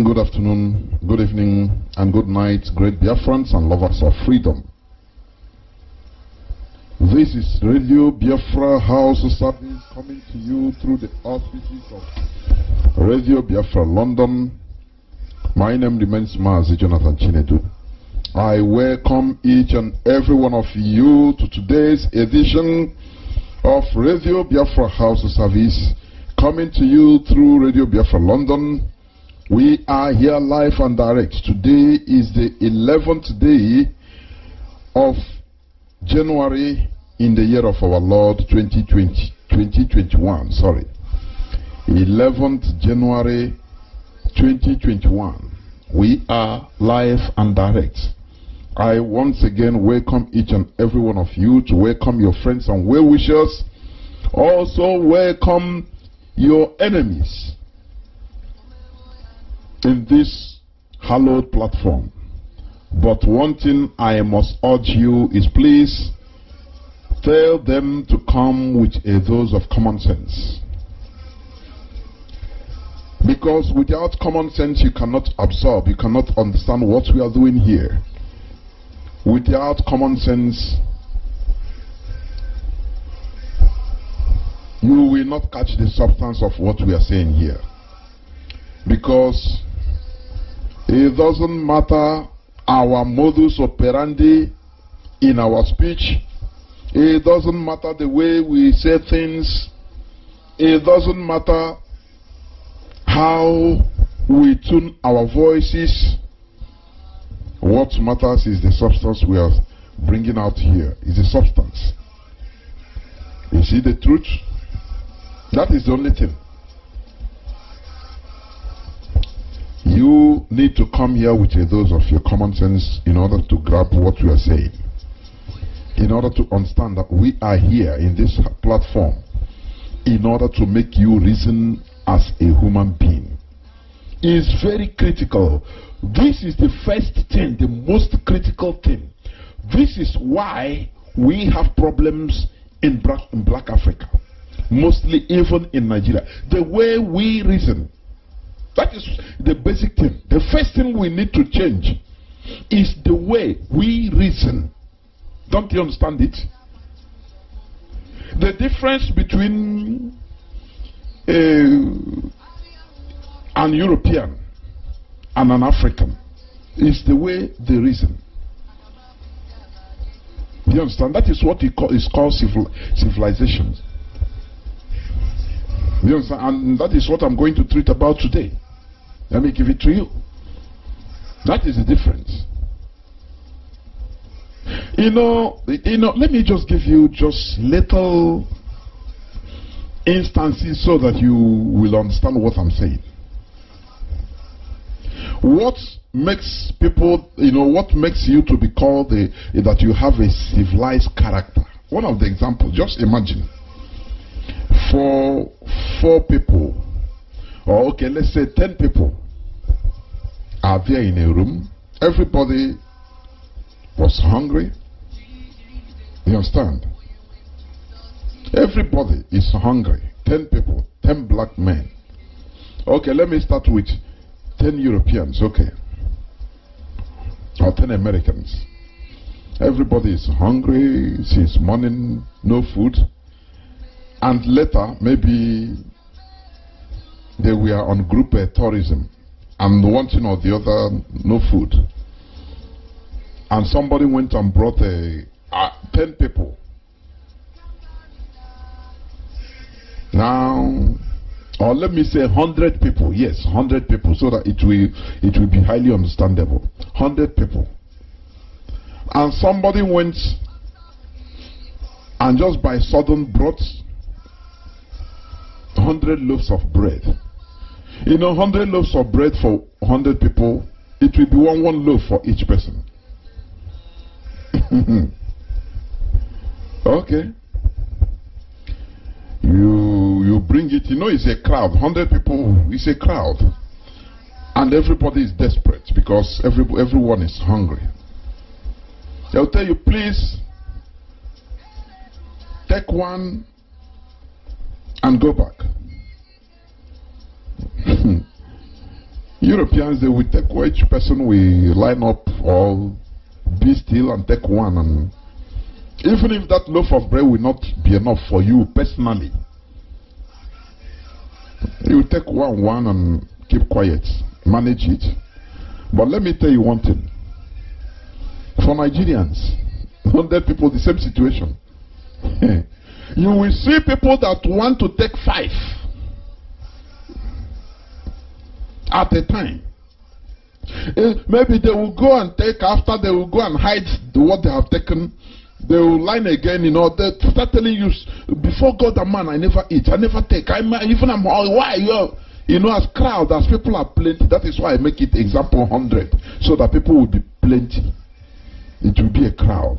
Good afternoon, good evening, and good night, great friends and lovers of freedom. This is Radio Biafra House Service coming to you through the auspices of Radio Biafra London. My name remains Mazi Jonathan Chinedu. I welcome each and every one of you to today's edition of Radio Biafra House Service coming to you through Radio Biafra London. We are here live and direct. Today is the 11th day of January in the year of our Lord 2020, 2021. Sorry. 11th January 2021. We are live and direct. I once again welcome each and every one of you to welcome your friends and well wishers. Also, welcome your enemies in this hallowed platform. But one thing I must urge you is please tell them to come with a dose of common sense. Because without common sense, you cannot absorb, you cannot understand what we are doing here. Without common sense, you will not catch the substance of what we are saying here. Because it doesn't matter our modus operandi in our speech. It doesn't matter the way we say things. It doesn't matter how we tune our voices. What matters is the substance we are bringing out here. It's the substance. You see the truth? That is the only thing. You need to come here with a dose of your common sense in order to grab what we are saying, in order to understand that we are here in this platform in order to make you reason as a human being. It's very critical. This is the first thing, the most critical thing. This is why we have problems in black, in black Africa, mostly even in Nigeria. The way we reason that is the basic thing. The first thing we need to change is the way we reason. Don't you understand it? The difference between uh, an European and an African is the way they reason. you understand? That is what call, is called civil, civilization. you understand? And that is what I'm going to treat about today. Let me give it to you. That is the difference. You know, you know, let me just give you just little instances so that you will understand what I'm saying. What makes people, you know, what makes you to be called a, that you have a civilized character? One of the examples, just imagine four, four people or okay, let's say 10 people are there in a room. Everybody was hungry. You understand? Everybody is hungry. 10 people, 10 black men. Okay, let me start with 10 Europeans, okay, or 10 Americans. Everybody is hungry since morning, no food. And later, maybe they were on group uh, tourism and one thing or the other, no food. And somebody went and brought a, 10 people. Now, or let me say 100 people, yes, 100 people, so that it will, it will be highly understandable. 100 people. And somebody went and just by sudden brought 100 loaves of bread. You know, 100 loaves of bread for 100 people, it will be one, one loaf for each person. okay. You, you bring it, you know, it's a crowd. 100 people, it's a crowd. And everybody is desperate because every, everyone is hungry. They'll tell you, please take one and go back. Hmm. Europeans, they will take which person we line up all, be still and take one. And even if that loaf of bread will not be enough for you personally, you take one, one, and keep quiet, manage it. But let me tell you one thing for Nigerians, 100 people, the same situation. you will see people that want to take five. at a time. Eh, maybe they will go and take after they will go and hide what they have taken. They will line again, you know. They start telling you, before God and man, I never eat, I never take. I'm even I'm oh, why you you know, as crowd as people are plenty. That is why I make it example hundred, so that people will be plenty. It will be a crowd.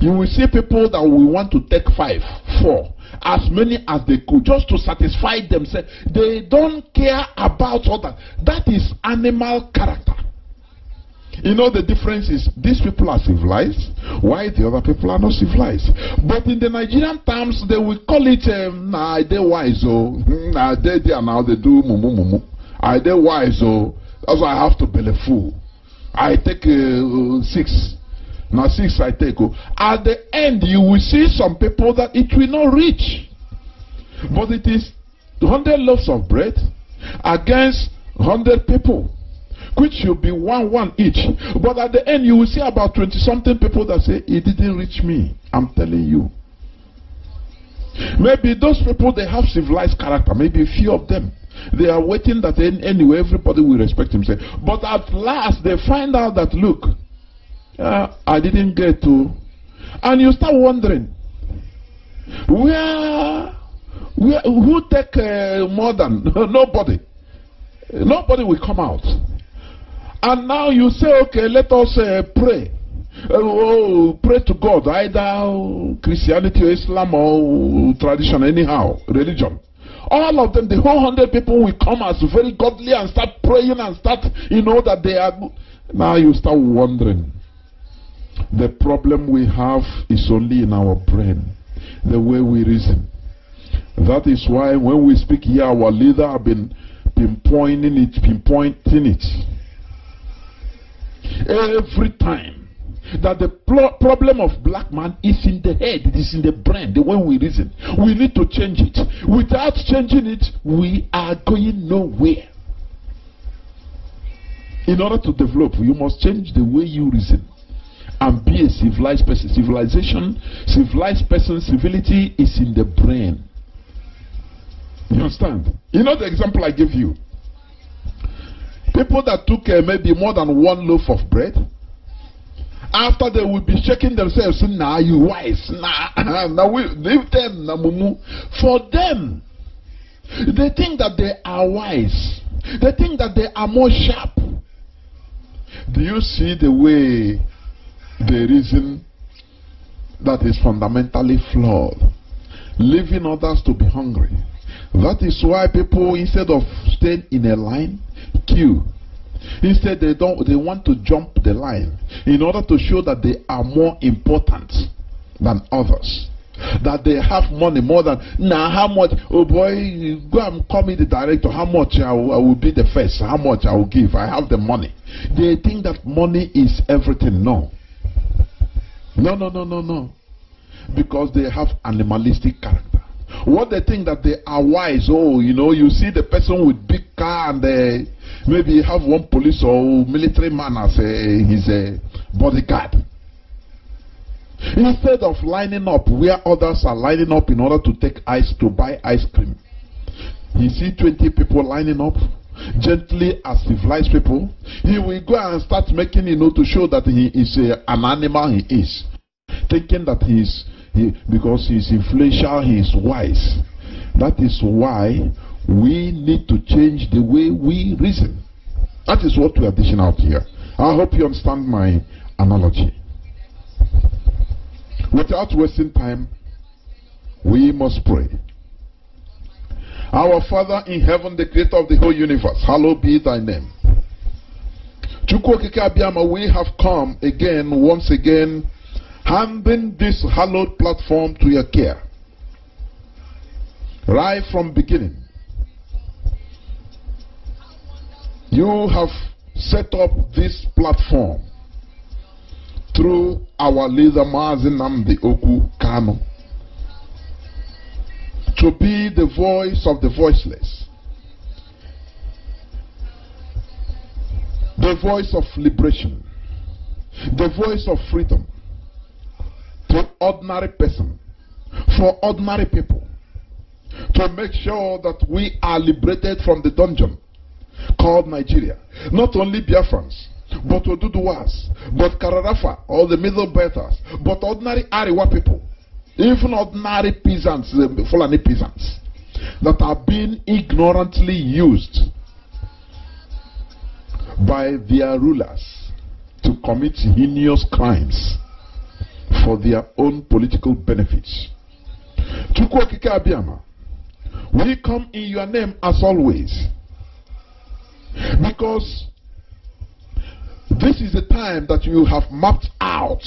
You will see people that will want to take five, four, as many as they could, just to satisfy themselves. They don't care about others. That is animal character. You know, the difference is these people are civilized, why the other people are not civilized. But in the Nigerian terms, they will call it, um, nah, they wise, oh, hmm, nah, they, there now, they do mumu mumu. Are they wise, oh, that's why I have to be a fool. I take uh, six. Now, six, I take. Oh. At the end, you will see some people that it will not reach. But it is 100 loaves of bread against 100 people, which will be one, one each. But at the end, you will see about 20 something people that say, It didn't reach me. I'm telling you. Maybe those people, they have civilized character, maybe a few of them. They are waiting that anyway everybody will respect himself. But at last, they find out that look, uh, I didn't get to. And you start wondering, where, where who take uh, more than? Nobody. Nobody will come out. And now you say, okay, let us uh, pray. Uh, oh, pray to God, either Christianity or Islam or tradition, anyhow, religion. All of them, the whole hundred people will come as very godly and start praying and start, you know, that they are. Now you start wondering. The problem we have is only in our brain, the way we reason. That is why when we speak here, our leader have been pinpointing it, pinpointing it. Every time that the problem of black man is in the head, it is in the brain, the way we reason. We need to change it. Without changing it, we are going nowhere. In order to develop, you must change the way you reason and be a civilized person. Civilization, civilized person, civility is in the brain. You understand? You know the example I gave you. People that took uh, maybe more than one loaf of bread, after they will be shaking themselves, nah, you wise, nah, now we leave them, nah, mumu. For them, they think that they are wise, they think that they are more sharp. Do you see the way the reason that is fundamentally flawed, leaving others to be hungry. That is why people, instead of staying in a line, queue. Instead, they, don't, they want to jump the line in order to show that they are more important than others. That they have money more than. Now, how much? Oh boy, go and call me the director. How much I will, I will be the first? How much I will give? I have the money. They think that money is everything. No. No, no, no, no, no. Because they have animalistic character. What they think that they are wise. Oh, you know, you see the person with big car and they uh, maybe have one police or military man as a, uh, his a uh, bodyguard. Instead of lining up where others are lining up in order to take ice to buy ice cream, you see 20 people lining up gently as civilized people, he will go and start making, you know, to show that he is an animal, he is. Thinking that he is, he, because he is influential, he is wise. That is why we need to change the way we reason. That is what we are dishing out here. I hope you understand my analogy. Without wasting time, we must pray. Our Father in heaven, the creator of the whole universe, hallowed be thy name. We have come again, once again, handing this hallowed platform to your care. Right from beginning, you have set up this platform through our leader Mazin Namdi Oku Kano to be the voice of the voiceless, the voice of liberation, the voice of freedom to ordinary person, for ordinary people, to make sure that we are liberated from the dungeon called Nigeria. Not only Biafrans, but Oduduwas, but Kararafa, all the Middle Belters, but ordinary Ariwa people even ordinary peasants, the eh, Fulani peasants, that are being ignorantly used by their rulers to commit heinous crimes for their own political benefits. Chukwokike Abiyama, we come in your name as always because this is the time that you have mapped out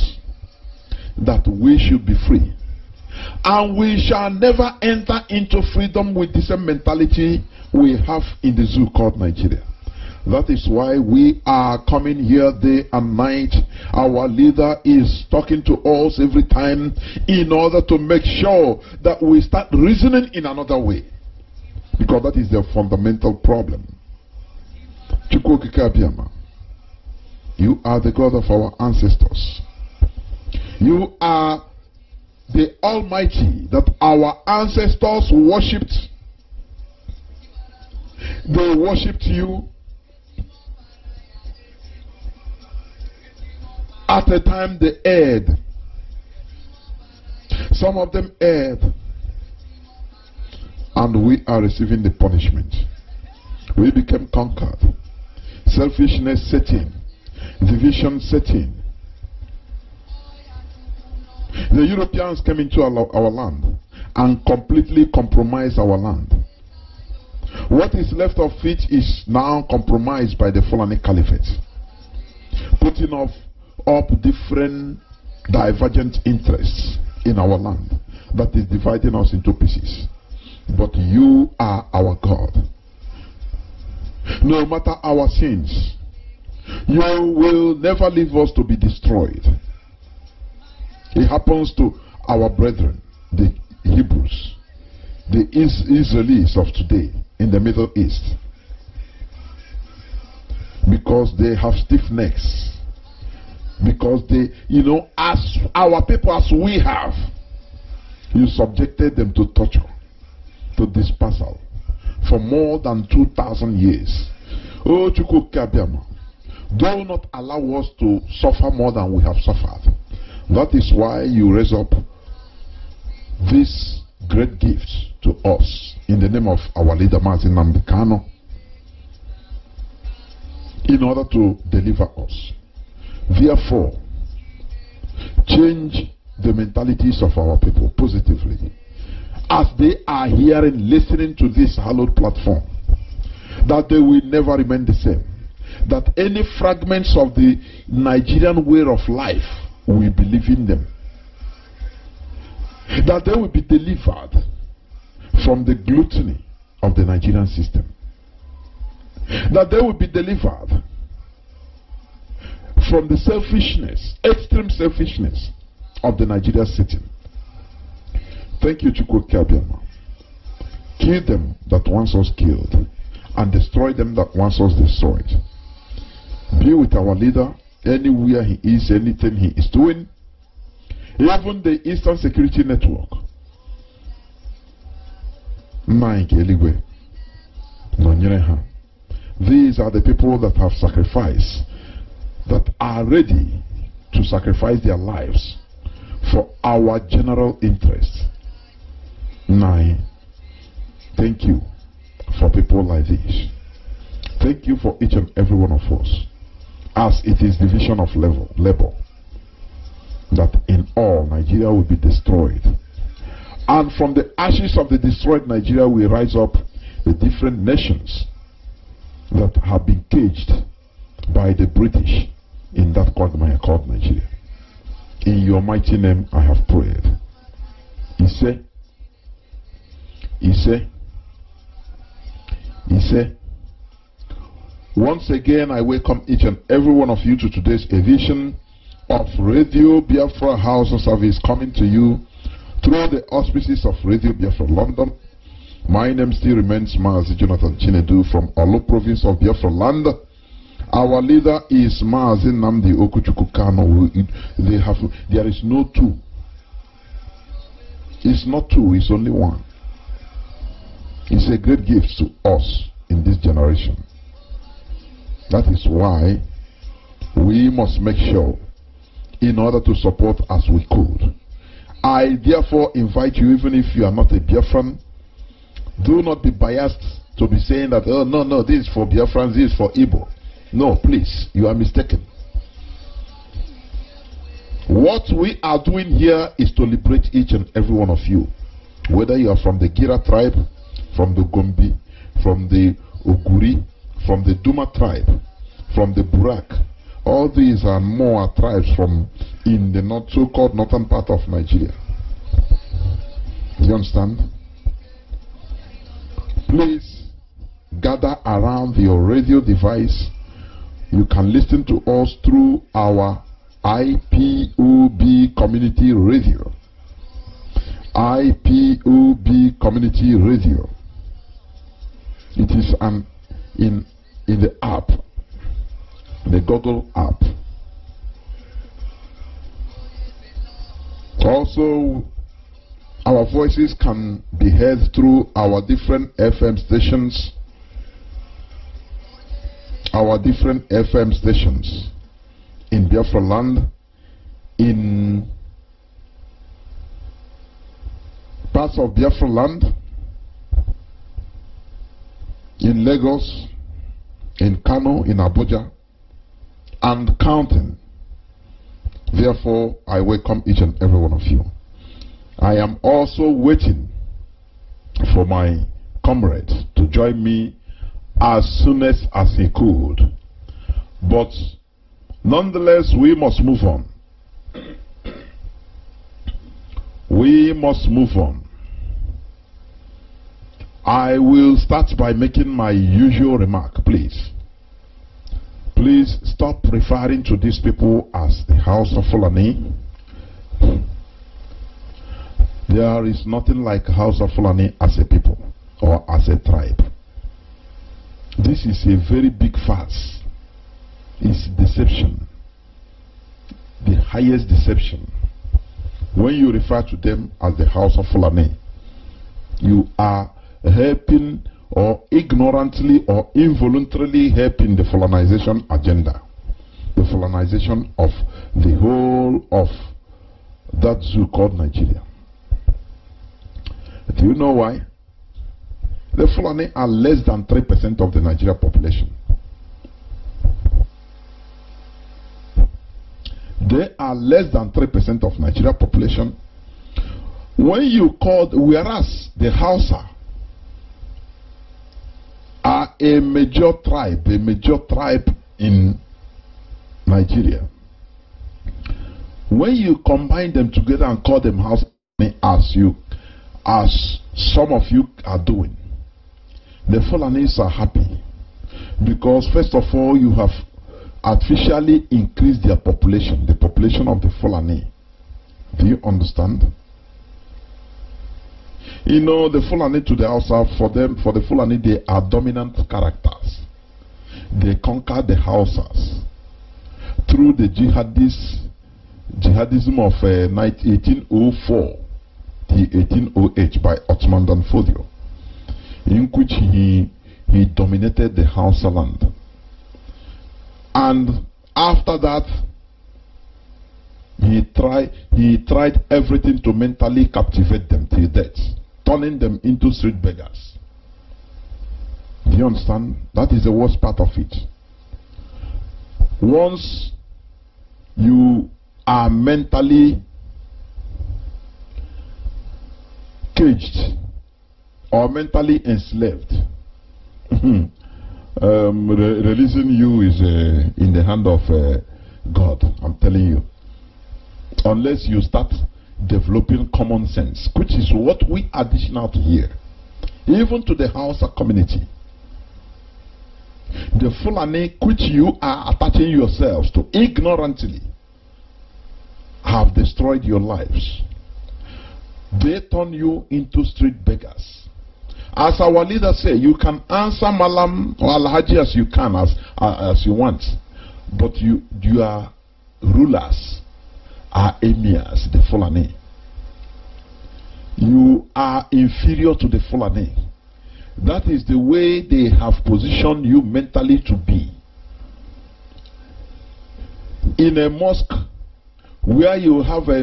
that we should be free. And we shall never enter into freedom with the same mentality we have in the zoo called Nigeria. That is why we are coming here day and night. Our leader is talking to us every time in order to make sure that we start reasoning in another way. Because that is the fundamental problem. You are the God of our ancestors. You are the Almighty that our ancestors worshipped. They worshipped you at the time they erred. Some of them erred. And we are receiving the punishment. We became conquered. Selfishness setting, division setting, the Europeans came into our, our land and completely compromised our land. What is left of it is now compromised by the Fulani Caliphate, putting off, up different divergent interests in our land that is dividing us into pieces. But you are our God. No matter our sins, you will never leave us to be destroyed. It happens to our brethren, the Hebrews, the Israelis of today in the Middle East, because they have stiff necks. Because they, you know, as our people, as we have, you subjected them to torture, to dispersal for more than 2,000 years. Oh, Chukwu do not allow us to suffer more than we have suffered. That is why you raise up this great gift to us in the name of our leader Martin Nambikano in order to deliver us. Therefore, change the mentalities of our people positively as they are hearing, listening to this hallowed platform, that they will never remain the same. That any fragments of the Nigerian way of life we believe in them. That they will be delivered from the gluttony of the Nigerian system. That they will be delivered from the selfishness, extreme selfishness of the Nigerian system. Thank you, Chukwukabiama. Kill them that wants us killed and destroy them that wants us destroyed. Be with our leader anywhere he is, anything he is doing. Even the Eastern Security Network. Mike Eliwe. These are the people that have sacrificed, that are ready to sacrifice their lives for our general interest. Nine. Thank you for people like this. Thank you for each and every one of us as it is division of level, labor, that in all Nigeria will be destroyed. And from the ashes of the destroyed Nigeria will rise up the different nations that have been caged by the British in that quagmire called Nigeria. In your mighty name I have prayed. He said, He said, He said, once again, I welcome each and every one of you to today's edition of Radio Biafra House of Service coming to you through the auspices of Radio Biafra London. My name still remains Mazi Jonathan Chinedu from Olo province of Biafra land. Our leader is Mazi Namdi Okuchuku They have, there is no two. It's not two, it's only one. It's a great gift to us in this generation. That is why we must make sure, in order to support as we could. I therefore invite you, even if you are not a Biafran, do not be biased to be saying that, oh, no, no, this is for Biafrans, this is for Igbo. No, please, you are mistaken. What we are doing here is to liberate each and every one of you, whether you are from the Gira tribe, from the Gombi, from the Oguri, from the Duma tribe, from the Burak. All these are Moa tribes from in the not so called northern part of Nigeria. You understand? Please gather around your radio device. You can listen to us through our IPOB Community Radio. IPOB Community Radio. It is an in, in the app, the Google app. Also, our voices can be heard through our different FM stations. Our different FM stations in Biafra land, in parts of Biafra land, in Lagos, in Kano, in Abuja, and counting. Therefore, I welcome each and every one of you. I am also waiting for my comrades to join me as soon as, as he could. But nonetheless, we must move on. We must move on. I will start by making my usual remark, please. Please stop referring to these people as the House of Fulani. There is nothing like House of Fulani as a people or as a tribe. This is a very big farce. It's deception. The highest deception. When you refer to them as the House of Fulani, you are helping or ignorantly or involuntarily helping the colonization agenda, the colonization of the whole of that zoo called Nigeria. Do you know why? The Fulani are less than 3% of the Nigeria population. They are less than 3% of Nigeria population. When you called, whereas the Hausa are a major tribe, a major tribe in Nigeria. When you combine them together and call them house as you, as some of you are doing, the Fulanis are happy because, first of all, you have artificially increased their population, the population of the Fulani. Do you understand? You know, the Fulani to the Hausa, for them, for the Fulani, they are dominant characters. They conquer the houses through the jihadist, jihadism of 1804 uh, to 1808 by Ottoman Danfodio, in which he, he dominated the Hausa land. And after that, he tried, he tried everything to mentally captivate them till death, turning them into street beggars. Do you understand? That is the worst part of it. Once you are mentally caged or mentally enslaved, um, re releasing you is uh, in the hand of uh, God. I'm telling you unless you start developing common sense, which is what we are to out here, even to the Hausa community. The Fulani, which you are attaching yourselves to ignorantly, have destroyed your lives. They turn you into street beggars. As our leader said, you can answer Malam or Al-Haji as you can, as, uh, as you want. But you, you are rulers are emirs, the Fulani. You are inferior to the Fulani. That is the way they have positioned you mentally to be. In a mosque where you have a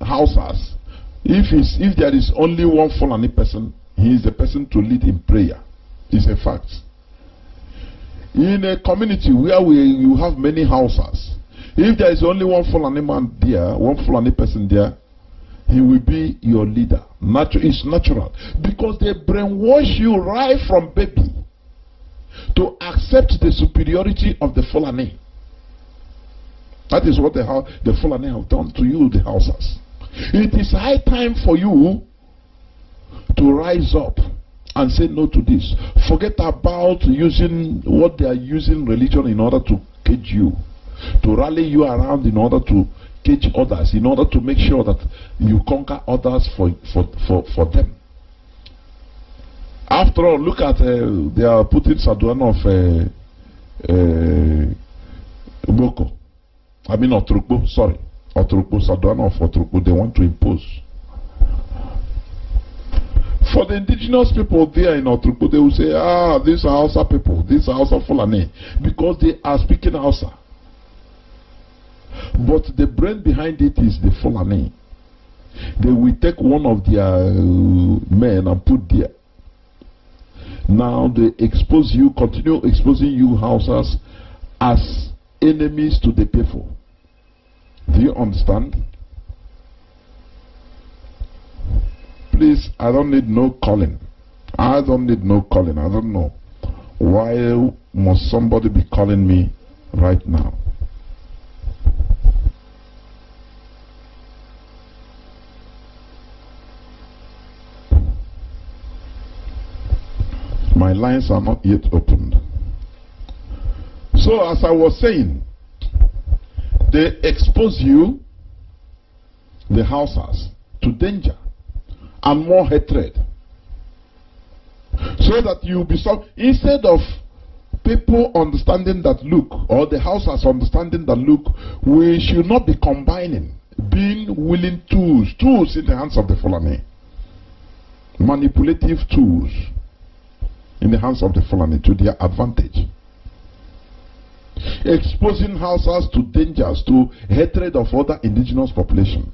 uh, houses, if, if there is only one Fulani person, he is the person to lead in prayer. It's a fact. In a community where we, you have many houses, if there is only one Fulani man there, one Fulani person there, he will be your leader. Natu it's natural. Because they brainwash you right from baby to accept the superiority of the Fulani. That is what the, the Fulani have done to you, the Hausas. It is high time for you to rise up and say no to this. Forget about using what they are using religion in order to cage you. to rally you around in order to teach others, in order to make sure that you conquer others for, for, for, for them. After all, look at uh, they are putting Saduana of uh, uh, Boko. I mean, Otrukbo, sorry. Otrukbo, Saduana of Otrukbo, they want to impose. For the indigenous people there in Otrukbo, they will say, ah, these are Hausa people, these are Hausa Fulani, because they are speaking Hausa. But the brain behind it is the Fulani. They will take one of their uh, men and put there. Now they expose you, continue exposing you, houses as enemies to the people. Do you understand? Please, I don't need no calling. I don't need no calling. I don't know. Why must somebody be calling me right now? My lines are not yet opened. So, as I was saying, they expose you, the houses, to danger and more hatred. So that you be so instead of people understanding that look, or the houses understanding that look, we should not be combining being willing tools, tools in the hands of the Fulani, manipulative tools in the hands of the Fulani to their advantage. Exposing Hausas to dangers, to hatred of other indigenous population.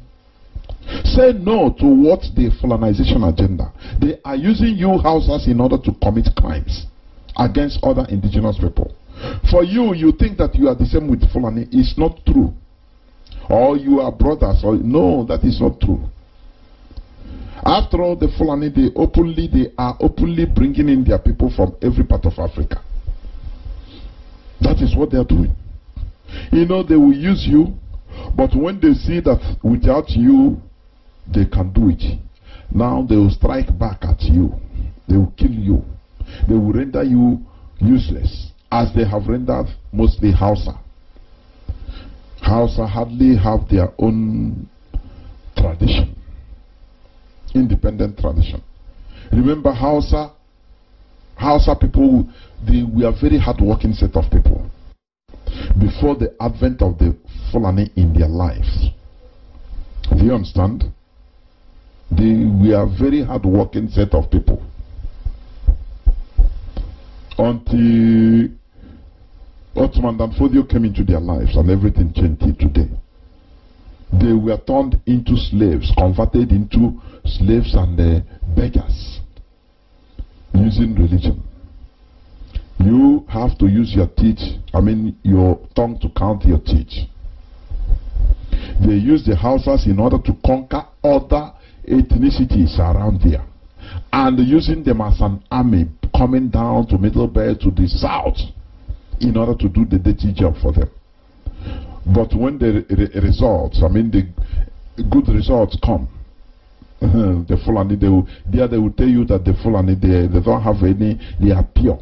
Say no to what the Fulanization agenda. They are using you Hausas in order to commit crimes against other indigenous people. For you, you think that you are the same with Fulani. It's not true. Or you are brothers. Or, no, that is not true. After all, the Fulani, they openly, they are openly bringing in their people from every part of Africa. That is what they are doing. You know, they will use you, but when they see that without you, they can do it. Now they will strike back at you. They will kill you. They will render you useless, as they have rendered mostly Hausa. Hausa hardly have their own tradition independent tradition. Remember Hausa, Hausa people, they were very hardworking set of people before the advent of the Fulani in their lives. Do you understand? They were a very hardworking set of people. Until Ottoman Danfodio came into their lives and everything changed today they were turned into slaves, converted into slaves and uh, beggars using religion. You have to use your teeth, I mean, your tongue to count your teeth. They use the houses in order to conquer other ethnicities around there. And using them as an army coming down to Middle Bay to the south in order to do the dirty job for them. But when the re results, I mean, the good results come, the Fulani, they will, there they will tell you that the Fulani, they, they don't have any, they are pure.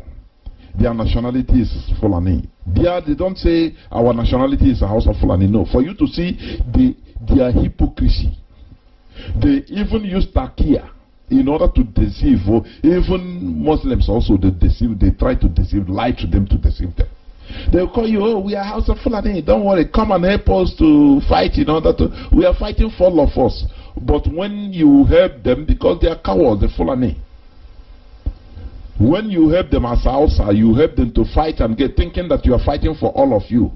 Their nationality is Fulani. There they don't say our nationality is a house of Fulani. No. For you to see the, their hypocrisy, they even use takia in order to deceive. Even Muslims also, they deceive, they try to deceive, lie to them to deceive them. They'll call you, oh, we are House of Fulani. Don't worry, come and help us to fight You know that We are fighting for all of us. But when you help them, because they are cowards, the Fulani. When you help them as Hausa, you help them to fight and get thinking that you are fighting for all of you.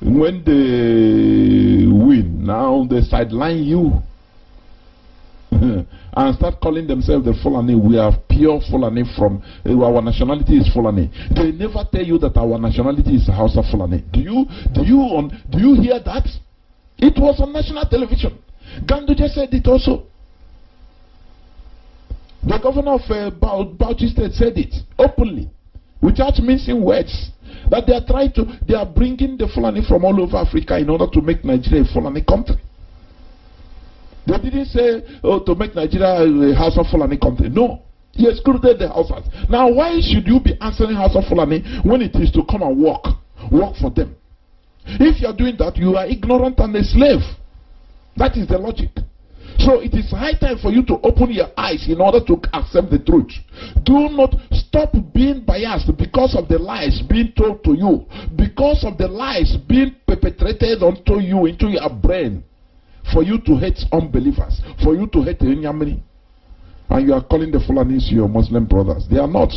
When they win, now they sideline you. and start calling themselves the Fulani. We are pure Fulani from uh, our nationality is Fulani. They never tell you that our nationality is House of Fulani. Do you, do you, on, do you hear that? It was on national television. just said it also. The governor of uh, Bauchi State said it openly, without mincing words, that they are trying to, they are bringing the Fulani from all over Africa in order to make Nigeria a Fulani country. They didn't say, oh, to make Nigeria a house of Fulani country. No. He excluded the Hausas. Now, why should you be answering House of Fulani when it is to come and work? Work for them. If you are doing that, you are ignorant and a slave. That is the logic. So it is high time for you to open your eyes in order to accept the truth. Do not stop being biased because of the lies being told to you, because of the lies being perpetrated onto you, into your brain for you to hate unbelievers, for you to hate Inyamini. And you are calling the Fulanis your Muslim brothers. They are not.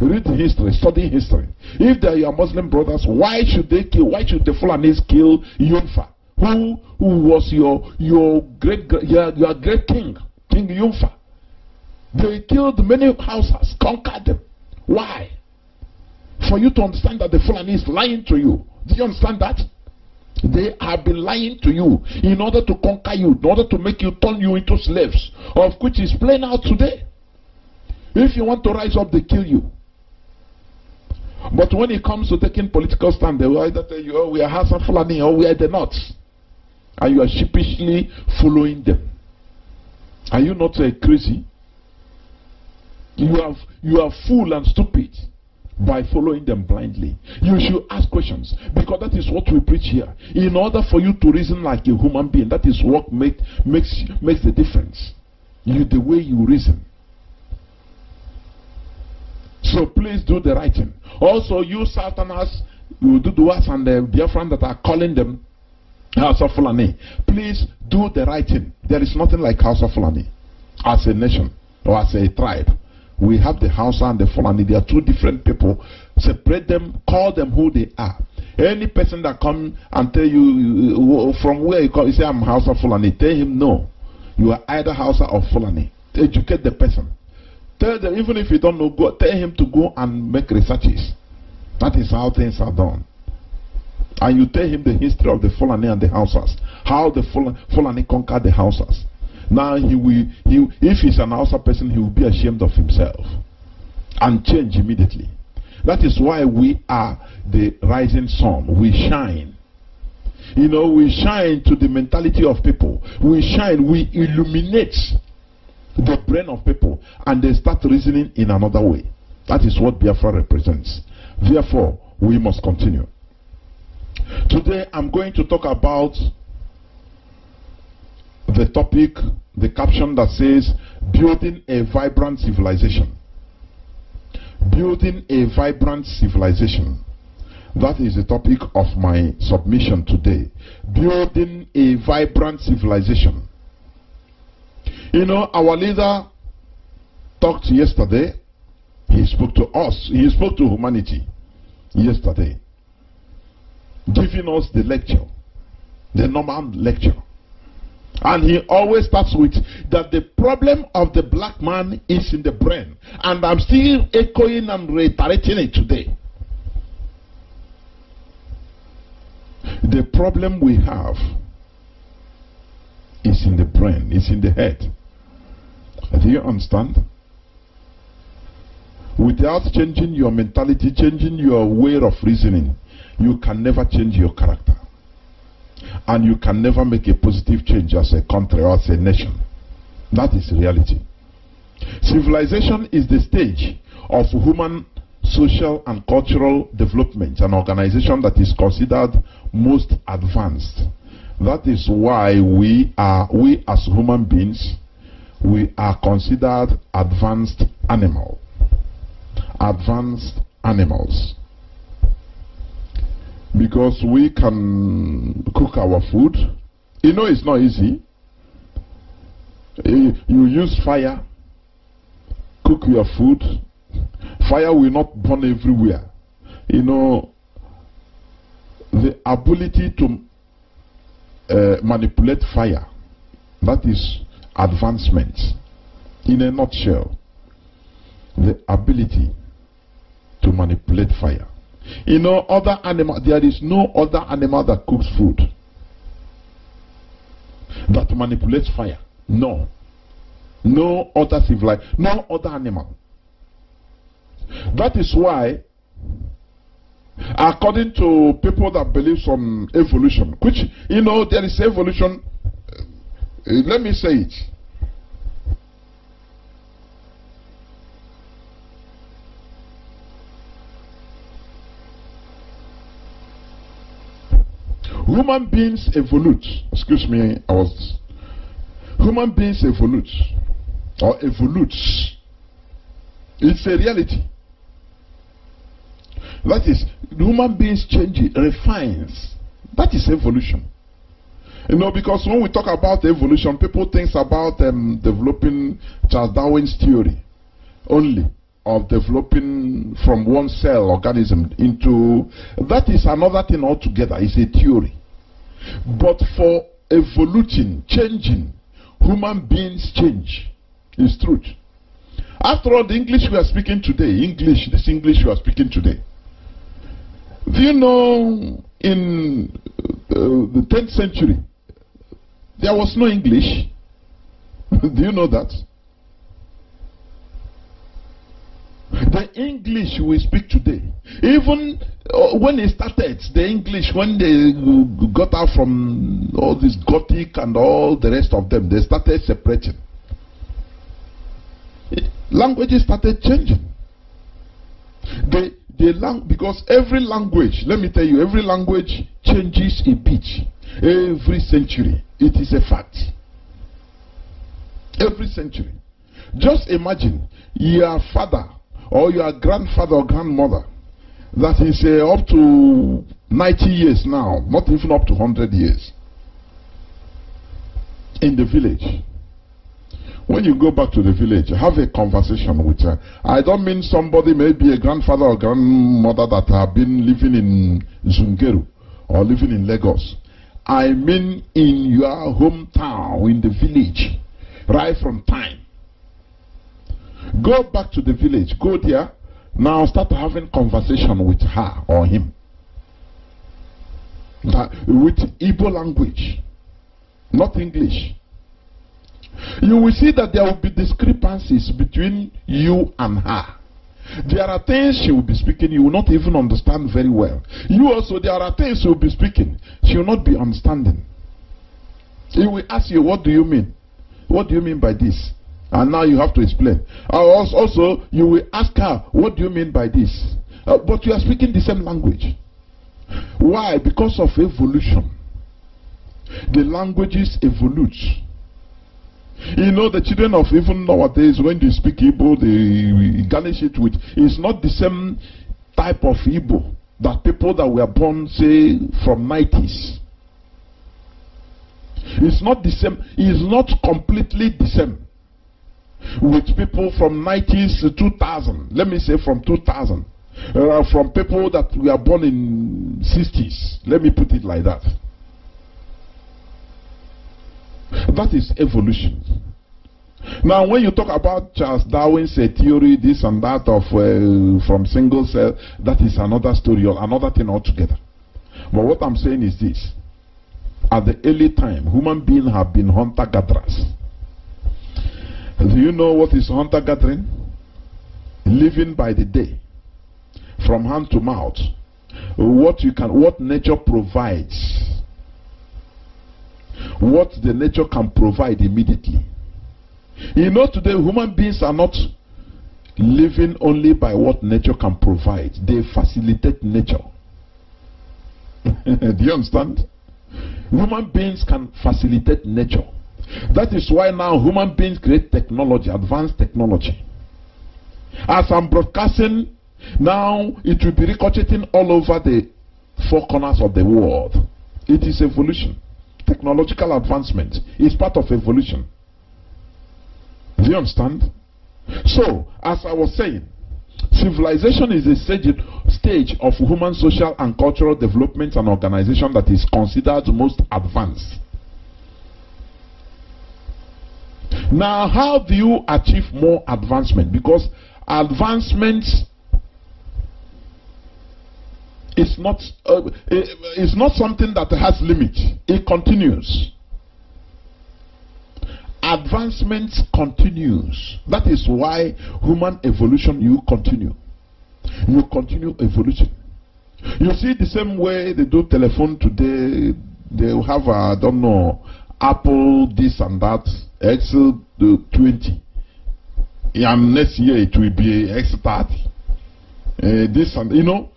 Read history, study history. If they are your Muslim brothers, why should they kill? Why should the Fulanis kill Yunfa, who, who was your, your, great, your, your great king, King Yunfa? They killed many houses, conquered them. Why? For you to understand that the Fulani is lying to you. Do you understand that? They have been lying to you in order to conquer you, in order to make you turn you into slaves, of which is playing out today. If you want to rise up, they kill you. But when it comes to taking political stand, they will either tell you, oh, we are Hassan Fulani or we are the nuts, And you are sheepishly following them. Are you not crazy? You are, you are fool and stupid by following them blindly. You should ask questions because that is what we preach here. In order for you to reason like a human being, that is what make, makes, makes the difference. You, the way you reason. So please do the right thing. Also, you Southerners, you do the us and the dear friend that are calling them House of Fulani, please do the right thing. There is nothing like House of Fulani as a nation or as a tribe. We have the Hausa and the Fulani. They are two different people. Separate them, call them who they are. Any person that come and tell you from where you come, you say, I'm Hausa Fulani, tell him no. You are either Hausa or Fulani. Educate the person. Tell them, even if you don't know, go, tell him to go and make researches. That is how things are done. And you tell him the history of the Fulani and the Hausas, how the Fulani conquered the Hausas. Now he will, he, if he's an outside person, he will be ashamed of himself and change immediately. That is why we are the rising sun. We shine. You know, we shine to the mentality of people. We shine, we illuminate the brain of people, and they start reasoning in another way. That is what Biafra represents. Therefore, we must continue. Today, I'm going to talk about the topic the caption that says, Building a Vibrant Civilization. Building a Vibrant Civilization. That is the topic of my submission today. Building a Vibrant Civilization. You know, our leader talked yesterday. He spoke to us, he spoke to humanity yesterday, giving us the lecture, the normal lecture. And he always starts with that the problem of the black man is in the brain. And I'm still echoing and reiterating it today. The problem we have is in the brain, it's in the head. Do you understand? Without changing your mentality, changing your way of reasoning, you can never change your character. And you can never make a positive change as a country or as a nation. That is reality. Civilization is the stage of human, social, and cultural development, an organization that is considered most advanced. That is why we, are, we as human beings, we are considered advanced animal. Advanced animals because we can cook our food. You know, it's not easy. Eh, you use fire, cook your food. Fire will not burn everywhere. You know, the ability to eh, manipulate fire, that is advancement in a nutshell. The ability to manipulate fire. You know, other animal, there is no other animal that cooks food that manipulates fire. No. No other civilized, no other animal. That is why, according to people that believe some evolution, which, you know, there is evolution, eh, let me say it. Human beings evolve. Excuse me, I was. Human beings evolve or evolve. It's a reality. That is, human beings change, refines. That is evolution. You know, because when we talk about evolution, people think about um, developing Charles Darwin's theory only of developing from one cell organism into that is another thing altogether it's a theory but for evolving, changing human beings change is truth after all the english we are speaking today english this english we are speaking today do you know in uh, the 10th century there was no english do you know that The English we speak today, even uh, when it started, the English, when they got out from all this Gothic and all the rest of them, they started separating. Languages started changing. The the lang because every language, let me tell you, every language changes a bit every century. It is a fact. Every century. Just imagine your father or your grandfather or grandmother that is uh, up to 90 years now, not even up to 100 years, in the village. When you go back to the village, have a conversation with her. I don't mean somebody, maybe a grandfather or grandmother that have been living in Zungeru or living in Lagos. I mean in your hometown, in the village, right from time. Go back to the village. Go there. Now start having conversation with her or him. with Igbo language, not English. You will see that there will be discrepancies between you and her. There are things she will be speaking you will not even understand very well. You also, there are things she will be speaking, she will not be understanding. He will ask you, What do you mean? What do you mean by this? And now you have to explain. Uh, also, you will ask her, What do you mean by this? Uh, but you are speaking the same language. Why? Because of evolution. The languages evolve. You know, the children of even nowadays, when they speak Igbo, they garnish it with. It's not the same type of Igbo that people that were born, say, from 90s. It's not the same. It's not completely the same with people from 90s to 2000. Let me say from 2000. Uh, from people that were born in 60s. Let me put it like that. That is evolution. Now, when you talk about Charles Darwin's theory, this and that of uh, from single cell, that is another story or another thing altogether. But what I'm saying is this at the early time, human beings have been hunter gatherers. Do you know what is hunter gathering? Living by the day, from hand to mouth. What you can, what nature provides, what the nature can provide immediately. You know, today human beings are not living only by what nature can provide, they facilitate nature. Do you understand? Human beings can facilitate nature. That is why now human beings create technology, advanced technology. As I'm broadcasting, now it will be ricocheting all over the four corners of the world. It is evolution. Technological advancement is part of evolution. Do you understand? So, as I was saying, civilization is a stage, stage of human social and cultural development and organization that is considered most advanced. Now, how do you achieve more advancement? Because advancement is not, uh, eh, is not something that has limit, it continues. Advancement continues. That is why human evolution, you continue. You continue evolution. You see, the same way they do telephone today, they have, uh, I don't know, Apple, this and that. Excel 20. And next year it will be Excel 30. Uh, this and, you know,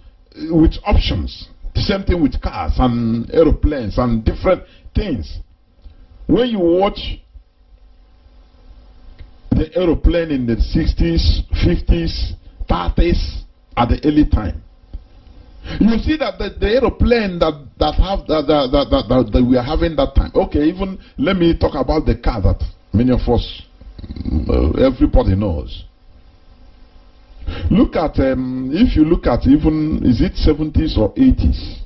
with options. The same thing with cars and aeroplanes and different things. When you watch the aeroplane in the 60s, 50s, 30s, at the early time, you see that the, the aeroplane that, that, have, that, that, that, that, that we are having that time. Okay, even let me talk about the car that Many of us, uh, everybody knows. Look at, um, if you look at even, is it 70s or 80s?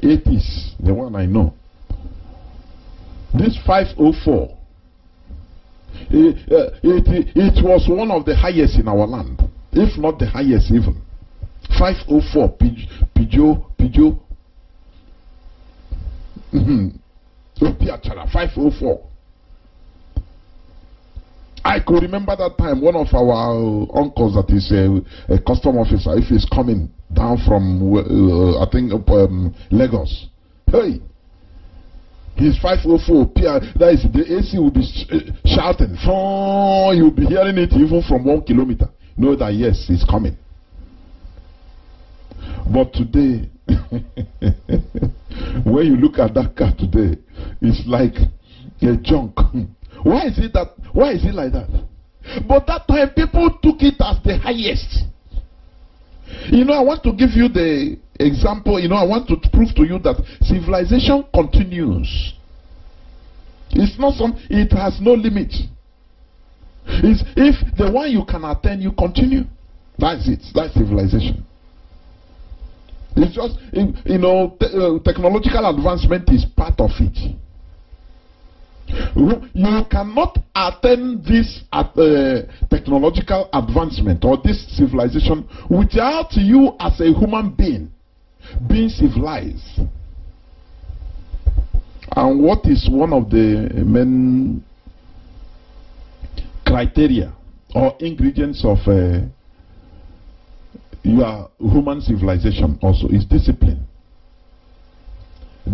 80s, the one I know. This 504, it, eh, eh, it, it was one of the highest in our land, if not the highest even. 504 pijo, Pidgeot, 504. I could remember that time one of our uh, uncles that is a, uh, a custom officer, if he's coming down from, uh, uh I think, uh, um, Lagos, hey, he's 504 PR, that is, the AC will be sh shouting, you'll be hearing it even from one kilometer. Know that yes, he's coming. But today, when you look at that car today, it's like a junk. Why is it that? Why is it like that? But that time people took it as the highest. You know, I want to give you the example. You know, I want to prove to you that civilization continues. It's not some, it has no limit. It's if the one you can attain, you continue. That's it. That's civilization. It's just, you know, uh, technological advancement is part of it. You cannot attain this uh, technological advancement or this civilization without you as a human being being civilized. And what is one of the main criteria or ingredients of uh, your human civilization also is discipline.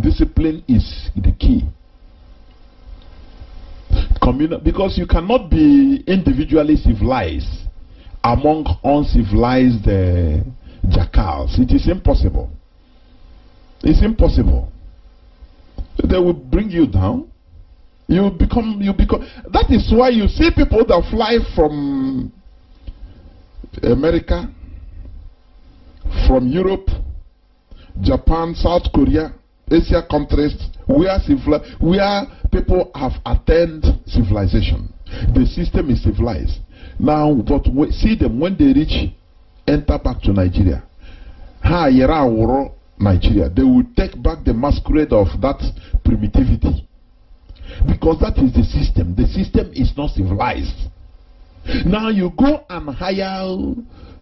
Discipline is the key communal, because you cannot be individually civilized among uncivilized uh, jackals. It is impossible. It's impossible. They will bring you down. You become, you become. That is why you see people that fly from America, from Europe, Japan, South Korea. Asia countries where, civil, where people have attained civilization. The system is civilized. Now, but we see them when they reach, enter back to Nigeria. hire yera awuro Nigeria. They will take back the masquerade of that primitivity. Because that is the system. The system is not civilized. Now you go and hire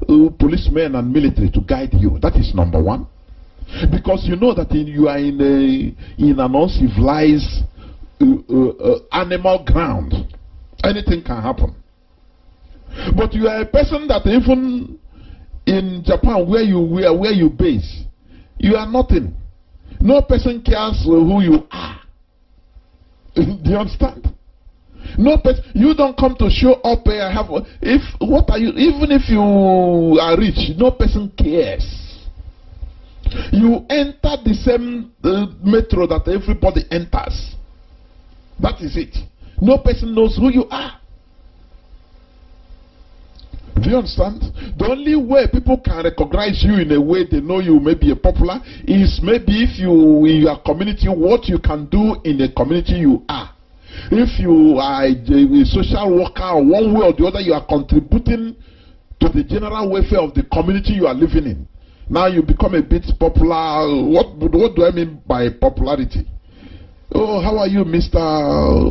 uh, policemen and military to guide you. That is number one. Because you know that in, you are in, a, in an uncivilized uh, uh, uh, animal ground. Anything can happen. But you are a person that even in Japan, where you, where, where you base, you are nothing. No person cares who you are. Do you understand? No person, you don't come to show up. here. have, if, what are you, even if you are rich, no person cares you enter the same uh, metro that everybody enters. That is it. No person knows who you are. Do you understand? The only way people can recognize you in a way they know you may be a popular is maybe if you, in your community, what you can do in the community you are. If you are a social worker, one way or the other, you are contributing to the general welfare of the community you are living in. Now you become a bit popular. What, what do I mean by popularity? Oh, how are you, Mr.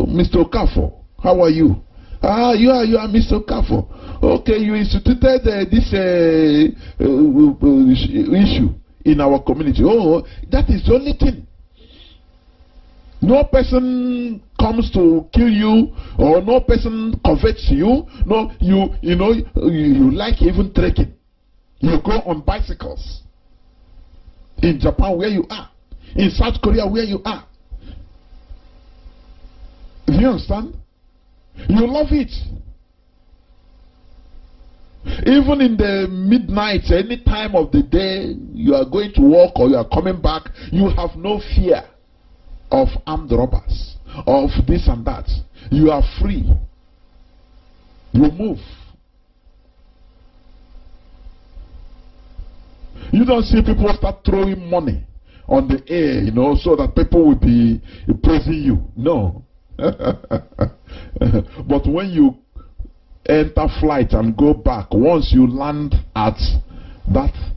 Mr. Okafor? How are you? Ah, you are, you are Mr. Okafor. Okay, you instituted uh, this uh, uh, issue in our community. Oh, that is the only thing. No person comes to kill you, or no person converts you. No, you, you know, you, you like even tricking. You go on bicycles in Japan where you are, in South Korea where you are. Do you understand? You love it. Even in the midnight, any time of the day, you are going to work or you are coming back, you have no fear of armed robbers, of this and that. You are free. You move. You don't see people start throwing money on the air, you know, so that people will be praising you. No. but when you enter flight and go back, once you land at that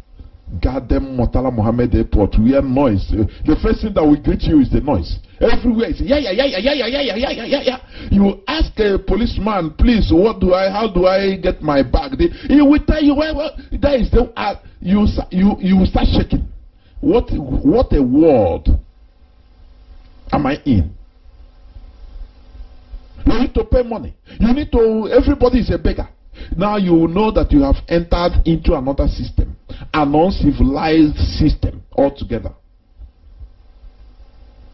Garden Motala Mohammed Airport. We hear noise. The first thing that we greet you is the noise. Everywhere is yeah, yeah, yeah, yeah, yeah, yeah, yeah, yeah, yeah, yeah. You ask a policeman, please, what do I, how do I get my bag? They, he will tell you, well, well that is the, uh, you, you, you start shaking. What, what a world am I in? You need to pay money. You need to, everybody is a beggar. Now you know that you have entered into another system an uncivilized system altogether.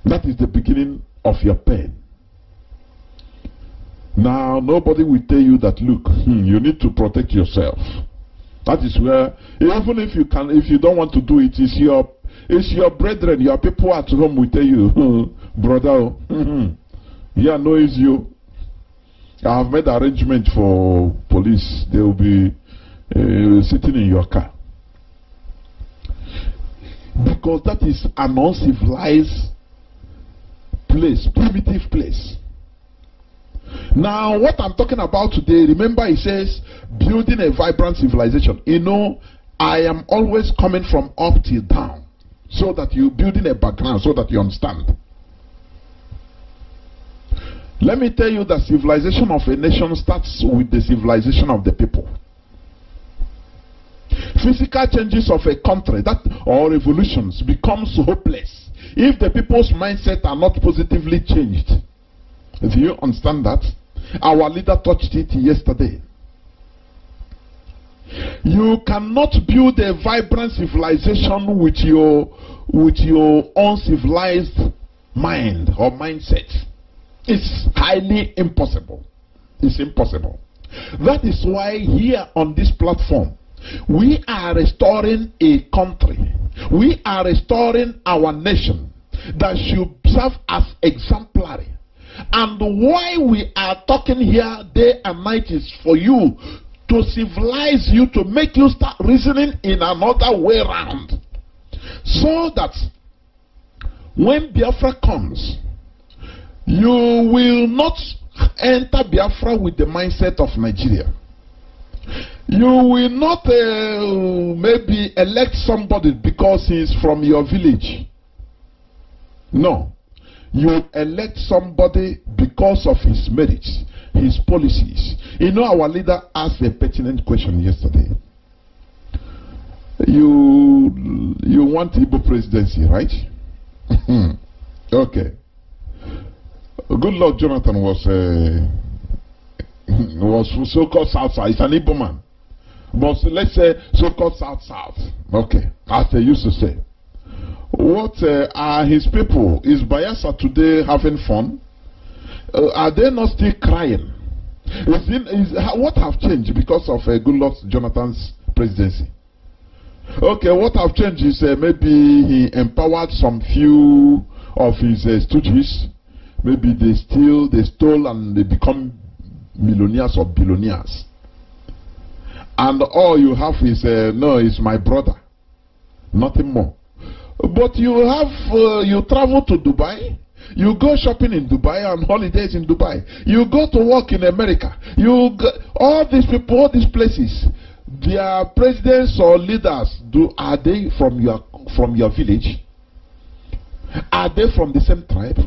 That is the beginning of your pain. Now, nobody will tell you that, look, hmm, you need to protect yourself. That is where, even if you, can, if you don't want to do it, it's your, it's your brethren, your people at home will tell you, brother, oh, hmm, hmm, yeah, no, it's you. I have made arrangement for police. They will be eh, sitting in your car. Because that is an uncivilized place, primitive place. Now, what I'm talking about today, remember he says building a vibrant civilization. You know, I am always coming from up till down so that you building a background so that you understand. Let me tell you that civilization of a nation starts with the civilization of the people. Physical changes of a country that, or revolutions becomes hopeless if the people's mindset are not positively changed. Do you understand that? Our leader touched it yesterday. You cannot build a vibrant civilization with your, with your uncivilized mind or mindset. It's highly impossible. It's impossible. That is why, here on this platform, We are restoring a country. We are restoring our nation that should serve as exemplary. And why we are talking here day and night is for you to civilize you, to make you start reasoning in another way round. So that when Biafra comes, you will not enter Biafra with the mindset of Nigeria. You will not uh, maybe elect somebody because he's from your village. No. You elect somebody because of his merits, his policies. You know, our leader asked a pertinent question yesterday. You, you want Igbo presidency, right? okay. Good Lord Jonathan was, uh, was so called Southside. He's an Igbo man. But let's say so called South South. Okay, as they used to say. What uh, are his people? Is Bayasa today having fun? Uh, are they not still crying? Is what have changed because of uh, good luck Jonathan's presidency? Okay, what have changed is maybe he empowered some few of his stooges. Maybe they steal, they stole, and they become millionaires or billionaires and all you have is uh, no, it's my brother, nothing more. But you have uh, you travel to Dubai. You go shopping in Dubai on holidays in Dubai. You go to work in America. You go, all these people, all these places, their presidents or leaders, do, are they from your, from your village? Are they from the same tribe?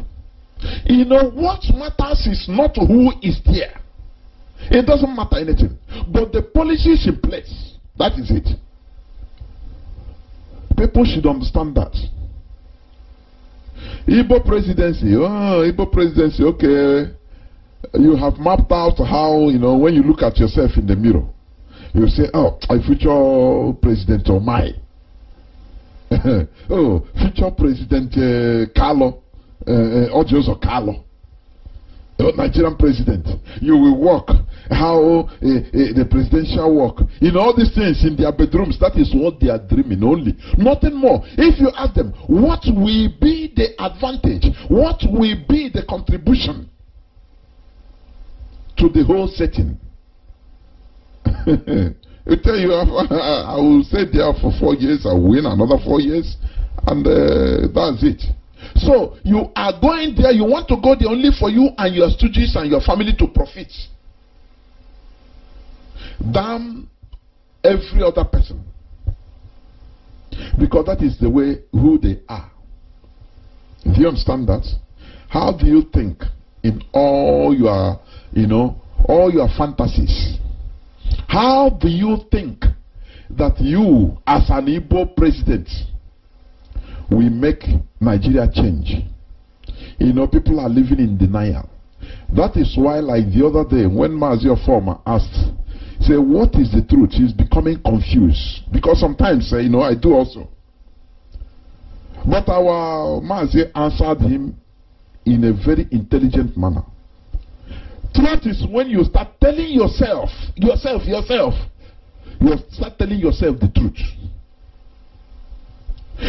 You know, what matters is not who is there. It doesn't matter anything. But the policies in place. That is it. People should understand that. Igbo presidency. Oh, Igbo presidency. Okay. You have mapped out how, you know, when you look at yourself in the mirror, you say, oh, a future president of my. oh, future president Carlo. Eh, uh, eh, uh, eh, Odioso Carlo the Nigerian president. You will work how uh, uh, the presidential work In all these things, in their bedrooms, that is what they are dreaming only. Nothing more. If you ask them, what will be the advantage? What will be the contribution to the whole setting? I tell you, I will stay there for four years, I will win another four years, and eh, that's it. So you are going there, you want to go there only for you and your students and your family to profit. Damn every other person. Because that is the way who they are. Do you understand that? How do you think in all your, you know, all your fantasies? How do you think that you, as an Igbo president, we make Nigeria change. You know, people are living in denial. That is why, like the other day, when Mazio Former asked, say, what is the truth? He's becoming confused. Because sometimes, eh, you know, I do also. But our Mazio answered him in a very intelligent manner. Truth is when you start telling yourself, yourself, yourself, you start telling yourself the truth.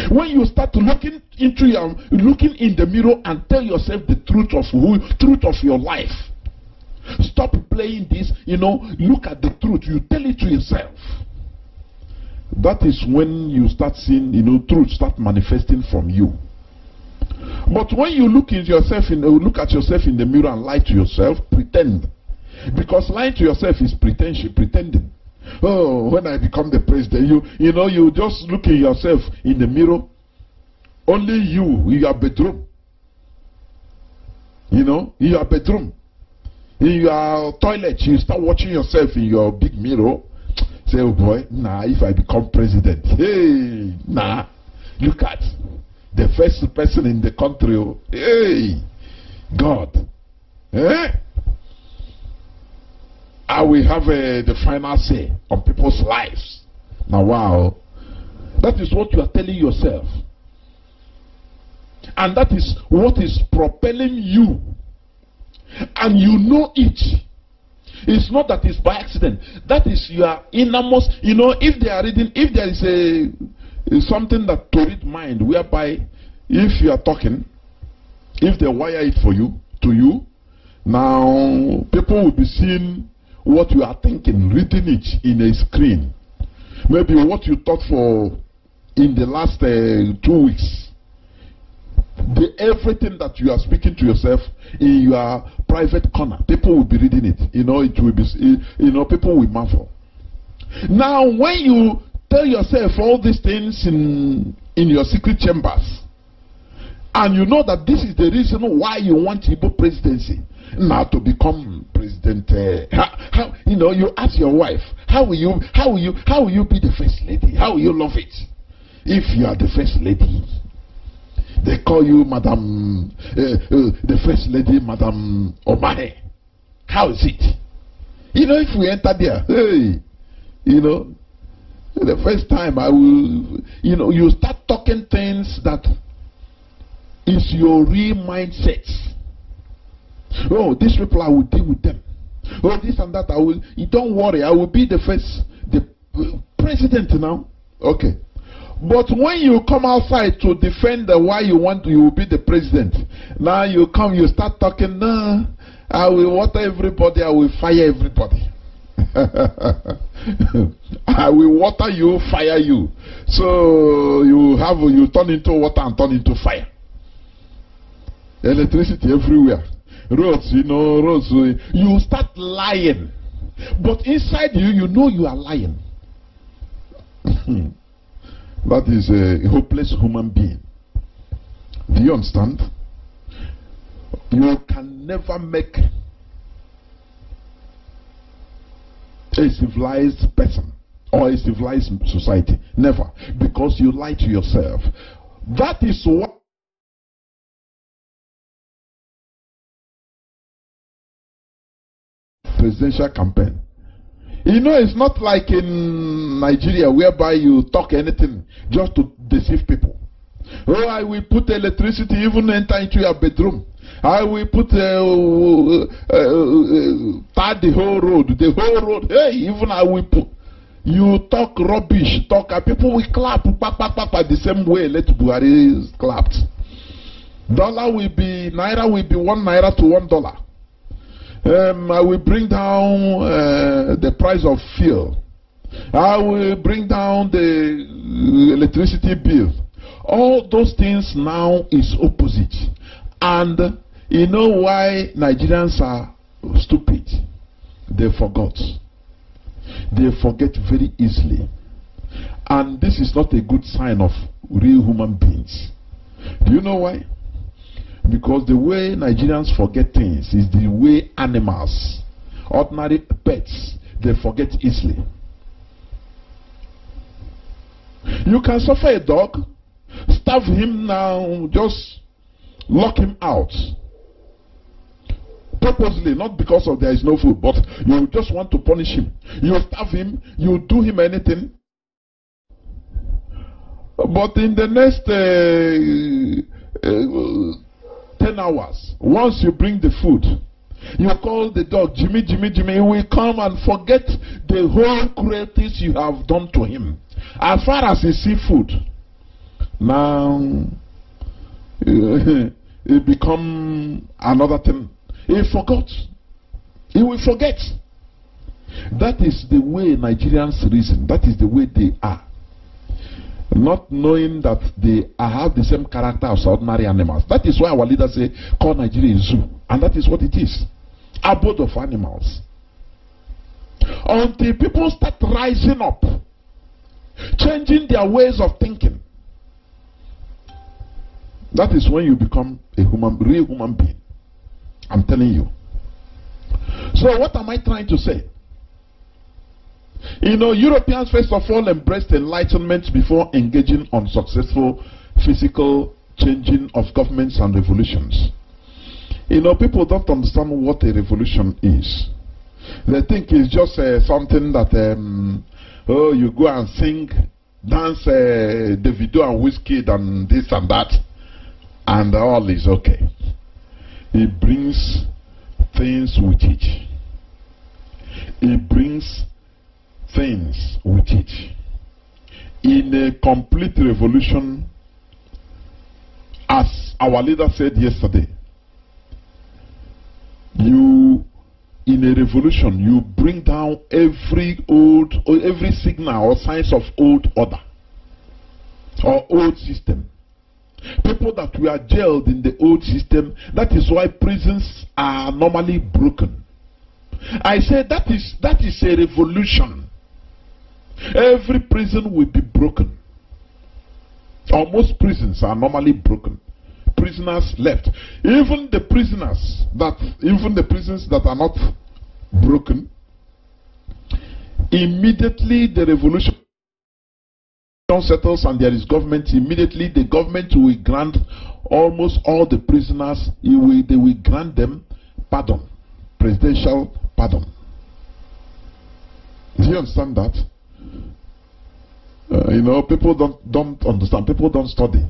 When you start looking into your looking in the mirror and tell yourself the truth of who truth of your life. Stop playing this, you know, look at the truth. You tell it to yourself. That is when you start seeing, you know, truth start manifesting from you. But when you look, in yourself in, look at yourself in the mirror and lie to yourself, pretend. Because lying to yourself is pretension, pretending. Oh, when I become the president, you, you know, you just look at yourself in the mirror. Only you in your bedroom. You know, in your bedroom. In your toilet, you start watching yourself in your big mirror. Say, oh boy, nah, if I become president, hey, nah, look at the first person in the country, oh. hey, God. Eh? I will have uh, the final say on people's lives. Now, wow. That is what you are telling yourself. And that is what is propelling you. And you know it. It's not that it's by accident. That is your innermost. You know, if they are reading, if there is a something that to read mind, whereby if you are talking, if they wire it for you, to you, now people will be seeing what you are thinking, written it in a screen. Maybe what you thought for in the last uh, two weeks. The, everything that you are speaking to yourself in your private corner, people will be reading it. You know, it will be, you know, people will marvel. Now, when you tell yourself all these things in, in your secret chambers, and you know that this is the reason why you want Igbo presidency, now to become president. Uh, how, how, you know, you ask your wife, how will you, how will you, how will you be the first lady? How will you love it if you are the first lady? They call you Madam, uh, uh, the first lady, Madam Omane. How is it? You know, if we enter there, hey, you know, the first time I will, you know, you start talking things that is your real mindset. Oh, this people, I will deal with them. Oh, this and that, I will. Don't worry, I will be the first, the president now. Okay. But when you come outside to defend the why you want, you will be the president. Now you come, you start talking, nah, I will water everybody, I will fire everybody. I will water you, fire you. So you have, you turn into water and turn into fire. Electricity everywhere roads, you know, roads. You start lying. But inside you, you know you are lying. Hmm. that is a hopeless human being. Do you understand? You can never make a civilized person or a civilized society. Never. Because you lie to yourself. That is what. presidential campaign. You know, it's not like in Nigeria whereby you talk anything just to deceive people. Oh, I will put electricity even enter into your bedroom. I will put uh, uh, uh, uh, the whole road, the whole road. Hey, even I will put. You talk rubbish, talk. and people will clap, pa, pa, pa, pa, the same way. Let Buhari clapped. Dollar will be naira will be one naira to one dollar. Um, I will bring down uh, the price of fuel. I will bring down the electricity bill. All those things now is opposite. And you know why Nigerians are stupid? They forgot. They forget very easily. And this is not a good sign of real human beings. Do you know why? Because the way Nigerians forget things is the way animals, ordinary pets, they forget easily. You can suffer a dog, starve him now, just lock him out. Purposely, not because of there is no food, but you just want to punish him. You starve him, you do him anything. But in the next day. uh, uh 10 hours. Once you bring the food, you call the dog, Jimmy, Jimmy, Jimmy. He will come and forget the whole cruelties you have done to him. As far as he see food, now it become another thing. He forgot. He will forget. That is the way Nigerians reason. That is the way they are not knowing that they have the same character as ordinary animals. That is why our leaders say, call Nigeria a zoo. And that is what it is abode of animals. Until people start rising up, changing their ways of thinking, that is when you become a human, real human being. I'm telling you. So, what am I trying to say? You know, Europeans first of all embraced enlightenment before engaging on successful physical changing of governments and revolutions. You know, people don't understand what a revolution is. They think it's just uh, something that, um, oh, you go and sing, dance the uh, video and whiskey and this and that, and all is okay. It brings things with it, it brings Things with it. In a complete revolution, as our leader said yesterday, you, in a revolution, you bring down every old, or every signal or signs of old order or old system. People that were jailed in the old system, that is why prisons are normally broken. I said that is, that is a revolution. Every prison will be broken. Almost prisons are normally broken. Prisoners left. Even the prisoners that, even the prisons that are not broken, immediately the revolution settles and there is government, immediately the government will grant almost all the prisoners, will, they will grant them pardon, presidential pardon. Do you understand that? Uh, you know, people don't, don't understand. People don't study.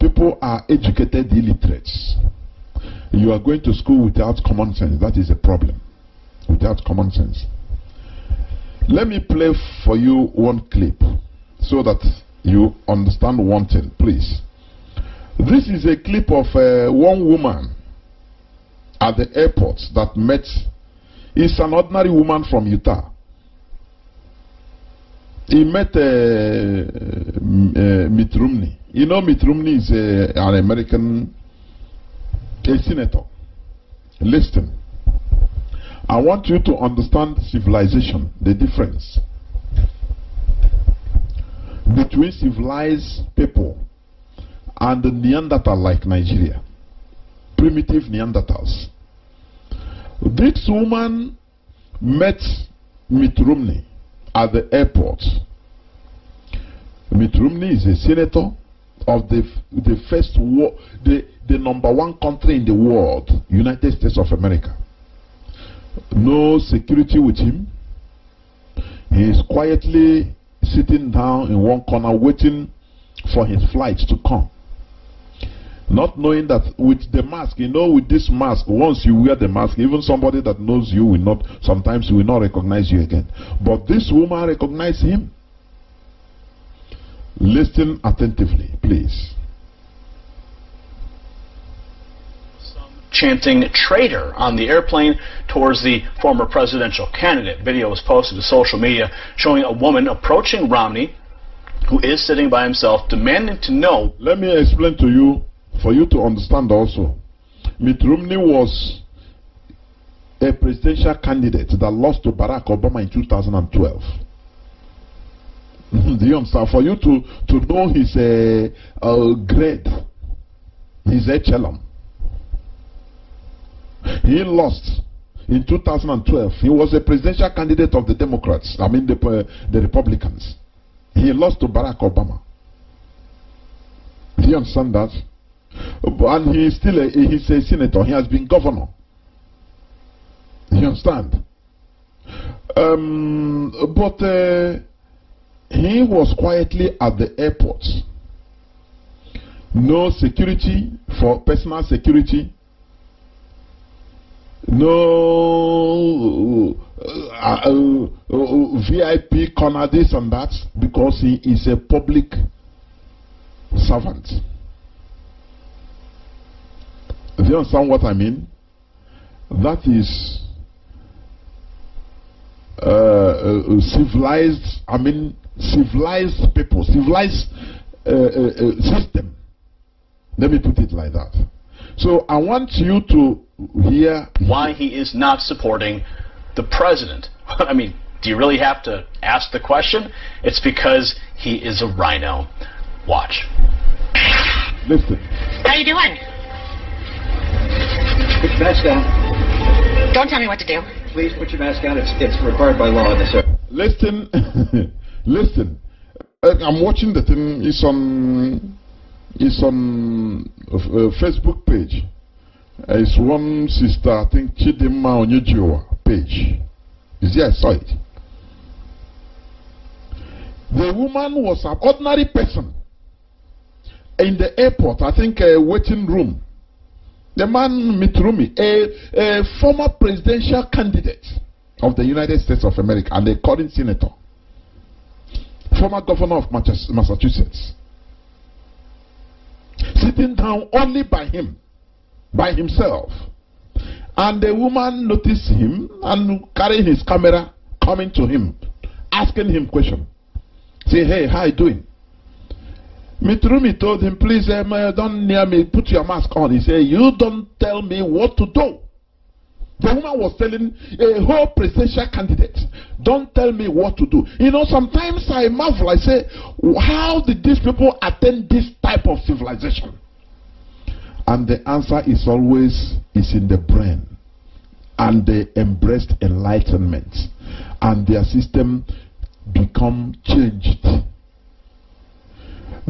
People are educated illiterates. You are going to school without common sense. That is a problem. Without common sense. Let me play for you one clip so that you understand one thing, please. This is a clip of uh, one woman at the airport that met. It's an ordinary woman from Utah he met uh, uh, uh, Mitt Romney. You know, Mitt Romney is uh, an American a senator. Listen, I want you to understand civilization, the difference between civilized people and the Neanderthal like Nigeria, primitive Neanderthals. This woman met Mitt Romney at the airport. Mitt Romney is a senator of the, the first war, the, the number one country in the world, United States of America. No security with him. He is quietly sitting down in one corner waiting for his flight to come not knowing that with the mask, you know, with this mask, once you wear the mask, even somebody that knows you will not, sometimes will not recognize you again. But this woman recognized him. Listen attentively, please. chanting traitor on the airplane towards the former presidential candidate. Video was posted to social media showing a woman approaching Romney who is sitting by himself demanding to know. Let me explain to you for you to understand also. Mitt Romney was a presidential candidate that lost to Barack Obama in 2012. Do you understand? For you to, to know his uh, uh, grade, his echelon. He lost in 2012. He was a presidential candidate of the Democrats, I mean the, uh, the Republicans. He lost to Barack Obama. Do you understand that? And he is still a, he's a senator. He has been governor. You understand? Um, but uh, he was quietly at the airport. No security for personal security. No uh, uh, uh VIP corner this and that because he is a public servant. Do you understand what I mean? That is uh, uh, civilized, I mean, civilized people, civilized uh, uh, uh, system. Let me put it like that. So I want you to hear why he is not supporting the president. I mean, do you really have to ask the question? It's because he is a rhino. Watch. Listen. How you doing? Put your mask on. Don't tell me what to do. Please put your mask on. It's, it's required by law in this area. Listen. Listen. Uh, I'm watching the thing. It's on, it's on uh, uh, Facebook page. it's one sister, I think, Chidima Onyejiwa page. Is there a site? The woman was an ordinary person in the airport, I think, a waiting room. The man Mitt a, a former presidential candidate of the United States of America and a current senator, former governor of Massachusetts, sitting down only by him, by himself. And the woman noticed him and carrying his camera, coming to him, asking him question. Say, hey, how you doing? Mitrumi told him, Please, eh, don't near me, put your mask on. He said, You don't tell me what to do. The woman was telling a whole presidential candidate, Don't tell me what to do. You know, sometimes I marvel. I say, How did these people attain this type of civilization? And the answer is always is in the brain. And they embraced enlightenment. And their system become changed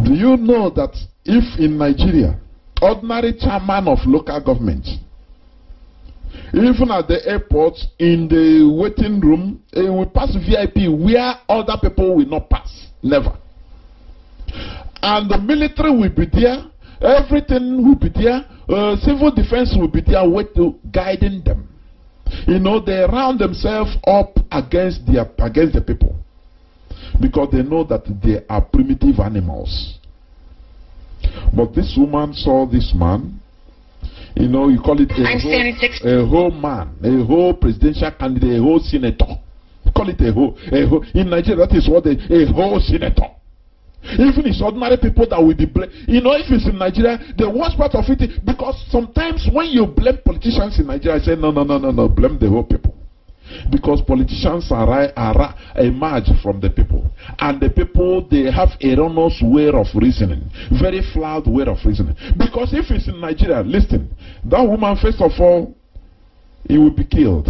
do you know that if in Nigeria, ordinary chairman of local government, even at the airport, in the waiting room, eh, we pass VIP where other people will not pass. Never. And the military will be there, everything will be there, uh, civil defense will be there, wait to guiding them. You know, they round themselves up against, their, against the people because they know that they are primitive animals. But this woman saw this man. You know, you call it a, I'm whole, a whole man, a whole presidential candidate, a whole senator. Call it a whole. A whole in Nigeria, that is what a, a whole senator. Even it's ordinary people that will be blamed. You know, if it's in Nigeria, the worst part of it, because sometimes when you blame politicians in Nigeria, I say, no, no, no, no, no, blame the whole people because politicians are, emerge from the people and the people they have a erroneous way of reasoning very flawed way of reasoning because if it's in nigeria listen that woman first of all he will be killed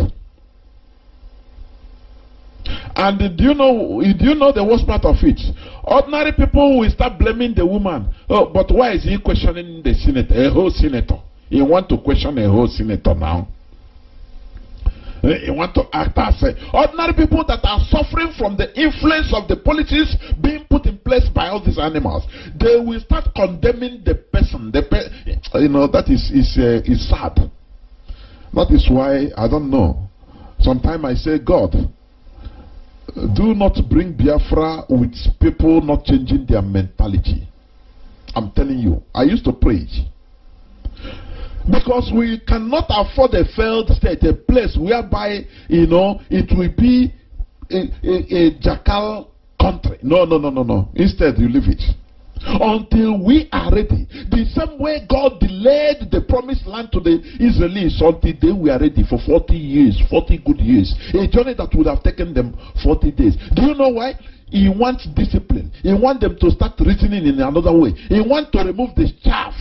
and do you know do you know the worst part of it ordinary people will start blaming the woman oh but why is he questioning the senator a whole senator he want to question a whole senator now you want to act as ordinary people that are suffering from the influence of the policies being put in place by all these animals. They will start condemning the person. The pe you know, that is, is, uh, is sad. That is why I don't know. Sometimes I say, God, do not bring Biafra with people not changing their mentality. I'm telling you, I used to preach. Because we cannot afford a failed state, a place whereby, you know, it will be a, a, a jackal country. No, no, no, no, no. Instead, you leave it. Until we are ready. The same way God delayed the promised land to the Israelites until they were ready for 40 years, 40 good years. A journey that would have taken them 40 days. Do you know why? He wants discipline. He wants them to start reasoning in another way. He wants to remove the chaff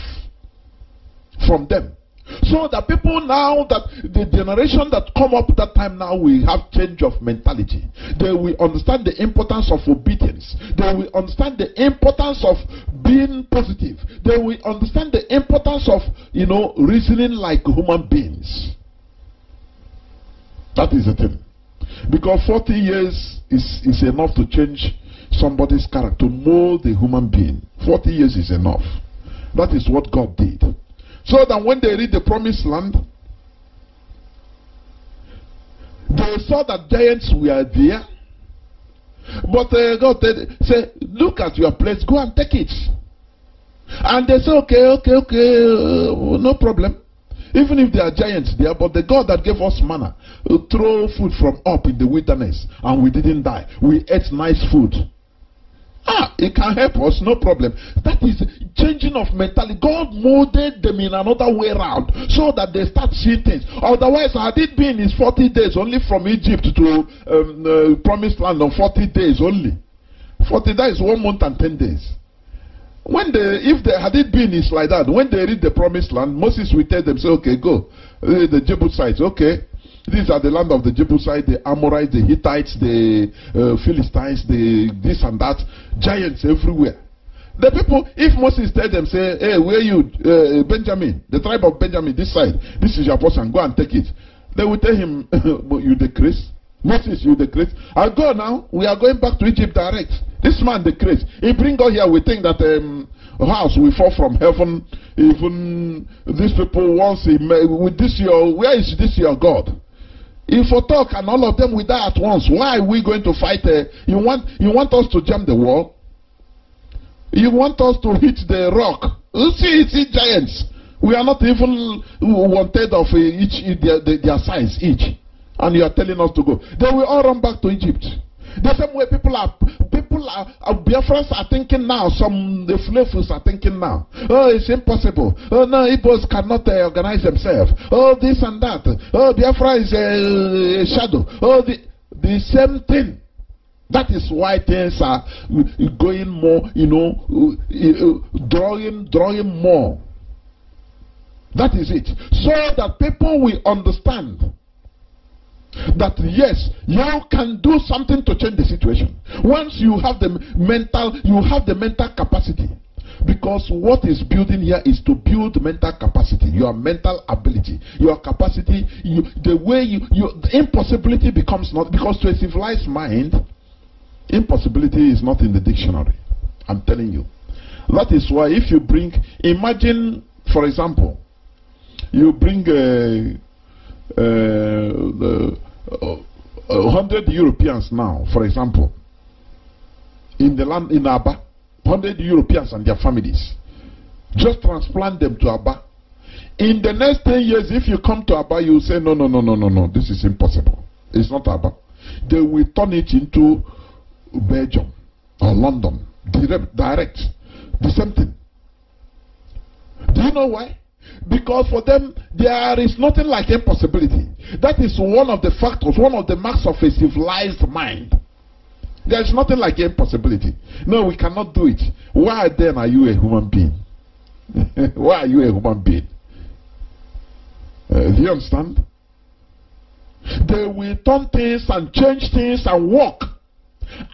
from them. So the people now that the generation that come up that time now will have change of mentality. They will understand the importance of obedience. They will understand the importance of being positive. They will understand the importance of you know reasoning like human beings. That is the thing. Because 40 years is, is enough to change somebody's character, mold the human being. 40 years is enough. That is what God did. So that when they reach the promised land, they saw that giants were there. But uh, God said, Look at your place, go and take it. And they said, Okay, okay, okay, uh, no problem. Even if there are giants there, but the God that gave us manna uh, threw food from up in the wilderness and we didn't die. We ate nice food. Ah, it can help us, no problem. That is changing of mentality. God molded them in another way around so that they start seeing things. Otherwise, had it been his 40 days only from Egypt to um, uh, promised land on 40 days only. 40 days, one month and 10 days. When they, if they had it been is like that, when they read the promised land, Moses will tell them, say, okay, go. Uh, the Jebusites, okay, These are the land of the Jebusites, the Amorites, the Hittites, the uh, Philistines, the this and that. Giants everywhere. The people, if Moses tell them, say, hey, where you, uh, Benjamin, the tribe of Benjamin, this side, this is your portion, go and take it. They will tell him, you decrease. Moses, you decrease. I go now. We are going back to Egypt direct. This man decrease. He bring God here. We think that um, house will fall from heaven. Even these people once he may, with this your where is this your God? If we talk and all of them will die at once, why are we going to fight? Uh, you, want, you want us to jump the wall? You want us to hit the rock? You see, see giants. We are not even one third of uh, each, their, their size each. And you are telling us to go. Then we all run back to Egypt. The same way people are, people are, uh, Biafrans are thinking now, some the flavors are thinking now. Oh, it's impossible. Oh, no, Igbos cannot uh, organize themselves. Oh, this and that. Oh, Biafra is a, a shadow. Oh, the, the same thing. That is why things are going more, you know, uh, uh, drawing, drawing more. That is it. So that people will understand that yes, you can do something to change the situation. Once you have the mental, you have the mental capacity. Because what is building here is to build mental capacity, your mental ability, your capacity, you, the way you, you, the impossibility becomes not, because to a civilized mind, impossibility is not in the dictionary. I'm telling you. That is why if you bring, imagine, for example, you bring a, a, 100 Europeans now, for example, in the land in Abba, 100 Europeans and their families. Just transplant them to Abba. In the next 10 years, if you come to Abba, you say, no, no, no, no, no, no, this is impossible. It's not Abba. They will turn it into Belgium or London, direct. direct. The same thing. Do you know why? Because for them, there is nothing like impossibility. That is one of the factors, one of the marks of a civilized mind. There is nothing like impossibility. No, we cannot do it. Why then are you a human being? Why are you a human being? Uh, do you understand? They will turn things and change things and work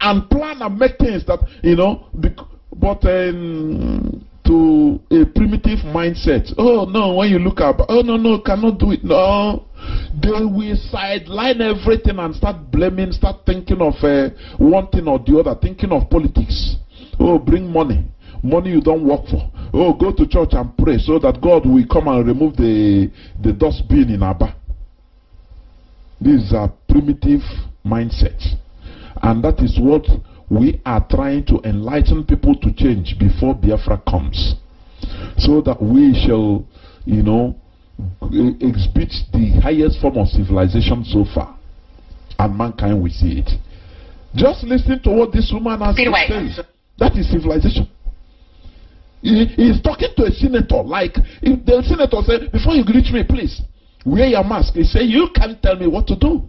and plan and make things that, you know, but um, to a primitive mindset. Oh, no, when you look up, oh, no, no, cannot do it. No, they will sideline everything and start blaming, start thinking of eh, one thing or the other, thinking of politics. Oh, bring money. Money you don't work for. Oh, go to church and pray so that God will come and remove the, the dustbin in Abba. These are primitive mindsets. And that is what we are trying to enlighten people to change before Biafra comes. So that we shall, you know, exhibits the highest form of civilization so far. And mankind will see it. Just listen to what this woman has to say. That is civilization. He, he's talking to a senator. Like, if the senator said, Before you greet me, please wear your mask. He said, You can't tell me what to do.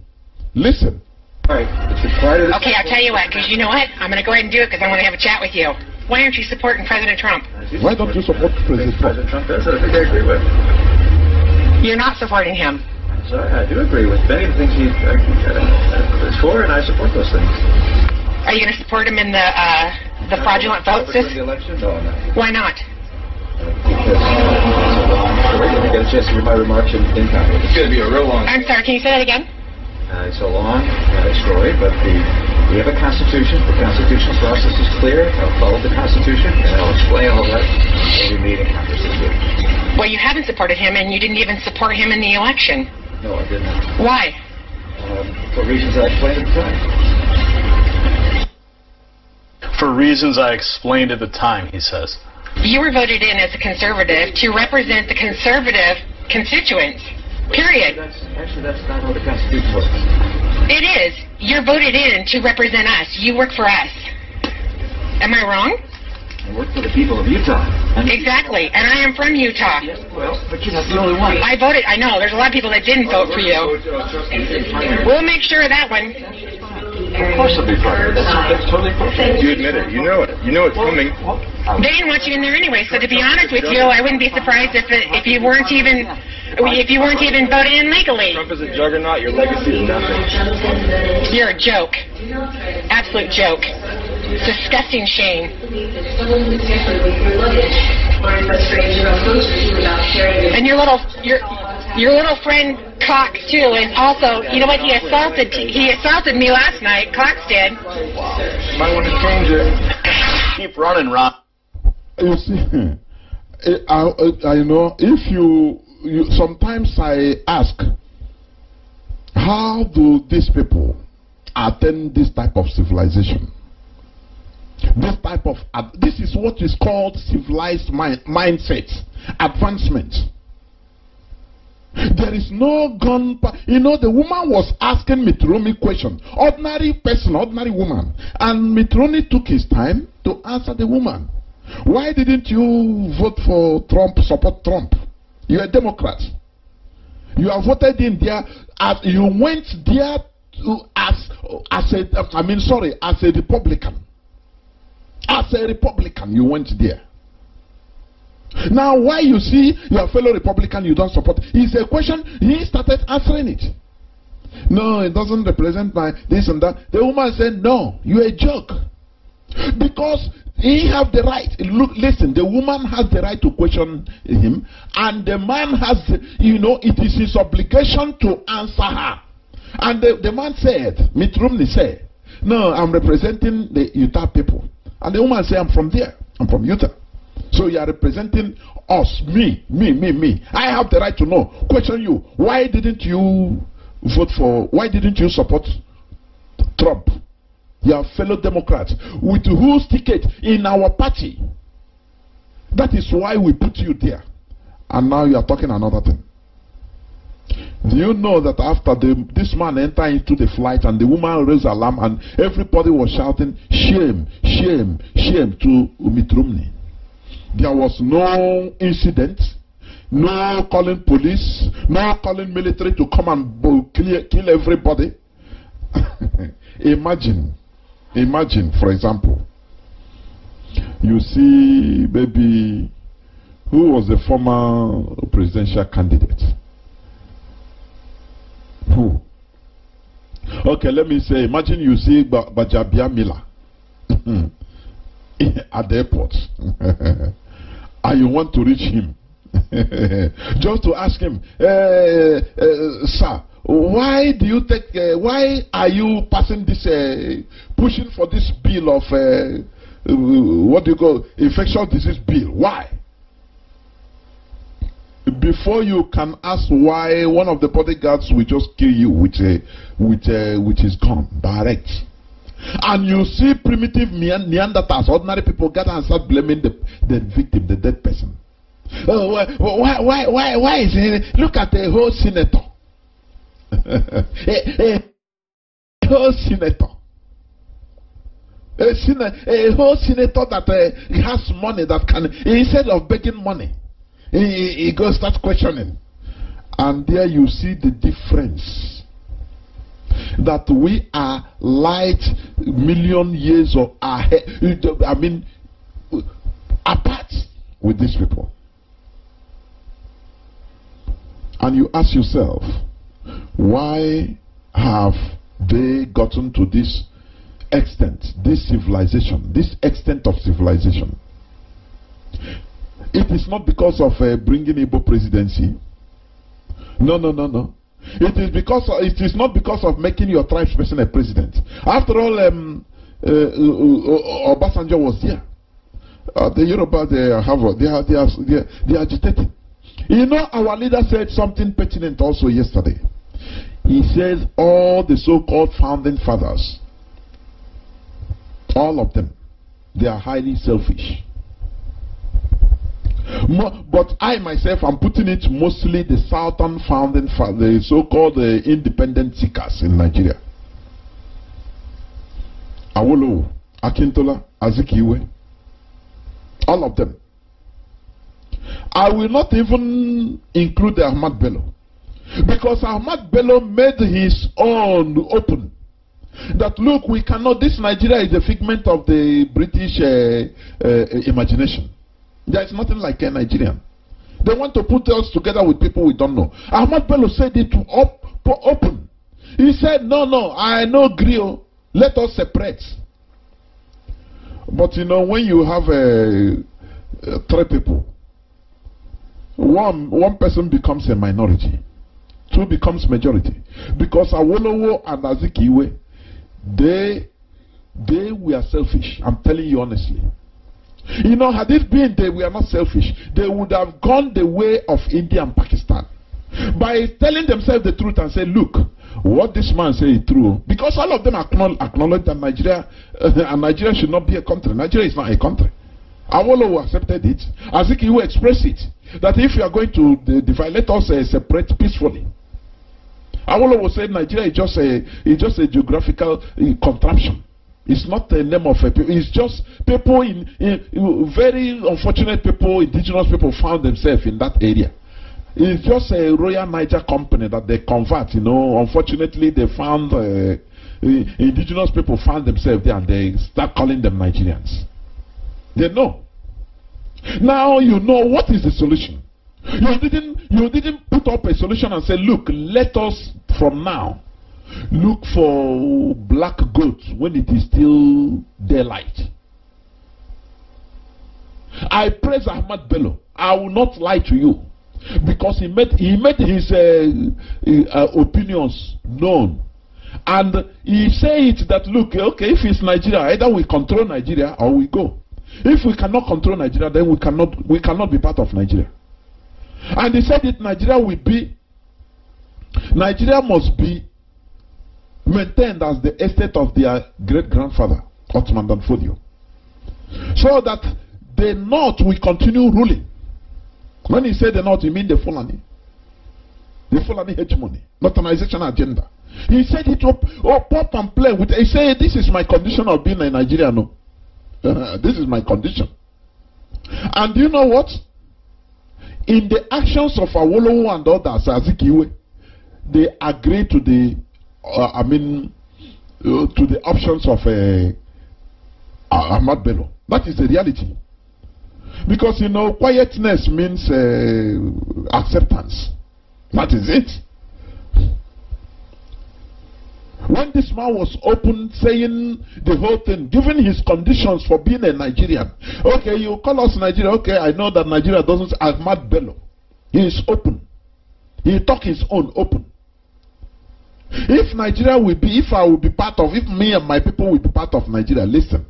Listen. Right. Okay, I'll tell you what, because you know what? I'm going to go ahead and do it because I want to have a chat with you. Why aren't you supporting President Trump? Why don't you support President Trump? President Trump, I think I agree with. You're not supporting him. Sorry, I do agree with Benny. I think he uh, is for, and I support those things. Are you going to support him in the uh, the no, fraudulent vote system? The election? No, no. Why not? Because uh, I are going to get a chance to hear my remarks in, in Congress. It's going to be a real long. I'm sorry. Can you say that again? Uh, it's a long story, but the we have a constitution. The constitutional process is clear. I'll follow the constitution, and I'll explain all that when we meet in Congress this week. Well, you haven't supported him, and you didn't even support him in the election. No, I did not. Why? Um, for reasons I explained at the time. For reasons I explained at the time, he says. You were voted in as a conservative to represent the conservative constituents. Period. That's, actually, that's not how the Constitution works. It is. You're voted in to represent us. You work for us. Am I wrong? I work for the people of Utah. And exactly, and I am from Utah. Yes, well, but you're not the only one. I voted, I know, there's a lot of people that didn't vote for uh, you. We'll make sure of that one. Of course it'll be private. That's, that's totally perfect. You admit it. You know it. You know it's coming. Um, they didn't want you in there anyway. So to be honest with you, I wouldn't be surprised if it, if you weren't even if you weren't even voted in legally. Trump is a juggernaut. Your legacy is nothing. You're a joke. Absolute joke. disgusting shame. And your little your your little friend Cox too, and also, you know what? He assaulted he assaulted me last night. Cox did. I Might want to change it. Keep running, Rob. You see, I, I, I know if you, you sometimes I ask, how do these people attend this type of civilization? This type of this is what is called civilized mind, mindset advancement. There is no gun. You know, the woman was asking Mitroni question. Ordinary person, ordinary woman. And Mitroni took his time to answer the woman. Why didn't you vote for Trump, support Trump? You're a Democrat. You have voted in there. As you went there to, as, as a, I mean, sorry, as a Republican. As a Republican, you went there. Now, why you see your fellow Republican you don't support is a question he started answering it. No, it doesn't represent my this and that. The woman said, No, you're a joke. Because he have the right. Look, listen, the woman has the right to question him, and the man has, you know, it is his obligation to answer her. And the, the man said, Mitt Romney said, No, I'm representing the Utah people. And the woman said, I'm from there, I'm from Utah. So you are representing us, me, me, me, me. I have the right to know. Question you, why didn't you vote for, why didn't you support Trump? Your fellow Democrats, with whose ticket in our party? That is why we put you there. And now you are talking another thing. Do you know that after the, this man entered into the flight and the woman raised alarm and everybody was shouting, shame, shame, shame to Umit there was no incident, no calling police, no calling military to come and clear, kill everybody. imagine, imagine, for example, you see, maybe, who was the former presidential candidate? Who? Okay, let me say, imagine you see Bajabia Miller at the airport. and you want to reach him. Just to ask him, eh, eh, sir, why do you take, eh, why are you passing this, pushing for this bill of, what do you call, infectious disease bill? Why? Before you can ask why, one of the bodyguards will just kill you with, a, with, a, with his gun, direct. And you see primitive Neanderthals, ordinary people, gather and start blaming the, the victim, the dead person. Oh, why, why, why, why is it? Look at the whole senator. a, a whole senator. A, sen- a whole senator that uh, has money that can, instead of begging money, he, he goes start questioning. And there you see the difference. that we are light million years or ahead, I mean, apart with these people. And you ask yourself, why have they gotten to this extent, this civilization, this extent of civilization? It is not because of uh, bringing Igbo presidency. No, no, no, no. It is, because, it is not because of making your tribe's person a president. After all, um, uh, uh, uh, uh, Obasanjo was here. the Yoruba, they have, they, are they, they, are, they are agitated. You know, our leader said something pertinent also yesterday. He says all the so called founding fathers, all of them, they are highly selfish but I myself am putting it mostly the southern founding, the so called uh, independent seekers in Nigeria. Awolowo, Akintola, Azikiwe, all of them. I will not even include Ahmad Bello because Ahmad Bello made his own open. That look, we cannot, this Nigeria is a figment of the British uh, uh, imagination. There is nothing like a Nigerian. They want to put us together with people we don't know. Ahmad Bello said it op open. He said, No, no, I know Grio. Oh. Let us separate. But you know, when you have uh, uh, three people, one, one person becomes a minority, two becomes majority. Because Awolowo and Azikiwe, they, they were selfish. I'm telling you honestly. You know, had it been they were not selfish, they would have gone the way of India and Pakistan. By telling themselves the truth and say, look, what this man say is true. Because all of them acknowledge that Nigeria, and Nigeria should not be a country. Nigeria is not a country. Awolowo accepted it. Azikiwe expressed it. That if you are going to divide, let us eh, separate peacefully. Awolowo said Nigeria is just a, is just a geographical eh, contraption. It's not the name of a people. It's just people in, in very unfortunate people, indigenous people, found themselves in that area. It's just a Royal Niger company that they convert. You know, unfortunately, they found uh, indigenous people found themselves there and they start calling them Nigerians. They know. Now you know what is the solution. You didn't, you didn't put up a solution and say, look, let us from now Look for black goats when it is still daylight. I praise Ahmad Bello. I will not lie to you because he made, he made his uh, uh, uh opinions known. And he said that, look, okay, if it's Nigeria, either we control Nigeria or we go. If we cannot control Nigeria, then we cannot, we cannot be part of Nigeria. And he said that Nigeria will be, Nigeria must be maintained as the estate of their great grandfather, Ottoman Danfodio. So that the North will continue ruling. When he said the North, he means the Fulani. The Fulani hegemony, Northernization agenda. He said it up, oh, pop and play with. He said, This is my condition of being a Nigerian. No. Uh-huh, this is my condition. And you know what? In the actions of Awolowo and others, Azikiwe, they agreed to the uh, I mean, uh, to the options of uh, uh, Ahmad Bello. That is the reality. Because, you know, quietness means uh, acceptance. That is it. When this man was open saying the whole thing, giving his conditions for being a Nigerian. Okay, you call us Nigeria. Okay, I know that Nigeria doesn't. Ahmad Bello. He is open. He talk his own open. If Nigeria will be, if I will be part of, if me and my people will be part of Nigeria, listen,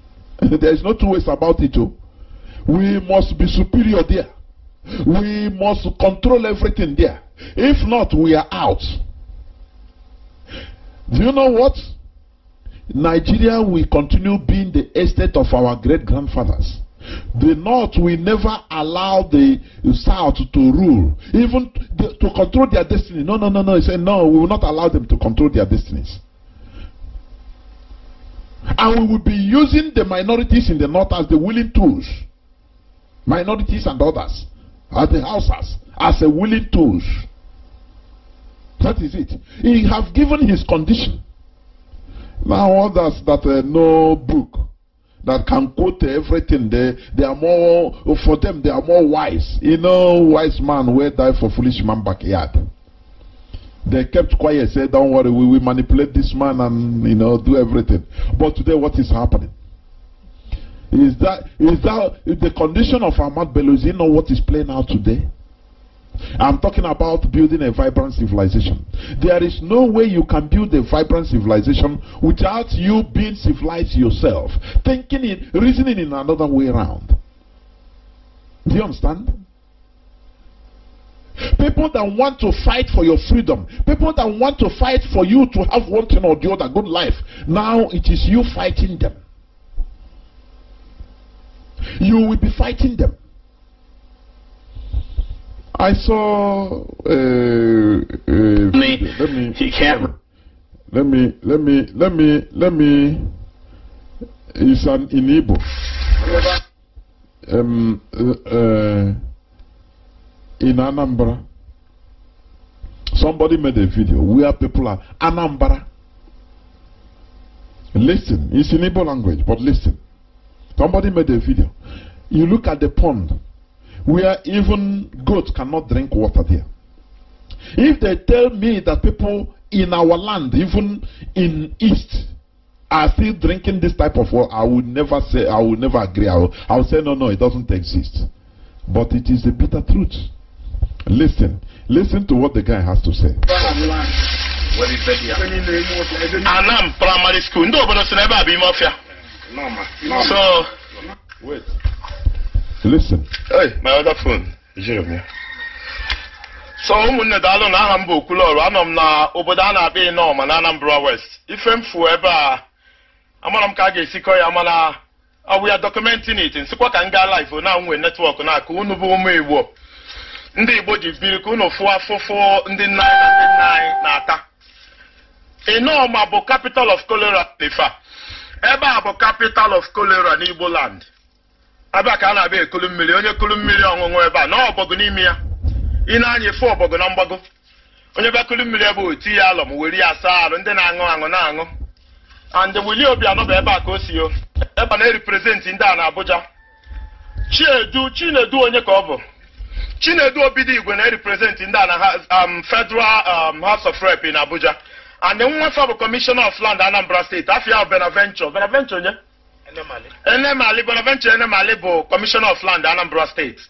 there is no two ways about it. Oh. We must be superior there. We must control everything there. If not, we are out. Do you know what? Nigeria will continue being the estate of our great grandfathers. The North will never allow the South to rule, even to, control their destiny. No, no, no, no. He said, No, we will not allow them to control their destinies. And we will be using the minorities in the North as the willing tools. Minorities and others, as the houses, as a willing tools. That is it. He have given his condition. Now, others that know uh, book that can quote everything. They, they are more, for them, they are more wise. You know, wise man will die for foolish man backyard. They kept quiet, said, Don't worry, we we manipulate this man and, you know, do everything. But today, what is happening? Is that, is that is the condition of Ahmad Bello? Is he know what is playing out today? I'm talking about building a vibrant civilization. There is no way you can build a vibrant civilization without you being civilized yourself, thinking it, reasoning in another way around. Do you understand? People that want to fight for your freedom, people that want to fight for you to have one thing or the other, good life. Now it is you fighting them. You will be fighting them. I saw. Uh, uh, me, let me. He can't. Let me. Let me. Let me. Let me. It's an in Um, uh, in Anambra, somebody made a video where people are Anambra. Listen, it's in language, but listen. Somebody made a video. You look at the pond where even goats cannot drink water there. If they tell me that people in our land, even in East, are still drinking this type of water, I will never say, I will never agree. I will, say, no, no, it doesn't exist. But it is the bitter truth. Listen, listen to what the guy has to say. Anam primary school. No, but I'm not So, wait. Listen. Hey, my other phone. Jeremy. So ụmụnne daalụ na aha mba bụ Okwulọrụ anọ m na obodo a na-akpa Ịnọma na Anambra West ife m fuo ebe a amara m ka a ga-esikọ ya mana ọ bụ ya documenting it nsịkwa ka m gaa live na nwee netwọk na aka unu bụ ụmụ Igbo ndị Igbo ji biri ka unu fụọ afụfụ ndị nna anyị na ndị nna anyị na-ata Ịnọma bụ capital of cholera ebe a bụ capital of cholera n'Igbo land abịa ka a na-abịa ekulu mmiri onye kulu mmiri ọṅụṅụ ebe a na ọbọgụ n'ime ya ị na-anya efu ọbọgụ na mgbago onye bịa kulu mmiri ebe oti ya alọm were ya saa arụ ndị na-aṅụ aṅụ na-aṅụ and Obi Obianọ bụ ebe a ka o si o ebe na-eriprezentị ndị a na Abuja Chiedu Chinedu onye ka ọ bụ Chinedu Igwe na-eriprezentị ndị a na um, Federal um, House of Rep na Abuja and nwa fa bụ Commissioner of Land Anambra State afia Benaventure Benaventure nye Enemali Bonaventure Enemali bụ Commissioner of Land Anambra State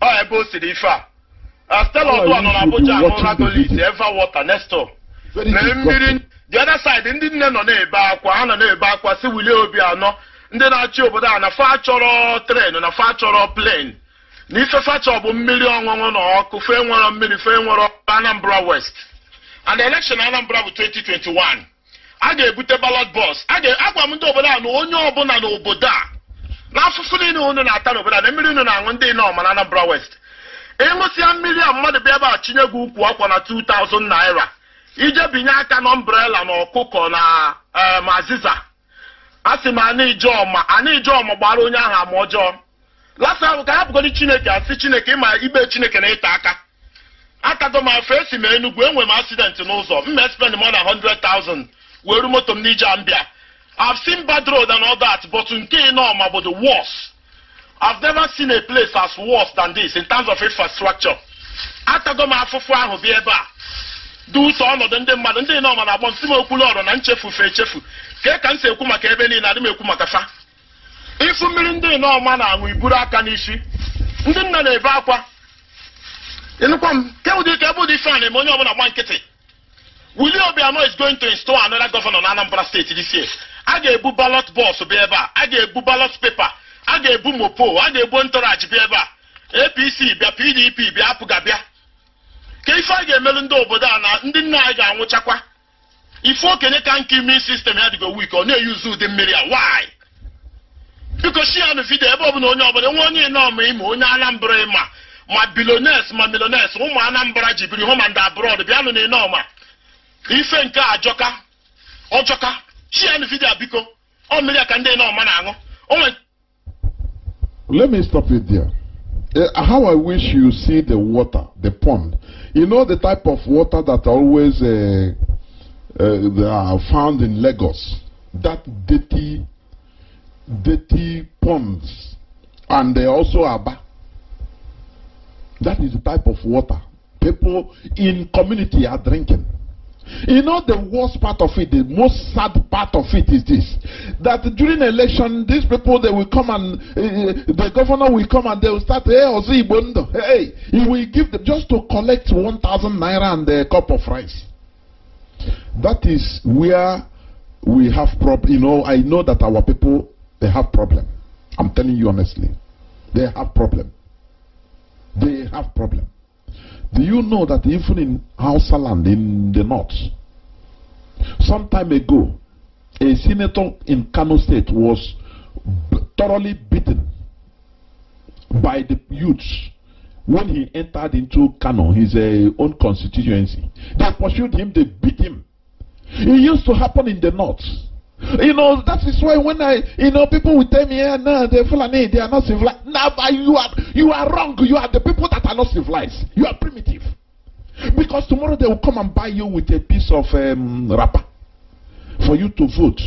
ọ ebe o siri ife a Stella Odua nọ na Abuja ahụra golit Eva Water Nestor na mmiri the other side ndị nne nọ na-ebe akwa ha nọ na-ebe akwa si wulie obi anọ ndị na-achị obodo a na fa chọrọ tren na fa chọrọ plen na ife fachọ bụ mmiri ọṅụṅụ na ọkụ fe nwere mmiri fe nwere Anambra West and election Anambra bụ 2021 a ga-ebute ballot bọs agwa m ndị obodo a na onye ọbụla n'obodo a na afụfụ niile unu na-ata n'obodo a na mmiri unu na-aṅụ ndị nọọma na Anambra West ịṅụsịa mmiri a mmadụ bịa ebe a chinye gị ukwu ọkwa na 2000 naira ije binye aka na ọmbrela na ọkụkọ na eh, maziza a sị m anyị ijeọma gbara onye ahụ ama ọjọọ lasa ahụ ka hapụgodi chineke asị chineke ịma ikpe chineke na ịta aka akago m afọ esi m enugwu enwe m asidenti n'ụzọ mma ma spend more than 100,000 were moto m n'ije ambia I've seen bad road and all that but nke ịnọma bụ the worst I've never seen a place as worse than this in terms of infrastructure atago m afụfụ ahụ bịa ebe a dị ọnọdụ ndị mmadụ ndị ịnọma na-agbọ nsị m okwulu ọrụ na nchefufe echefu ka ka m si ekwu maka ebe niile adị m ekwu maka fa ifu mmiri ndị ma na-aṅụ iburu aka n'isi ndị nna na-ebe akwa ịnụkwa m ke ike ebe ụdị fan eme onye ọbụla gba nkịtị Willie Obiano is going to install another governor na Anambra State this year. A ga-ebu ballot box bịa ebe a, a ga-ebu ballot paper, a ga-ebu mopo, a ga-ebu ntoraji bịa ebe a, APC bịa PDP bịa apụga bịa. Ka ife a ga-emelụ ndị obodo a na ndị nna anyị ga-anwụchakwa. Ife okenye ka nke immune sistem ya dịgo weak, ọ na-eyuzu ụdị mmiri a, why? Biko shianụ vidio ebe ọbụla onye ọbụla nwe onye ịnọọma ịma onye Anambra ịma ma biliones ma miliones ụmụ Anambra ji biri hụ ma bịanụ na ịnọọma ife nke ajọka ọjọka biko ọ ka ndi nọọma na-aṅụ Let me stop you there. Uh, how I wish you see the water, the pond. You know the type of water that always uh, uh, are found in Lagos. That dirty, dirty ponds, and they also Aba. That is the type of water people in community are drinking. You know, the worst part of it, the most sad part of it is this that during election, these people they will come and eh, eh, the governor will come and they will start, hey, Ozi Bondo, hey, he will give them just to collect 1,000 naira and a cup of rice. That is where we have problem. You know, I know that our people they have problem. I'm telling you honestly, they have problem. They have problem. Do you know that even in Hausaland in the north, some time ago, a senator in Kano State was thoroughly beaten by the youths when he entered into Kano, his uh, own constituency. They pursued him, they beat him. It used to happen in the north. You know, that is why when I, you know, people will tell me, yeah, no, they're full of need they are not civilized. No, but you are, you are wrong. You are the people that are not civilized. You are primitive. Because tomorrow they will come and buy you with a piece of um, wrapper for you to vote.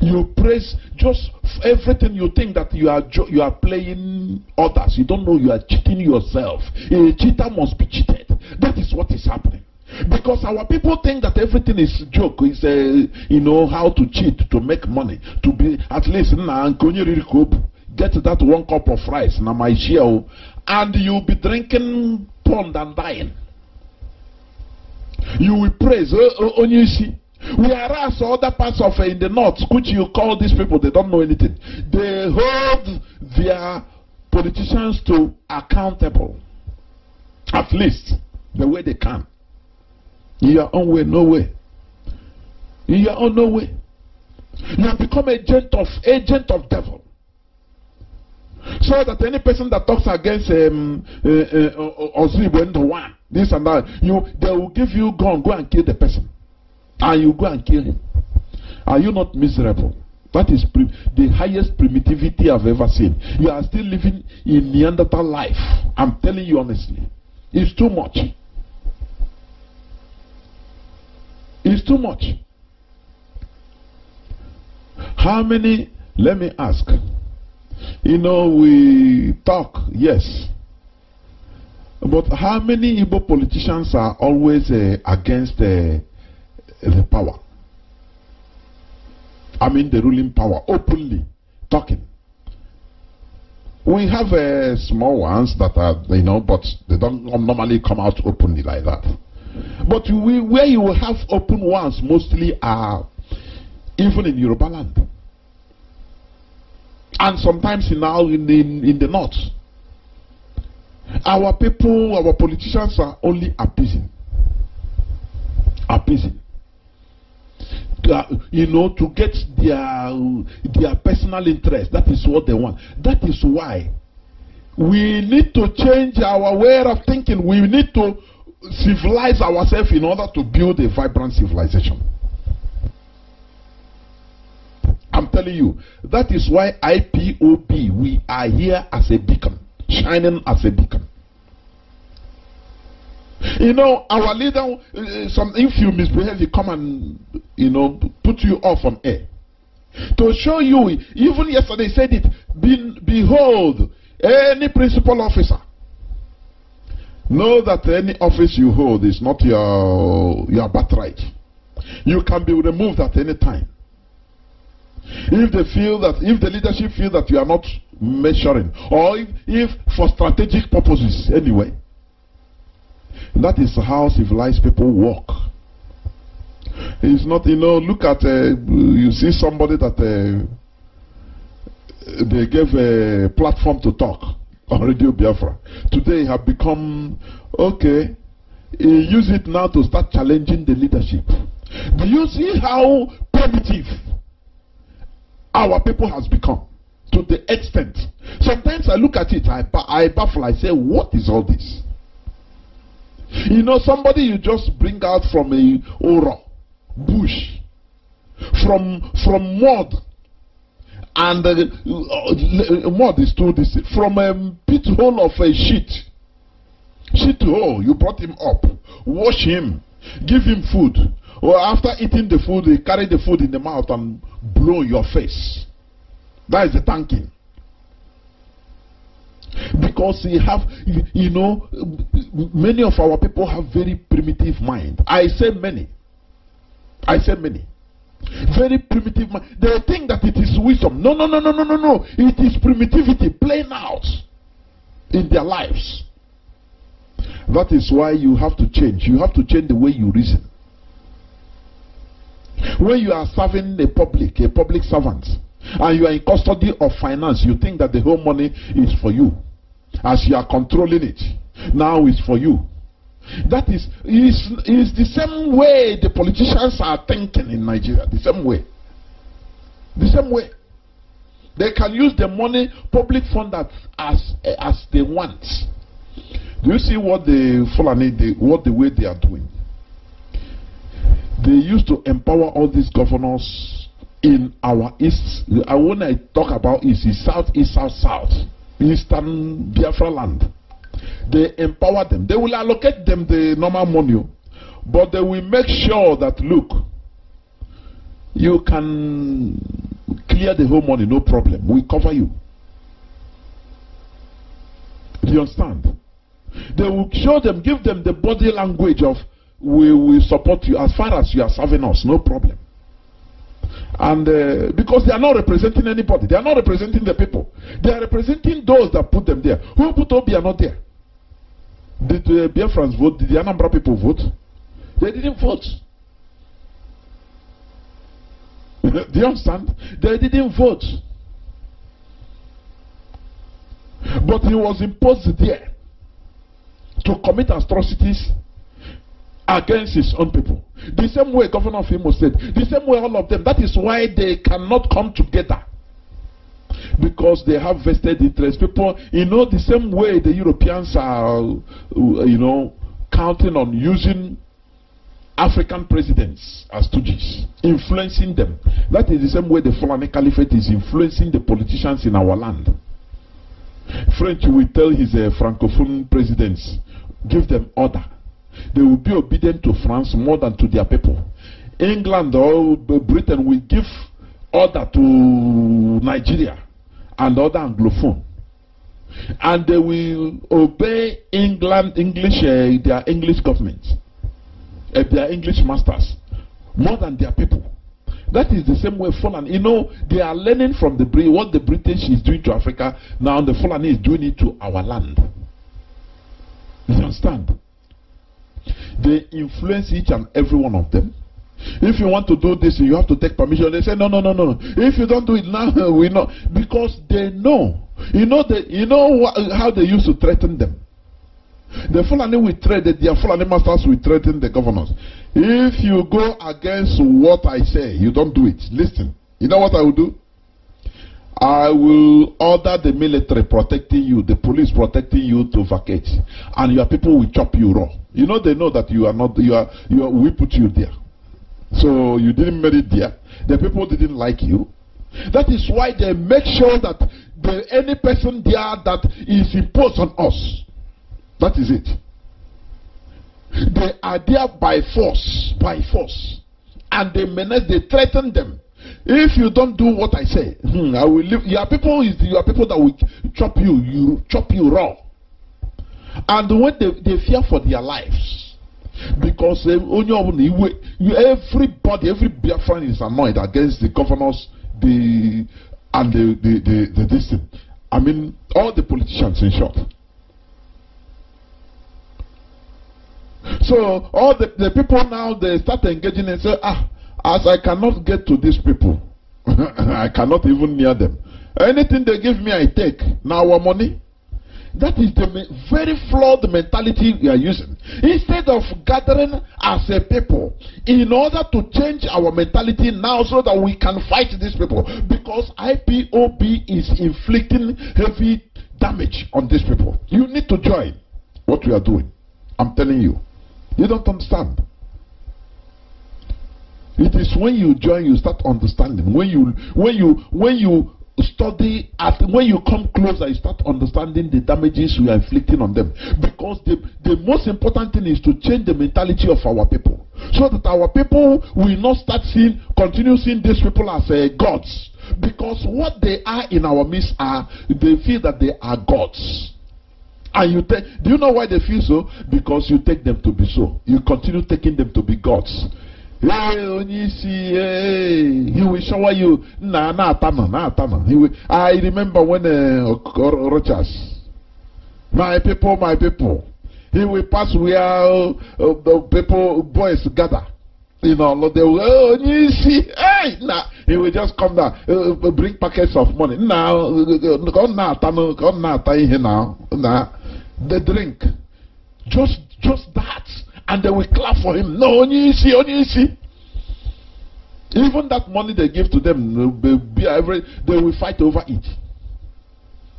You praise just everything you think that you are, you are playing others. You don't know you are cheating yourself. A cheater must be cheated. That is what is happening. Because our people think that everything is joke, is uh, you know how to cheat, to make money, to be at least na get that one cup of rice na oh. and you'll be drinking pond and dying. You will praise oh, oh, Onyisi. Whereas other parts of uh, in the north, which you call these people, they don't know anything. They hold their politicians to accountable, at least the way they can. In your own way, no way. In your own no way. You have become agent of agent of devil. So that any person that talks against um, uh, uh, Ozribo the one, this and that, you, they will give you gun, go and kill the person. And you go and kill him. Are you not miserable? That is the highest primitivity I've ever seen. You are still living in Neanderthal life. I'm telling you honestly. It's too much. It's too much. How many? Let me ask. You know, we talk, yes. But how many Igbo politicians are always uh, against uh, the power? I mean, the ruling power, openly talking. We have eh, small ones that are, you know, but they don't normally come out openly like that. But we, where you have open ones mostly are even in Yoruba land. And sometimes now in, in, in the north. Our people, our politicians are only appeasing. Appeasing. Uh, you know, to get their, their personal interest. That is what they want. That is why we need to change our way of thinking. We need to civilize ourselves in order to build a vibrant civilization. I'm telling you, that is why IPOP, we are here as a beacon, shining as a beacon. You know, our leader, eh, some, if you misbehave, he come and, you know, put you off from air. To show you, even yesterday said it, be, behold, any principal officer Know that any office you hold is not your, your birthright. You can be removed at any time. If they feel that, if the leadership feel that you are not measuring, or if, if for strategic purposes anyway, that is how civilized people work. It's not, you know, look at uh, you see somebody that uh, they gave a platform to talk on Radio Biafra. Today have become, okay, use it now to start challenging the leadership. Do you see how primitive our people has become? To the extent. Sometimes I look at it, I, I baffle, I say, what is all this? You know, somebody you just bring out from a aura, bush, from, from mud, and uh, uh, uh, what is told this from a um, pit hole of a sheet sheet hole you brought him up wash him give him food Well, after eating the food they carry the food in the mouth and blow your face that is the tanking because you have you know many of our people have very primitive mind i say many i say many very primitive mind. They think that it is wisdom. No, no, no, no, no, no, no. It is primitivity playing out in their lives. That is why you have to change. You have to change the way you reason. When you are serving the public, a public servant, and you are in custody of finance, you think that the whole money is for you. As you are controlling it, now it's for you. That is, is, is the same way the politicians are thinking in Nigeria. The same way. The same way. They can use the money, public fund, as, as, as they want. Do you see what the Fulani, the, what the way they are doing? They used to empower all these governors in our east. I, when I talk about east, is south, east, south, south, eastern Biafra land. They empower them. They will allocate them the normal money, but they will make sure that, look, you can clear the whole money, no problem. We cover you. Do you understand? They will show them, give them the body language of, we will support you as far as you are serving us, no problem. And uh, because they are not representing anybody, they are not representing the people, they are representing those that put them there. Who put Obi are not there? Did the uh, Biafrans vote? Did the Anambra people vote? They didn't vote. Do you understand? They didn't vote. But he was imposed there to commit atrocities against his own people. The same way Governor of said, the same way all of them. That is why they cannot come together because they have vested interest. People, you know, the same way the Europeans are, uh, you know, counting on using African presidents as stooges, influencing them. That is the same way the Fulani Caliphate is influencing the politicians in our land. French will tell his uh, Francophone presidents, give them order. They will be obedient to France more than to their people. England or Britain will give order to Nigeria. and other Anglophone. And they will obey England, English, uh, their English government, uh, their English masters, more than their people. That is the same way Fulani. You know, they are learning from the Brit what the British is doing to Africa. Now the Fulani is doing it to our land. You understand? They influence each and every one of them. If you want to do this, you have to take permission. They say, no, no, no, no, If you don't do it now, we know. Because they know. You know, they, you know how they used to threaten them. The Fulani will threaten, their Fulani masters will threaten the governors. If you go against what I say, you don't do it. Listen, you know what I will do? I will order the military protecting you, the police protecting you to vacate. And your people will chop you raw. You know, they know that you are not, you are, you are, we put you there. So you didn't marry there. The people didn't like you. That is why they make sure that there any person there that is imposed on us. That is it. They are there by force, by force. And they menace, they threaten them. If you don't do what I say, hmm, I will leave. Your people is your people that will chop you, you chop you raw. And when they, they fear for their lives, because eh, everybody, every Biafran is annoyed against the governors, the and the the the, the I mean, all the politicians in short. So all the, the people now they start engaging and say, ah, as I cannot get to these people, I cannot even near them. Anything they give me, I take. Now our money. That is the very flawed mentality we are using. Instead of gathering as a people in order to change our mentality now so that we can fight these people, because IPOB is inflicting heavy damage on these people. You need to join what we are doing. I'm telling you. You don't understand. It is when you join, you start understanding. When you, when you, when you study at when you come closer, you start understanding the damages we are inflicting on them. Because the, the most important thing is to change the mentality of our people so that our people will not start seeing, continue seeing these people as uh, gods. Because what they are in our midst are, they feel that they are gods. And you take, do you know why they feel so? Because you take them to be so. You continue taking them to be gods. Eh, he will shower you na na-atana na-atana iwe i remember when uh, rochas my people my people he will pass where uh, the people boys gather you know they will oh onye see, hey now he will just come down uh, bring packets of money Now, ka now, na na-ata ka now, na na-ata ihe now the drink just just that. and they will clap for him. No, only see, only see. Even that money they give to them, they will fight over it.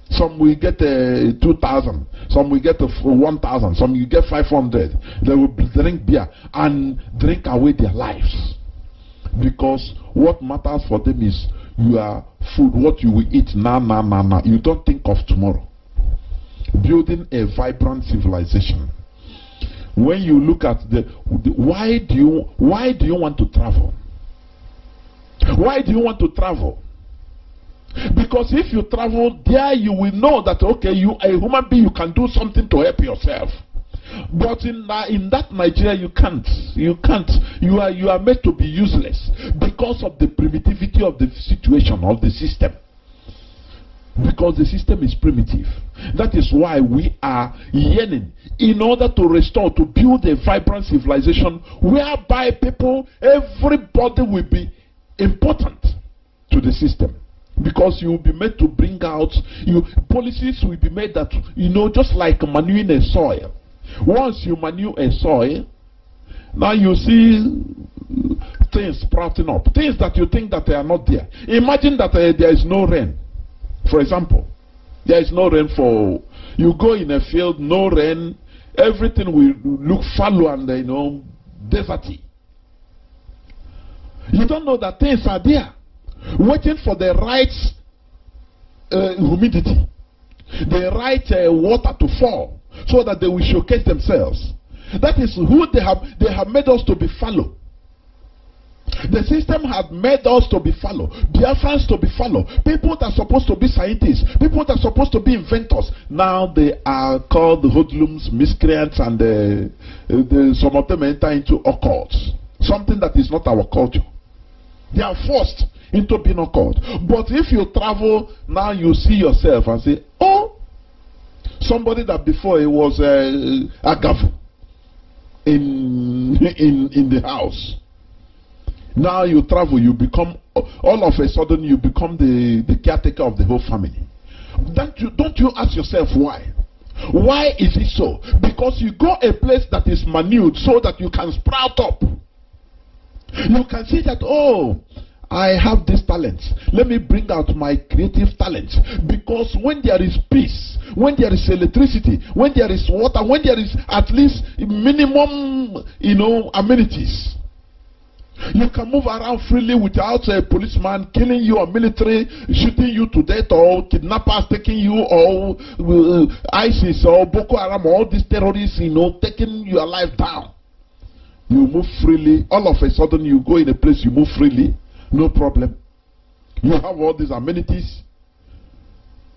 Some will get uh, eh, 2,000, some will get uh, eh, 1,000, some will get 500. They will drink beer and drink away their lives. Because what matters for them is your food, what you will eat now, now, now, now. You don't think of tomorrow. Building a vibrant civilization. when you look at the, the why do you why do you want to travel why do you want to travel because if you travel there you will know that okay you are a human being you can do something to help yourself but in, in that Nigeria, you can't. You can't. You are, you are made to be useless because of the primitivity of the situation, of the system. Because the system is primitive. That is why we are yearning in order to restore, to build a vibrant civilization whereby people, everybody will be important to the system. Because you will be made to bring out, you, policies will be made that, you know, just like manuring a soil. Once you manure a soil, now you see things sprouting up, things that you think that they are not there. Imagine that uh, there is no rain, for example. There is no rainfall. You go in a field, no rain, everything will look fallow and you know, deserty. You don't know that things are there, waiting for the right uh, humidity, the right uh, water to fall, so that they will showcase themselves. That is who they have, they have made us to be fallow. The system has made us to be fallow, Biafrans to be fallow, people that are supposed to be scientists, people that are supposed to be inventors. Now they are called hoodlums, miscreants, and the, uh, the, some of them enter into occults, something that is not our culture. They are forced into being occult. But if you travel now, you see yourself and say, Oh, somebody that before it was uh, a gavel in, in, in the house. Now you travel, you become, all of a sudden, you become the, the caretaker of the whole family. Don't you, don't you ask yourself why? Why is it so? Because you go a place that is manured so that you can sprout up. You can see that, oh, I have these talents. Let me bring out my creative talents. Because when there is peace, when there is electricity, when there is water, when there is at least minimum you know, amenities, you can move around freely without a policeman killing you or military shooting you to death or kidnappers taking you or uh, ISIS or Boko Haram or all these terrorists, you know, taking your life down. You move freely. All of a sudden, you go in a place, you move freely. No problem. You have all these amenities.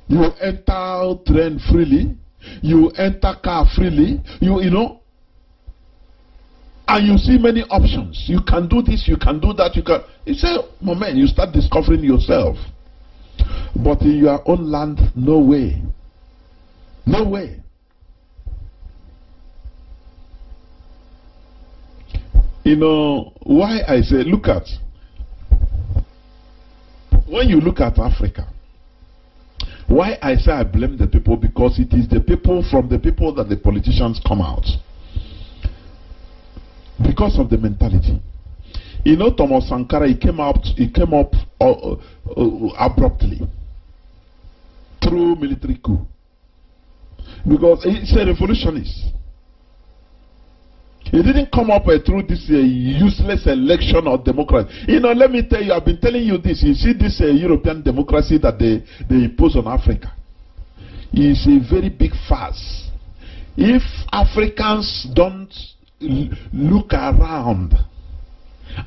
You enter train freely. You enter car freely. You, you know, and you see many options. You can do this, you can do that, you can. You say, "Moment, you start discovering yourself. But in your own land, no way. No way. You know why I say, look at when you look at Africa. Why I say I blame the people because it is the people from the people that the politicians come out because of the mentality. You know, Thomas Sankara, he came up, he came up uh, uh, uh abruptly through military coup because he's a revolutionist. He didn't come up uh, through this uh, useless election of democracy. You know, let me tell you, I've been telling you this. You see, this uh, European democracy that they, they impose on Africa is a very big farce. If Africans don't look around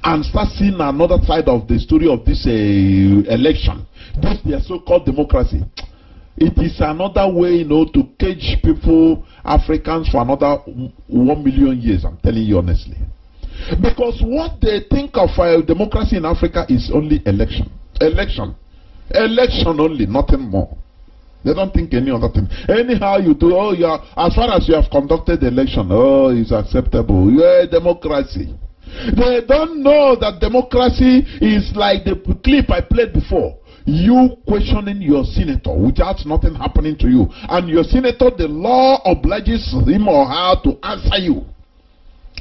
and start seeing another side of the story of this uh, election, this their so-called democracy. It is another way, you know, to cage people, Africans, for another one million years. I'm telling you honestly, because what they think of uh, democracy in Africa is only election, election, election only, nothing more. They don't think any other thing. Anyhow, you do, oh, you are, as far as you have conducted the election, oh, it's acceptable. Yeah, democracy. They don't know that democracy is like the clip I played before. You questioning your senator without nothing happening to you. And your senator, the law obliges him or her to answer you.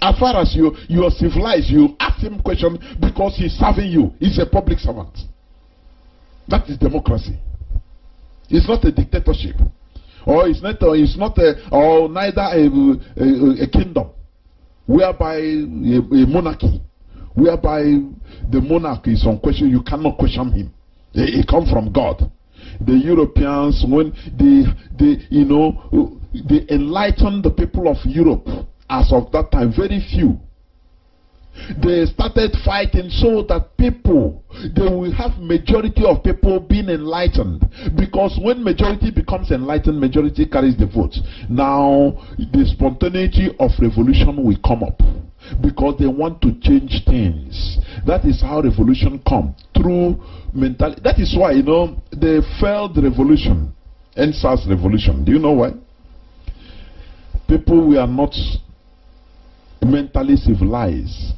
As far as you, you are civilized, you ask him questions because he's serving you. He's a public servant. That is democracy. It's not a dictatorship. Or it's not, it's not a, or neither a, a, a kingdom whereby a, a monarchy, whereby the monarch is on question. You cannot question him. He comes from God. The Europeans, when they, they, you know, they enlightened the people of Europe as of that time, very few they started fighting so that people they will have majority of people being enlightened because when majority becomes enlightened majority carries the vote now the spontaneity of revolution will come up because they want to change things that is how revolution come through mentality that is why you know the failed revolution NSAS revolution do you know why people were not mentally civilized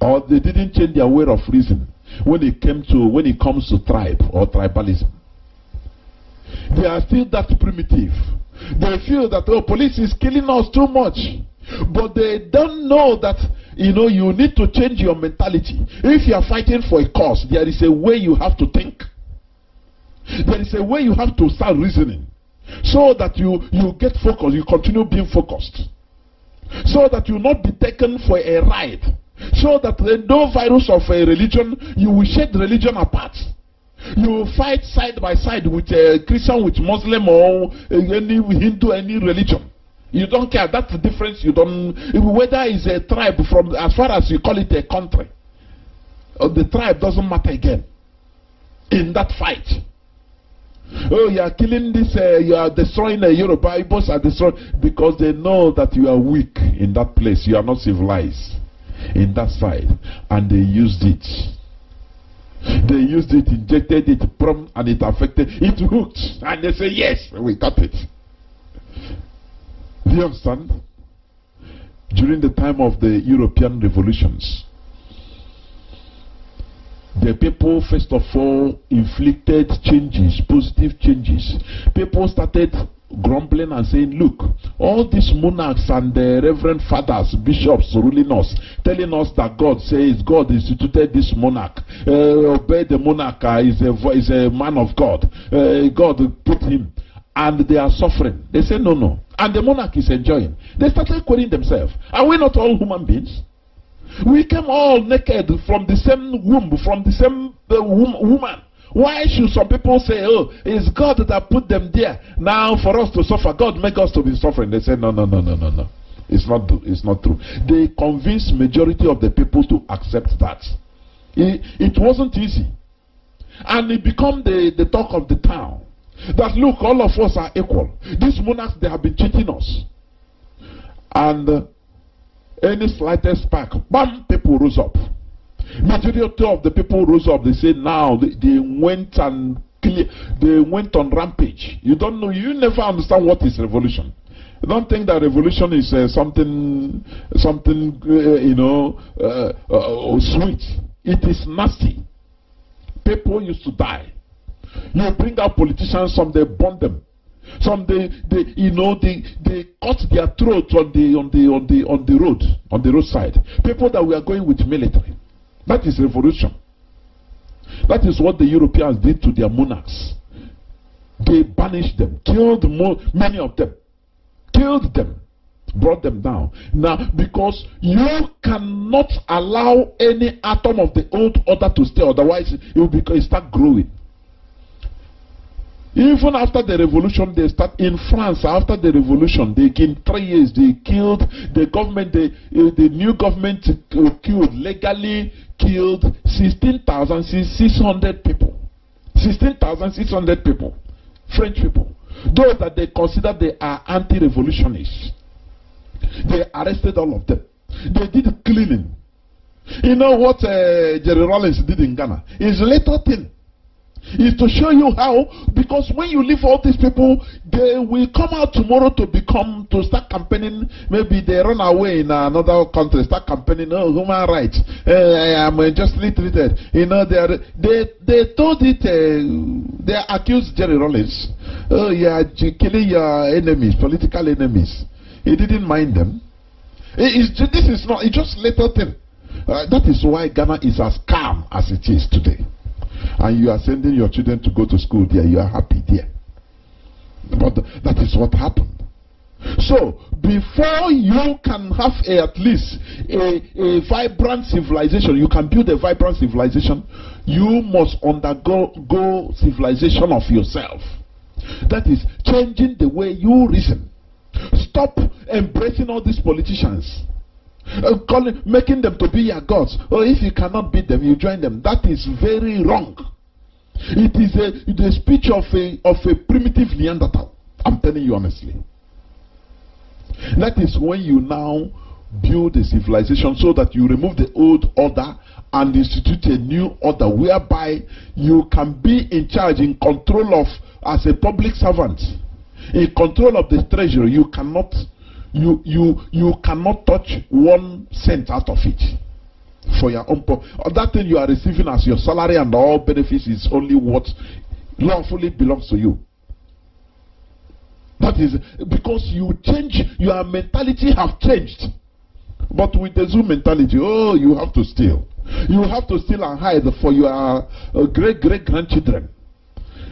or they didn't change their way of reason when it came to when it comes to tribe or tribalism. They are still that primitive. They feel that oh, police is killing us too much, but they don't know that you know you need to change your mentality. If you are fighting for a cause, there is a way you have to think. There is a way you have to start reasoning, so that you you get focused, you continue being focused, so that you not be taken for a ride. So that in eh, no virus of a eh, religion, you will shed religion apart. You will fight side by side with a eh, Christian, with Muslim, or any Hindu, any religion. You don't care. That's the difference. You don't, whether it's a tribe from, as far as you call it a country, uh, the tribe doesn't matter again in that fight. Oh, you are killing this, you are destroying the uh, are destroyed because they know that you are weak in that place. You are not civilized in that side, and they used it. They used it, injected it, prompt, and it affected. It hooked, and they say, Yes, we got it. Do you understand? During the time of the European revolutions, the people, first of all, inflicted changes, positive changes. People started grumbling and saying, Look, all these monarchs and the reverend fathers, bishops ruling us, telling us that God says God instituted this monarch. Uh, obey the monarch uh, is, a, is a man of God. Uh, God put him. And they are suffering. They say, No, no. And the monarch is enjoying. They started querying themselves Are we not all human beings? We came all naked from the same womb, from the same uh, wom woman. Why should some people say, oh, it's God that put them there now for us to suffer? God make us to be suffering. They say, no, no, no, no, no, no. It's not, it's not true. They convinced majority of the people to accept that. It, it wasn't easy. And it became the, the talk of the town. That look, all of us are equal. These monarchs, they have been cheating us. And uh, any slightest spark, bam, people rose up. Material of the people rose up. They said, now they, they went and they went on rampage. You don't know, you never understand what is revolution. You don't think that revolution is uh, something, something uh, you know, uh, uh oh, sweet. It is nasty. People used to die. You bring out politicians, some they burn them. Some they, they you know, they, they cut their throats on the, on, the, on, the, on the road, on the roadside. People that were going with military. That is revolution. That is what the Europeans did to their monarchs. They banished them, killed many of them, killed them, brought them down. Now, because you cannot allow any atom of the old order to stay, otherwise, it will, will start growing. Even after the revolution, they start in France. After the revolution, they gained three years. They killed the government. Uh, the new government uh, killed legally killed 16,600 people. 16,600 people, French people. Those that they consider they are anti-revolutionists. They arrested all of them. They did cleaning. You know what uh, Jerry Rollins did in Ghana? It's a little thing. is to show you how, because when you leave all these people, they will come out tomorrow to become, to start campaigning. Maybe they run away in another country, start campaigning, oh, human rights, uh, I am unjustly treated. You know, they, are, they, they told it, eh, they accused Jerry Rollins, oh, you are killing your enemies, political enemies. He didn't mind them. It is, this is not, it's just little thing. Uh, that is why Ghana is as calm as it is today. and you are sending your children to go to school there, you are happy there. But that is what happened. So, before you can have a, at least a, a vibrant civilization, you can build a vibrant civilization, you must undergo go civilization of yourself. That is changing the way you reason. Stop embracing all these politicians uh, calling, making them to be your gods. Or if you cannot beat them, you join them. That is very wrong. It is a, the speech of a, of a primitive Neanderthal. I'm telling you honestly. That is when you now build a civilization so that you remove the old order and institute a new order whereby you can be in charge, in control of, as a public servant, in control of the treasury. You cannot you you you cannot touch one cent out of it for your own purpose. Uh, that thing you are receiving as your salary and all benefits is only what lawfully belongs to you. That is because you change your mentality have changed. But with the zoo mentality, oh, you have to steal. You have to steal and hide for your uh, great great grandchildren.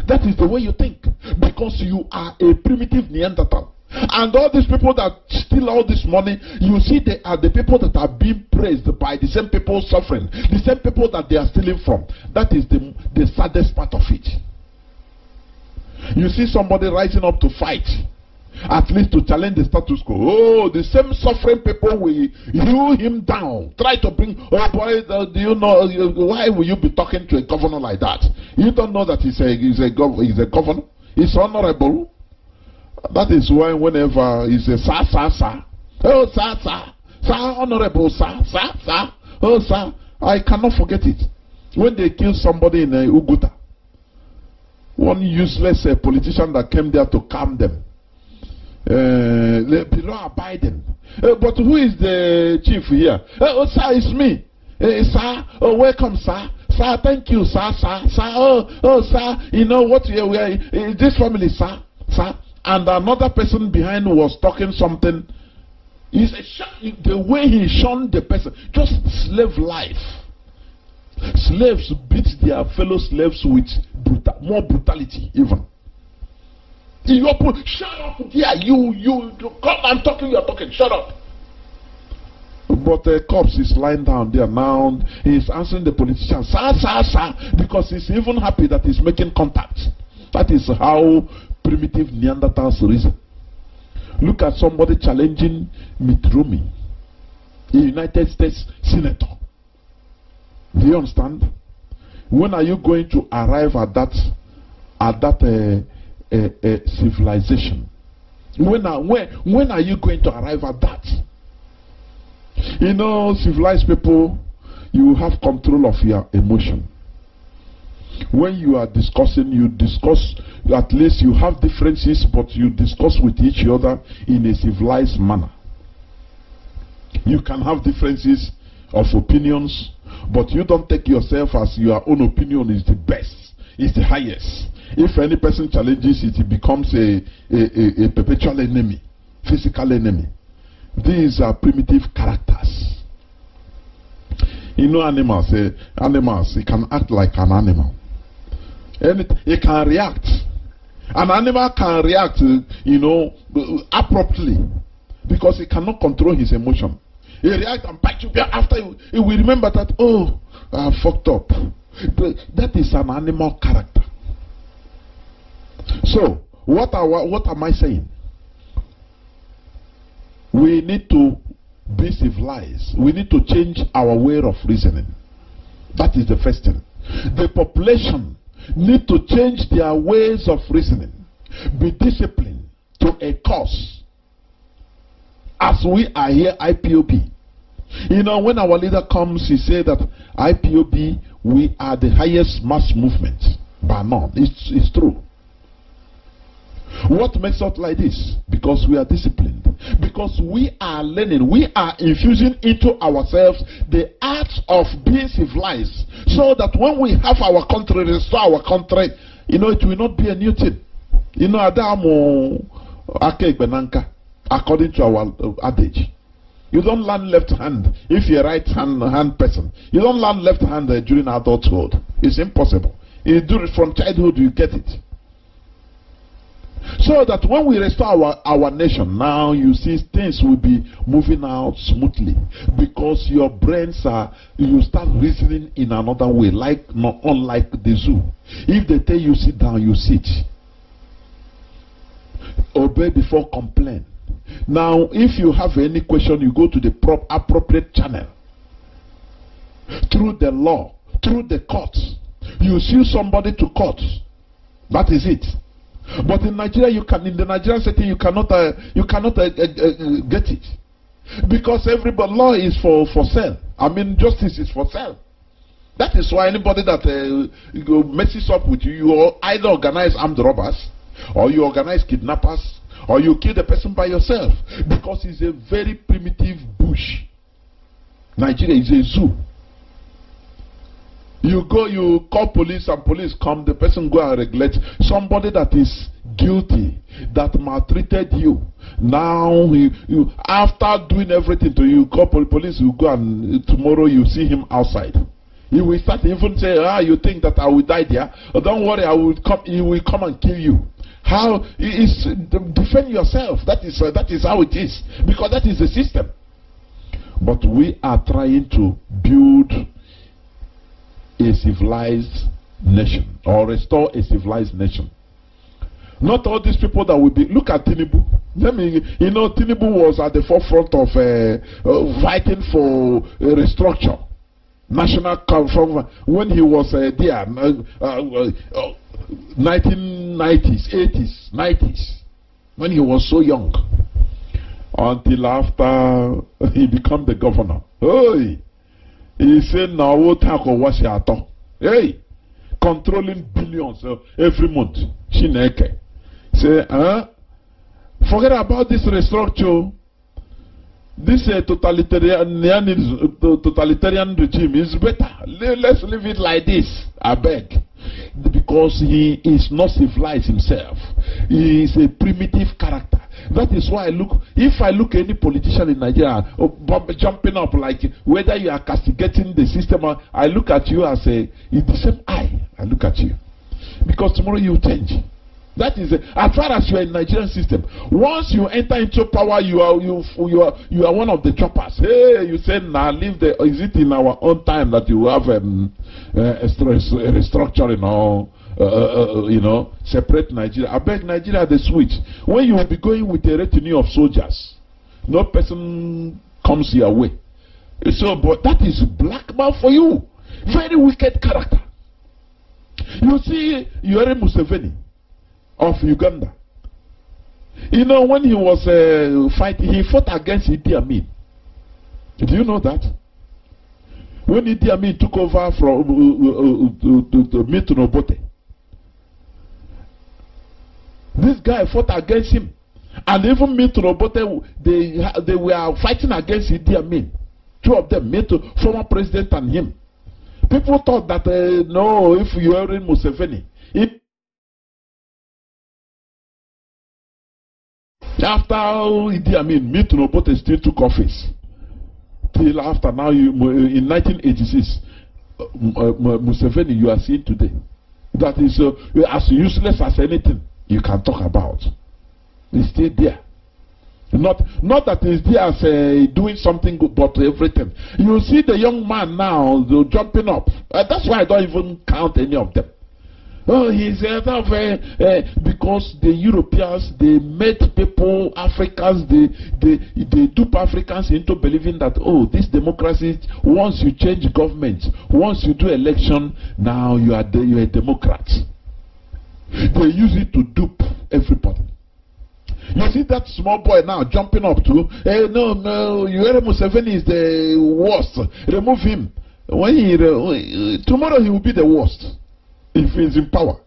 That is the way you think because you are a primitive Neanderthal. And all these people that steal all this money, you see, they are the people that are being praised by the same people suffering, the same people that they are stealing from. That is the, the saddest part of it. You see somebody rising up to fight, at least to challenge the status quo. Oh, the same suffering people will hew him down. Try to bring, oh boy, uh, do you know, uh, why will you be talking to a governor like that? You don't know that he's a, he's a, gov he's a governor, he's honorable. That is why whenever he say sa, sa, sa, oh, sa, sa, sa, honourable sa, sa, sa, oh, sa, I cannot forget it. When they kill somebody in uh, Uguta, one useless uh, politician that came there to calm them. Uh, below Biden. Uh, but who is the chief here? Uh, oh, sir, it's me. Uh, sir, oh, welcome, sir. Sir, thank you, sir, sir, sir. Oh, oh, sir, you know what we are, we are uh, this family, sir, sir. and another person behind was talking something. He said, the way he shunned the person, just slave life. Slaves beat their fellow slaves with brutal, more brutality, even. You shut up here. You, you, you come, I'm talking, you're talking, shut up. But the cops corpse is lying down there now. He's answering the politician, sir, sir, sir, because he's even happy that he's making contact. That is how primitive Neanderthals reason. Look at somebody challenging Mitt Romney, a United States senator. Do you understand? When are you going to arrive at that, at that uh, uh, uh, civilization? When are, when, when are you going to arrive at that? You know, civilized people, you have control of your emotion. When you are discussing, you discuss, at least you have differences, but you discuss with each other in a civilized manner. You can have differences of opinions, but you don't take yourself as your own opinion is the best, is the highest. If any person challenges it, it becomes a, a, a, a perpetual enemy, physical enemy. These are primitive characters. You know, animals, uh, animals, it can act like an animal. It can react. An animal can react, you know, abruptly because he cannot control his emotion. He reacts and bites you after you. He will remember that, oh, I fucked up. That is an animal character. So, what, are, what am I saying? We need to be civilized. We need to change our way of reasoning. That is the first thing. The population need to change their ways of reasoning, be disciplined to a cause. As we are here, IPOB. You know, when our leader comes, he said that IPOB, we are the highest mass movement by none. It's, it's true. What makes us like this? Because we are disciplined. Because we are learning. We are infusing into ourselves the art of being civilized. So that when we have our country, restore our country, you know, it will not be a new thing. You know, Adamu Akegbenanka, according to our adage. You don't learn left hand if you're a right hand, hand person. You don't learn left hand during adulthood. It's impossible. You do it from childhood, you get it. So that when we restore our, our nation, now you see things will be moving out smoothly because your brains are, you start reasoning in another way, like not unlike the zoo. If they tell you sit down, you sit. Obey before complain. Now, if you have any question, you go to the prop appropriate channel through the law, through the courts. You sue somebody to court. That is it. But in Nigeria, you can, in the Nigerian setting, you cannot uh, you cannot uh, uh, uh, get it. Because every law is for, for sale. I mean, justice is for sale. That is why anybody that、uh, messes up with you, you either organize armed robbers, or you organize kidnappers, or you kill the person by yourself. Because it's a very primitive bush. Nigeria is a zoo. You go, you call police, and police come, the person go and regulate. Somebody that is guilty, that maltreated you. Now, you, you, after doing everything to you, call police, you go and tomorrow you see him outside. He will start even say, Ah, you think that I will die there? Oh, don't worry, I will come, he will come and kill you. How is defend yourself? That is, uh, that is how it is because that is the system. But we are trying to build a civilized nation or restore a civilized nation. Not all these people that will be. Look at Tinubu. Let me, you know, Tinubu was at the forefront of uh, uh, fighting for a uh, restructure. National from when he was uh, there, uh, uh, 1990s, 80s, 90s, when he was so young, until after he became the governor. Hey, he say na owó tá a kò wá sí àtọ hey controlling billions uh, every month chineke say huh? forget about this restructure this uh, totalitarian totalitarian regime is better let's leave it like this abeg because he is not civilized himself is a primitive character. That is why I look, if I look any politician in Nigeria oh, jumping up like whether you are castigating the system, or, I look at you as a, in the same eye, I look at you. Because tomorrow you change. That is, a, as far as you are in Nigerian system, once you enter into power, you are you you are you are one of the choppers. Hey, you say now nah, leave the. Is it in our own time that you have um, uh, restructuring or Uh uh, uh, uh, you know, separate Nigeria. I beg Nigeria the switch. When you will be going with a retinue of soldiers, no person comes your way. So, but that is blackmail for you. Very wicked character. You see, Yoweri Museveni of Uganda. You know, when he was uh, fighting, he fought against Idi Amin. Do you know that? When Idi Amin took over from uh, uh, uh, uh, uh, Milton Obote, This guy fought against him. And even Mito Robote, they, they were fighting against Idi Amin. Two of them, Mito, former president, and him. People thought that, uh, no, if you are in Museveni, if after Idi Amin, Mito Robote still took office. Till after now, you, uh, in 1986, uh, uh, Museveni, you are seeing today. That is uh, as useless as anything you can talk about. Is still there. Not, not that is there as uh, doing something good, but everything. You see the young man now jumping up. Uh, that's why I don't even count any of them. Oh, he's out of uh, uh, because the Europeans they made people Africans they they they dupe Africans into believing that oh this democracy once you change government once you do election now you are the, you are democrats. They use it to dupe everybody. You see that small boy now jumping up to, hey, eh, no, no, Yoweri Museveni is the worst. Remove him. When he, uh, tomorrow he will be the worst if he is in power.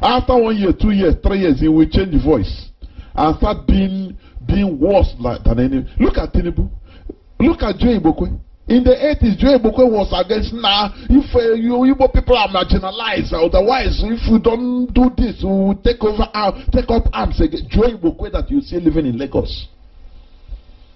After one year, two years, three years, he will change voice and start being being worse like, than any. Look at Tinibu. Look at Joe Ibokwe. In the 80s, Joe Boko was against now. Nah, if uh, you Igbo people are marginalized, otherwise, if you don't do this, we will take over uh, take up arms against Joe Boko that you see living in Lagos.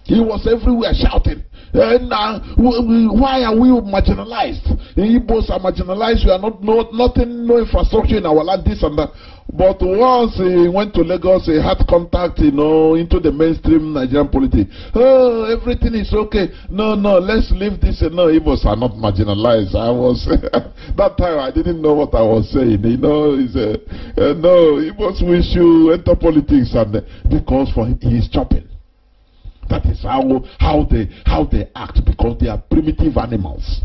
He was everywhere shouting. And uh, why are we marginalized? Igbos are marginalized. We are not, no, nothing, no infrastructure in our land, this and that. But once he went to Lagos, he had contact, you know, into the mainstream Nigerian politics. Oh, everything is okay. No, no, let's leave this. No, Igbos are not marginalized. I was, that time I didn't know what I was saying. You know, he uh, said, uh, no, Igbos, wish to enter politics. And because for him, he's chopping. That is how, how, they, how they act because they are primitive animals.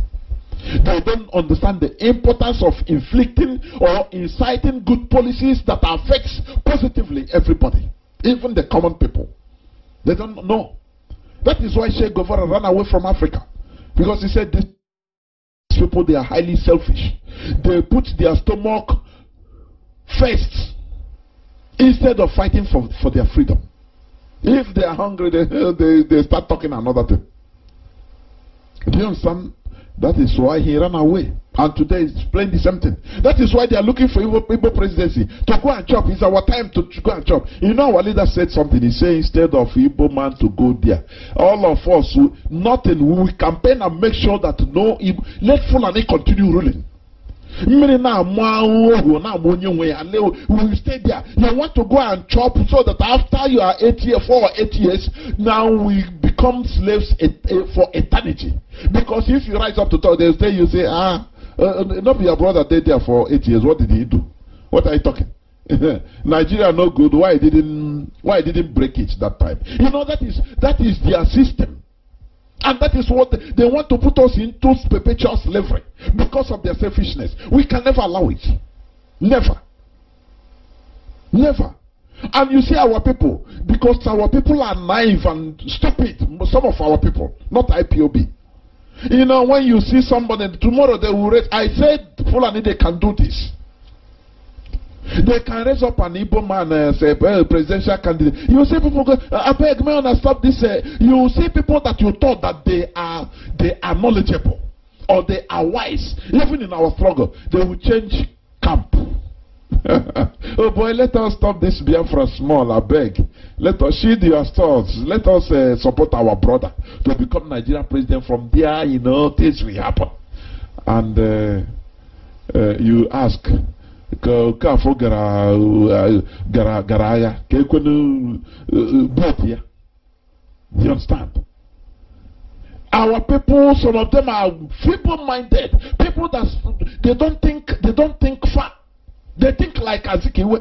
They don't understand the importance of inflicting or inciting good policies that affects positively everybody, even the common people. They don't know. That is why Sheikh Guevara ran away from Africa because he said these people they are highly selfish. They put their stomach first instead of fighting for, for their freedom. If they are hungry, they, they, they start talking another thing. Do you understand? That is why he ran away. And today is playing the same thing. That is why they are looking for evil people presidency to go and chop. It's our time to go and chop. You know, our leader said something. He said, instead of evil man to go there, all of us, nothing, we will campaign and make sure that no evil let Fulani continue ruling mmiri na-amụ ahụ ohu na-amụ onye nwe ya leo we stay there you want to go and chop so that after you are eight years four or eight years now we become slaves e, e, for eternity because if you rise up to talk they say you say ah uh, uh, no be your brother dey there for eight years what did he do what are you talking nigeria no good why didn't why didn't break it that time you know that is that is their system And that is what they want to put us into perpetual slavery because of their selfishness. We can never allow it. Never. Never. And you see our people, because our people are naive and stupid, some of our people, not IPOB. You know, when you see somebody tomorrow, they will rate. I said, Fulani, they can do this. They can raise up an Igbo man uh, as a uh, presidential candidate. You see people go, I uh, beg, may I stop this? you see people that you thought that they are, they are knowledgeable or they are wise, even in our struggle, they will change camp. oh boy, let us stop this Biafra small, I beg. Let us shield your thoughts. Let us support our brother to become Nigerian president. From there, you know, things will happen. And uh, uh, you ask, ka afọ uh, gara gara agha ka ekwenu uh, uh, ya you understand our people some of them are feeble minded people that they don't think they don't think far they think like azikiwe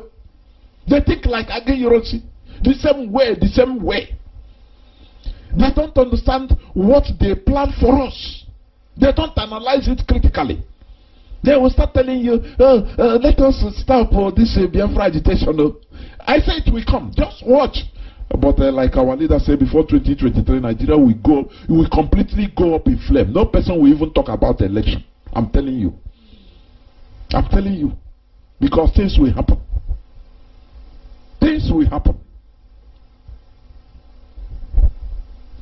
they think like agiyorosi the same way the same way they don't understand what they plan for us they don't analyze it critically They will start telling you, oh, uh, let us stop uh, this uh, Biafra agitation. Oh. I say it will come. Just watch. But uh, like our leader said before 2023, Nigeria will go, it will completely go up in flame. No person will even talk about election. I'm telling you. I'm telling you. Because things will happen. Things will happen.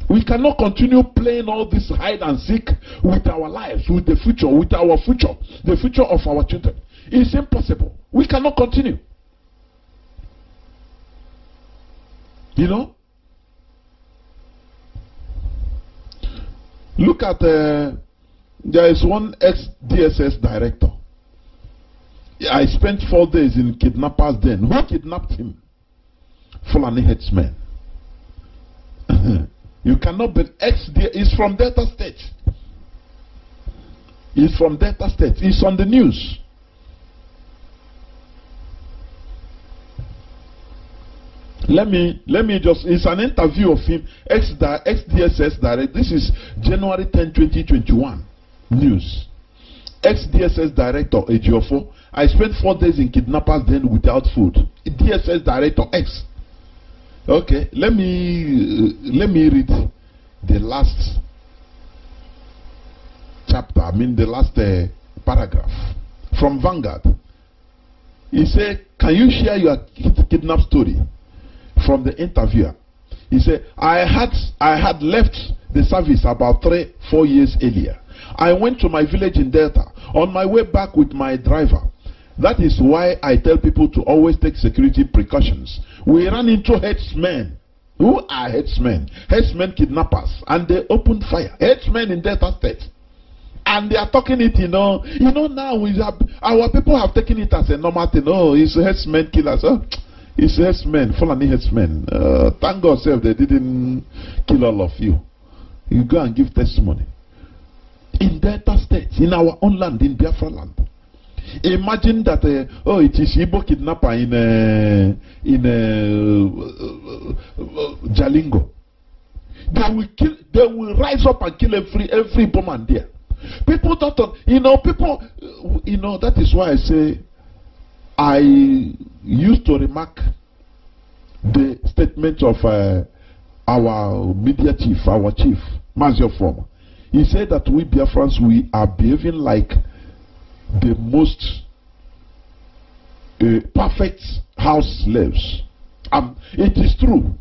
We cannot continue playing all this hide and seek with our lives, with the future, with our future, the future of our children. It's impossible. We cannot continue. You know? Look at uh, there is one ex DSS director. I spent four days in kidnappers' den. Who kidnapped him? Fulani headsmen. You cannot be X is from Delta State. It's from Delta State. It's on the news. Let me, let me just, it's an interview of him, X, XDSS Direct. This is January 10, 2021 news. XDSS Director Ejiofo. I spent four days in kidnappers' then without food. DSS Director X. Okay, let me, uh, let me read the last chapter, I mean the last uh, paragraph from Vanguard. He said, Can you share your kidnap story from the interviewer? He said, I had, I had left the service about three, four years earlier. I went to my village in Delta on my way back with my driver. That is why I tell people to always take security precautions we ran into headsmen. Who are headsmen? Headsmen kidnappers. And they opened fire. Headsmen in Delta State. And they are talking it, you know. You know, now we have, our people have taken it as a normal thing. Oh, it's headsmen killers. Huh? It's headsmen, Fulani headsmen. Uh, thank God, self, they didn't kill all of you. You go and give testimony. In Delta State, in our own land, in Biafra land. Imagine that, uh, oh, it is Igbo kidnapper in, uh, in uh, Jalingo. They will, kill, they will rise up and kill every, every woman there. People thought, of, you know, people, you know, that is why I say I used to remark the statement of uh, our media chief, our chief, Mazio Former. He said that we Biafrans, we are behaving like the most eh, perfect house lives, and um, it is true.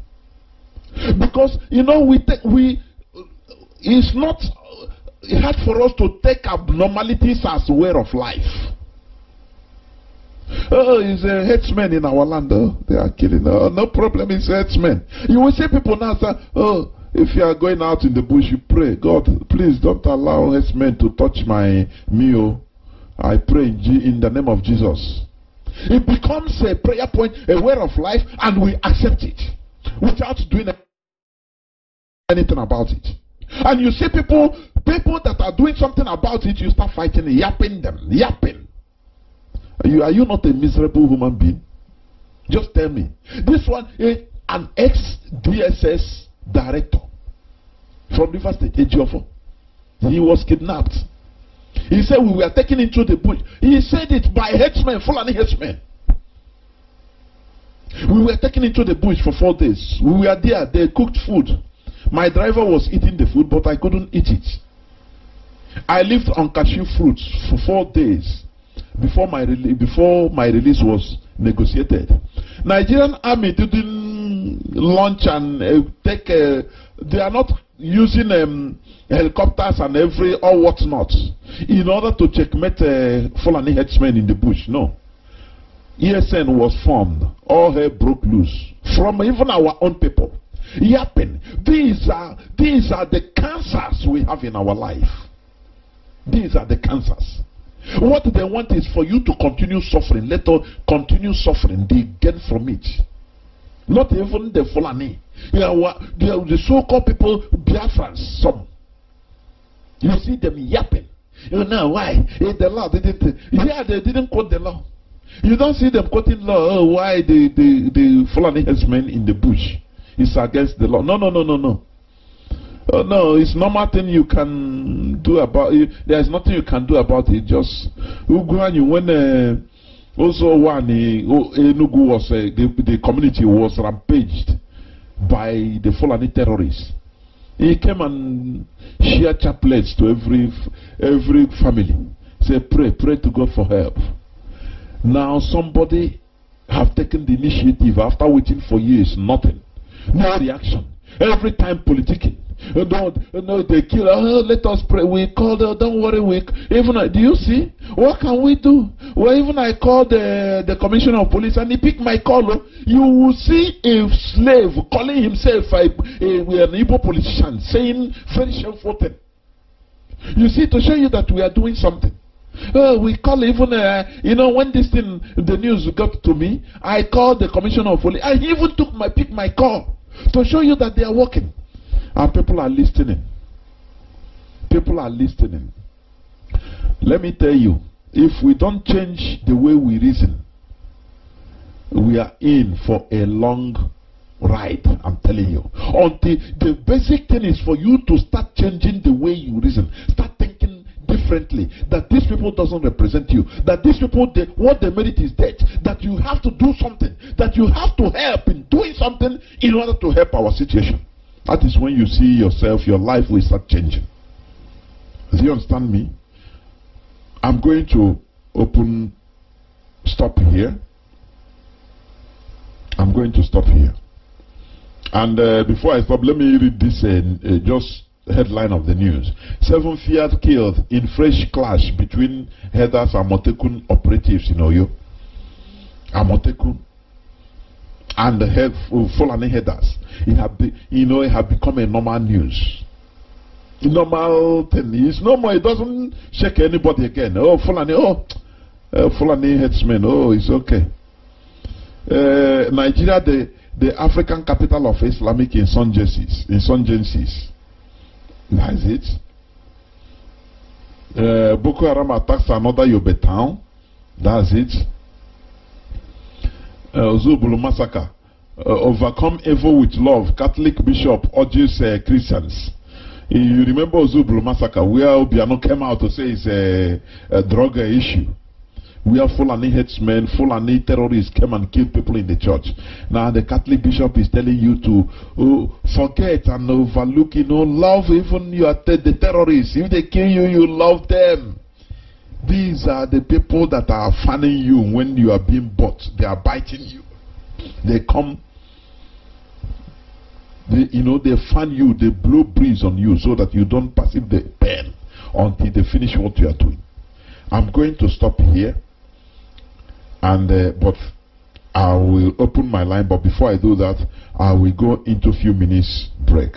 Because, you know, we, we it's not eh, hard for us to take abnormalities as way of life. Oh, it's a headsman in our land. Oh, they are killing. Oh, no problem, it's headsman. You will see people now say, oh, if you are going out in the bush, you pray, God, please don't allow h e a d s m a n to touch my meal. I pray in the name of Jesus. It becomes a prayer point, a way of life, and we accept it without doing anything about it. And you see people, people that are doing something about it, you start fighting, yapping them, yapping. Are you, are you not a miserable human being? Just tell me. This one is an ex DSS director from the first age of Ejiofo. He was kidnapped. He said, We were taken into the bush. He said it by headsmen, Fulani headsmen. We were taken into the bush for four days. We were there. They cooked food. My driver was eating the food, but I couldn't eat it. I lived on cashew fruits for four days before my, before my release was negotiated. Nigerian army didn't launch and uh, take. Uh, they are not using um, helicopters and every or whatnot in order to checkmate uh, Fulani headsmen in the bush. No. ESN was formed. All hell broke loose from even our own people. Yapping. These are, these are the cancers we have in our life. These are the cancers. What they want is for you to continue suffering. Let us continue suffering. They get from it. Not even the Fulani. They are, they are the so called people, Biafrans, some. You see them yapping. You know why? In eh, the law didn't. Yeah, they didn't quote the law. You don't see them quoting law. Oh, why the, the, the Fulani headsmen in the bush? It's against the law. No, no, no, no, no. Oh, no, it's normal thing you can do about it. Eh, There's nothing you can do about it. Just, Uguanyu, when uh, also one uh, was, eh, the, the community was rampaged by the Fulani terrorists. He came and shared chaplets to every, every family. Say, pray, pray to God for help. Now somebody have taken the initiative after waiting for years, nothing. No reaction. Every time politicking. Don't no, they kill. Oh, let us pray. We called. them. don't worry. We even. Do you see? What can we do? Well, even I called the the commissioner of police, and he pick my call. Oh. you will see a slave calling himself a, a, an Igbo politician, saying very shameful thing. You see, to show you that we are doing something. Uh, we call even, uh, you know, when this thing, the news got to me, I called the commissioner of police. I even took my, pick my call to show you that they are working. And people are listening. People are listening. Let me tell you, if we don't change the way we reason, we are in for a long ride. I'm telling you. Until the basic thing is for you to start changing the way you reason. Start thinking differently. That these people doesn't represent you. That these people, they, what they merit is debt. That you have to do something. That you have to help in doing something in order to help our situation. That is when you see yourself, your life will start changing. Do you understand me? I'm going to open, stop here. I'm going to stop here. And uh, before I stop, let me read this uh, uh, just headline of the news. Seven Fiat killed in fresh clash between Heathers and Motekun operatives in Oyo. Amotekun. and the head, uh, Fulani headers. It have be, you know, it have become a normal news. A normal thing. It's no more. It doesn't shake anybody again. Oh, Fulani, oh, uh, Fulani headsman. Oh, it's okay. Uh, Nigeria, the, the African capital of Islamic insurgencies. insurgencies. That's it. Uh, Boko Haram attacks another Yobe town. That's it. Eh, Zubulu massacre. Eh, overcome evil with love. Catholic bishop urges eh, Christians. You remember Zubulu massacre, where Obiano came out to say it's a, a drug issue. We are full headsmen, hate terrorists came and killed people in the church. Now, the Catholic bishop is telling you to oh, forget and overlook, you know, love even your te the terrorists. If they kill you, you love them. These are the people that are fanning you when you are being bought. They are biting you. They come, they, you know, they fan you, they blow breeze on you so that you don't perceive the pain until they finish what you are doing. I'm going to stop here, and uh, but I will open my line. But before I do that, I will go into a few minutes break.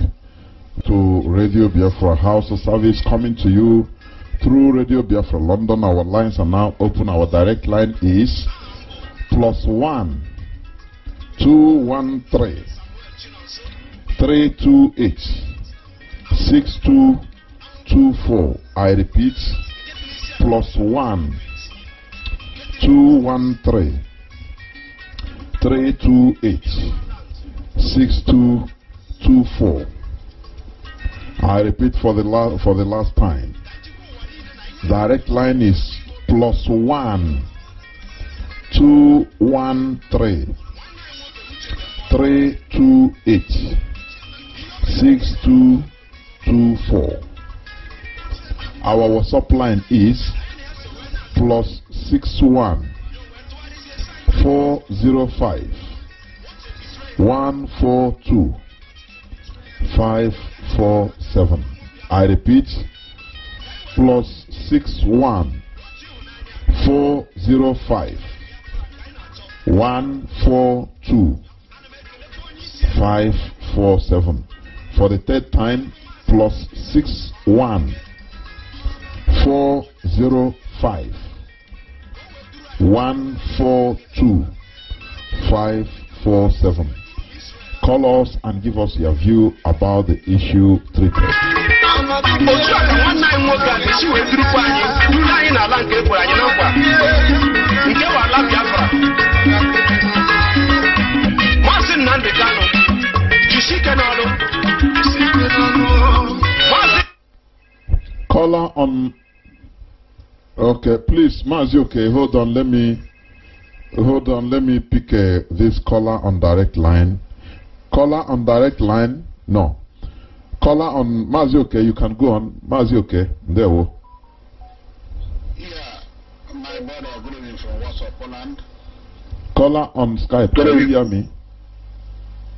To Radio Biafra House of Service coming to you through Radio Biafra London. Our lines are now open. Our direct line is plus one two one three three two eight six two two four. I repeat, plus one two one three three two eight six two two four. I repeat for the, last for the last time direct line is plus one two one three three two eight six two two four. Our WhatsApp line is plus six one four zero five one four two five four seven. I repeat, plus six one four zero five one four two five four seven for the third time plus six one four zero five one four two five four seven call us and give us your view about the issue treated otu a ka nwanne anyị nwoke a ga-esi wee durukwu anyị duru anyị n'ala nke e anyị na nkwa nke bụ ala Biafra maazị Nnamdị Kanụ jisi ike n'ọrụ on okay please Maazị Okay, hold on let me hold on let me pick uh, this color on direct line Color on direct line no caller on Mazioke, you can go on. Mazioke, there. Wo. Yeah, my brother, good evening from Warsaw, Poland. Caller on Skype, can you hear me?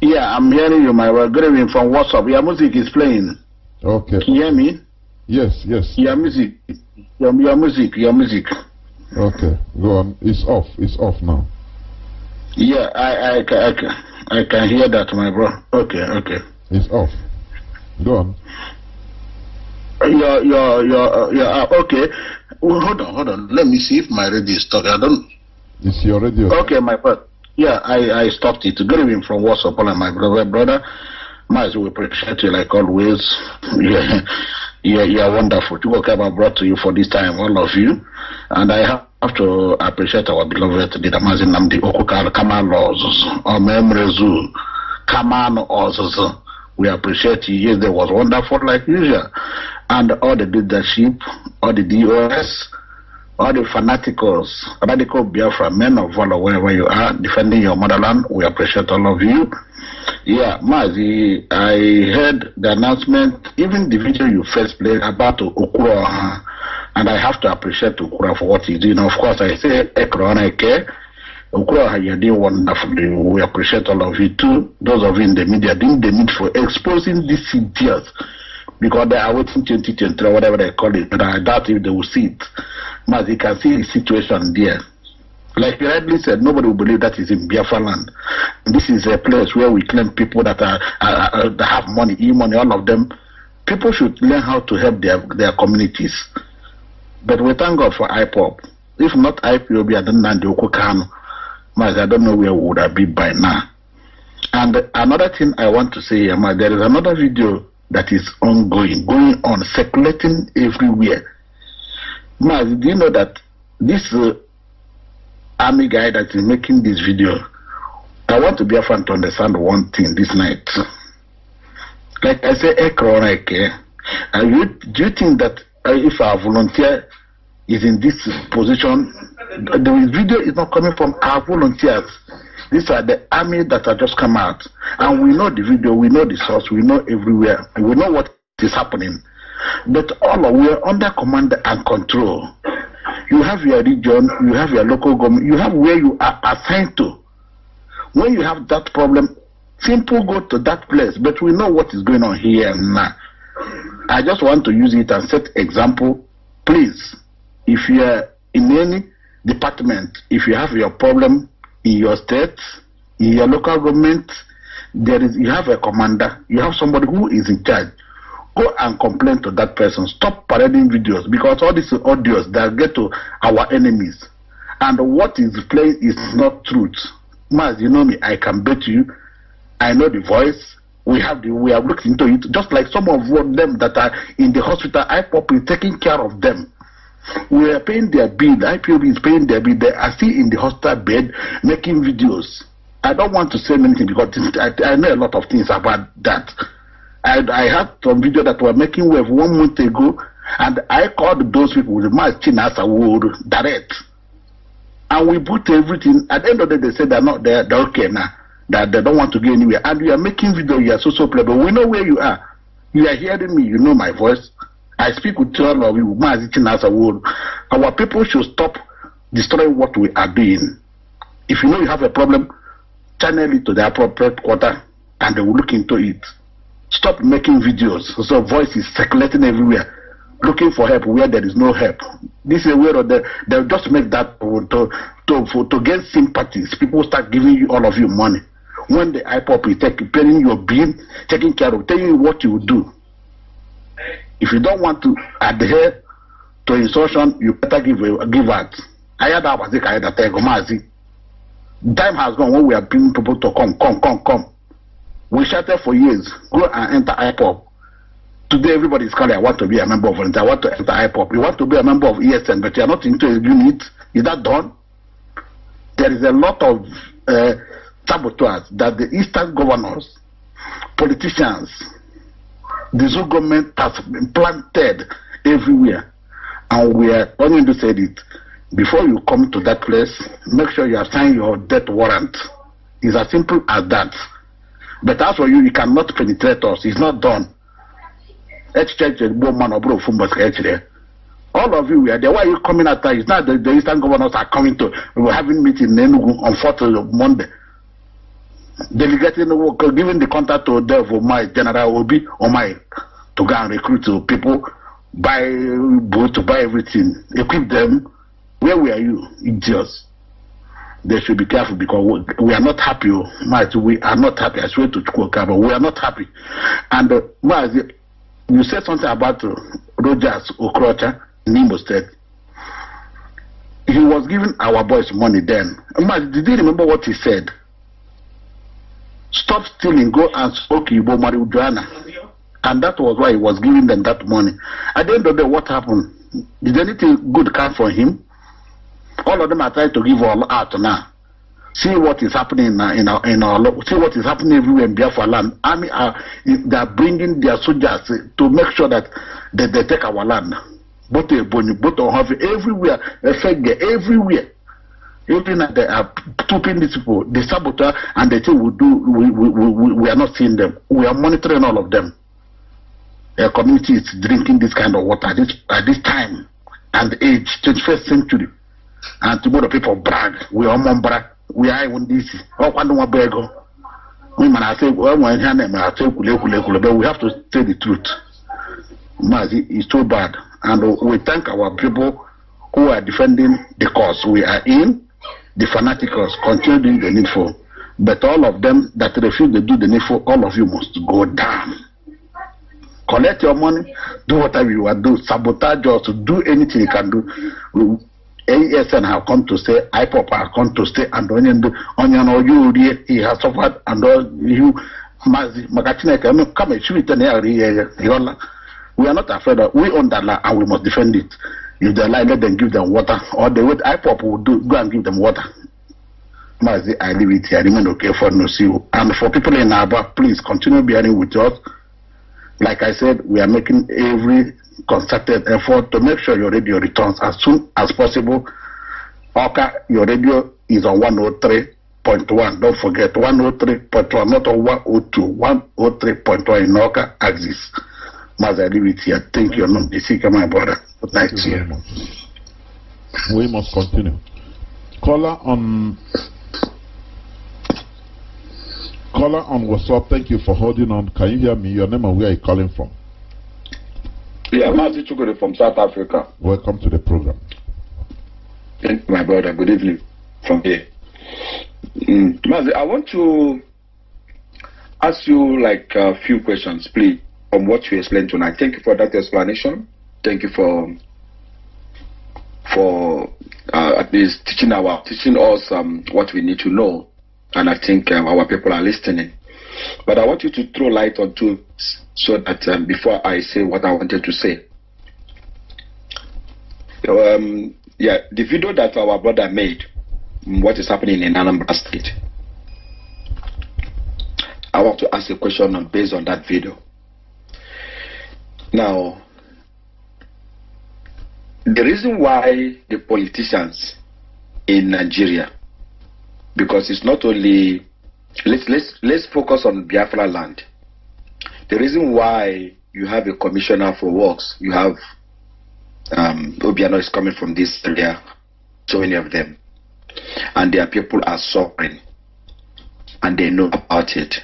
Yeah, I'm hearing you, my brother. Good evening from WhatsApp. Your music is playing. Okay. Can you hear me? Yes, yes. Your music. Your, your music. Your music. Okay, go on. It's off. It's off now. Yeah, I, I, I, I, I can hear that, my bro. Okay, okay. It's off. Go on. Yeah, yeah, yeah, uh, yeah. Uh, okay. Well, hold on, hold on. Let me see if my radio is talking. I don't. It's your radio. Okay, my brother. Yeah, I, I stopped it. Good evening from WhatsApp, and my brother, brother. Miles, we appreciate you like always. Yeah, yeah, you are wonderful. People what I brought to you for this time, all of you. And I have to appreciate our beloved Didamazi Namdi Okukal Kamal Ozuzu, or Memrezu, Kaman Ozuzu. We appreciate you. Yes, there was wonderful like usual. And all the leadership, all the DOS, all the fanaticals, radical Biafra, men of valor, wherever you are, defending your motherland, we appreciate all of you. Yeah, Mazi, I heard the announcement, even the video you first played about Okura, and I have to appreciate Okura for what he's doing. Of course, I say Ekronike. Eh, We appreciate all of you too. Those of you in the media doing the need for exposing these ideas, because they are waiting 2023 or whatever they call it. But I doubt if they will see it. But you can see the situation there. Like you rightly said, nobody will believe that is in Biafra land. This is a place where we claim people that are, are, are that have money, e-money, all of them. People should learn how to help their their communities. But we thank God for IPOP. If not IPOB, I don't know the Mazi, I don't know where would I be by now. And another thing I want to say, Mazi, there is another video that is ongoing, going on, circulating everywhere. Mazi, do you know that this uh, army guy that is making this video, I want to be a fan to understand one thing this night. Like I say, Ekrona eh, Eke, eh, eh. do you think that uh, if a volunteer is in this position the video is not coming from our volunteers. These are the army that have just come out. And we know the video, we know the source, we know everywhere. We know what is happening. But all of we are under command and control. You have your region, you have your local government, you have where you are assigned to. When you have that problem, simple go to that place. But we know what is going on here and now. I just want to use it and set example. Please, if you are in any department. If you have your problem in your state, in your local government, there is you have a commander, you have somebody who is in charge. Go and complain to that person. Stop parading videos because all these audios that get to our enemies. And what is playing is not truth. Mas, you know me, I can bet you, I know the voice, we have the, we have looked into it just like some of them that are in the hospital I've is taking care of them we are paying their bill. The IPOB is paying their bill. They are still in the hospital bed making videos. I don't want to say anything because this, I, I know a lot of things about that. I, I had some video that were making wave one month ago, and I called those people with my chin as a word direct. And we put everything. At the end of the day, they said they're not there. They're okay now. That they don't want to go anywhere. And we are making video. You are so so But We know where you are. You are hearing me. You know my voice. I speak with all of you, our people should stop destroying what we are doing. If you know you have a problem, channel it to the appropriate quarter and they will look into it. Stop making videos so voice is circulating everywhere looking for help where there is no help. This is where the, they'll just make that to, to, for, to gain sympathies. People start giving you all of you money. When the IPOP is taking, paying your bill, taking care of, telling you what you do. If you don't want to adhere to instruction, you better give give out. Ayada was Ayada Tegomazi. Time has gone when we are bringing people to come, come, come, come. We shouted for years, go and enter IPOP. Today everybody is calling, I want to be a member of volunteer, I want to enter IPOP. You want to be a member of ESN, but you are not into a unit. Is that done? There is a lot of uh, saboteurs that the eastern governors, politicians, the zoo government has been planted everywhere. And we are only to say it. Before you come to that place, make sure you have signed your death warrant. It's as simple as that. But as for you, you cannot penetrate us. It's not done. All of you we are there. Why are you coming at us? It's not the, the Eastern governors are coming to. were having meeting in Enugu on 4 Monday delegating work, giving the contact to the my General Obi my to go and recruit people, buy boat, to buy everything, equip them. Where were you, idiots? They should be careful because we are not happy, oh. Mate. We are not happy. I swear to Chukwuka, but we are not happy. And uh, Mate, you said something about uh, Rogers Okrocha in Imo State. He was giving our boys money then. Mate, did you remember what he said? stop stealing, go and smoke Igbo marijuana. And that was why he was giving them that money. At the end of the day, what happened? Did anything good come for him? All of them are trying to give all out now. See what is happening in our, in our see what is happening everywhere in Biafra land. Army are they are bringing their soldiers to make sure that they, they take our land. Both Ebony, both Ohavi, everywhere, everywhere. Even that they are stooping these people, the saboteur, and they say we do, we, we, we, we are not seeing them. We are monitoring all of them. A community is drinking this kind of water at this, at this time and age, 21st century. And tomorrow people brag. We are brag. We are even this. Oh, I don't want to we mana say when we I say kule kule kule, but we have to say the truth. Mazi is too bad, and we thank our people who are defending the cause we are in. the fanaticals, continue doing the needful. But all of them that refuse to do the needful, all of you must go down. Collect your money, do whatever you are do sabotage us, do anything you can do. ASN have come to stay, IPOP have come to stay, and Onion, Onion, or you, he has suffered, and all you, Mazi, come and shoot it, and we are not afraid of We own that land, and we must defend it. If they like, let them give them water. Or they I pop will do, go and give them water. Mazi, I leave it here. I remain okay for no see And for people in Aba, please continue bearing with us. Like I said, we are making every concerted effort to make sure your radio returns as soon as possible. Okay, your radio is on 103.1. Don't forget 103.1, not on 102, 103.1 in Oka exists. Mazi, I leave it here. Thank you, Namdesika, my brother. Good night to you. We must continue. Caller on Caller on WhatsApp, thank you for holding on. Can you hear me? Your name and where are you calling from? Yeah, Mazi Chukuri from South Africa. Welcome to the program. Thank you, my brother. Good evening from here. Mazi, mm. I want to ask you like a few questions, please on what you explained tonight. Thank you for that explanation. Thank you for for uh, at least teaching our teaching us um, what we need to know, and I think um, our people are listening. But I want you to throw light on two so that um, before I say what I wanted to say. Um, yeah, the video that our brother made, what is happening in Anambra State. I want to ask a question based on that video. Now, the reason why the politicians in Nigeria, because it's not only let's let's let's focus on Biafra land. The reason why you have a commissioner for works, you have um, Obiano is coming from this area, so many of them, and their people are suffering, and they know about it.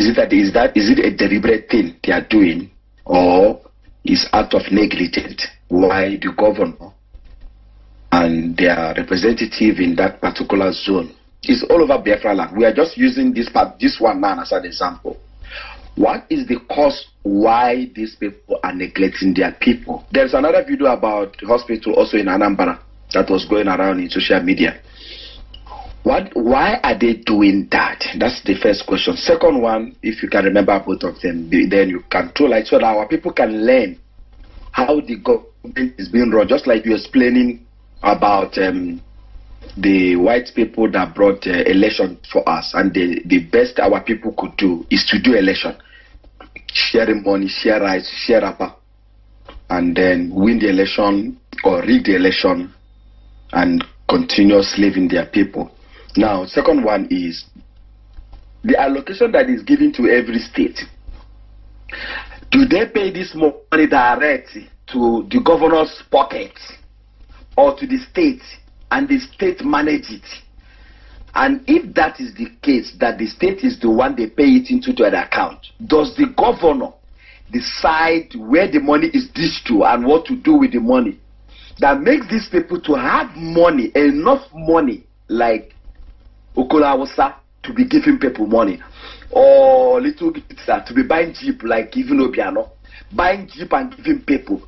Is it that is that is it a deliberate thing they are doing, or is out of negligence why the governor and their representative in that particular zone is all over Biafra land. We are just using this part, this one man as an example. What is the cause why these people are neglecting their people? There's another video about the hospital also in Anambra that was going around in social media. What, why are they doing that? That's the first question. Second one, if you can remember both of them, then you can too. Like so that our people can learn how the government is being run. Just like you're explaining about um, the white people that brought uh, election for us, and the, the best our people could do is to do election, share money, share rights, share upper, and then win the election or rig the election and continue slaving their people. Now, second one is the allocation that is given to every state. Do they pay this money directly to the governor's pocket or to the state and the state manage it? And if that is the case, that the state is the one they pay it into an account, does the governor decide where the money is dished to and what to do with the money? That makes these people to have money, enough money, like Okolawasa to be giving people money, or oh, little kids to be buying Jeep like even Obiano, buying Jeep and giving people.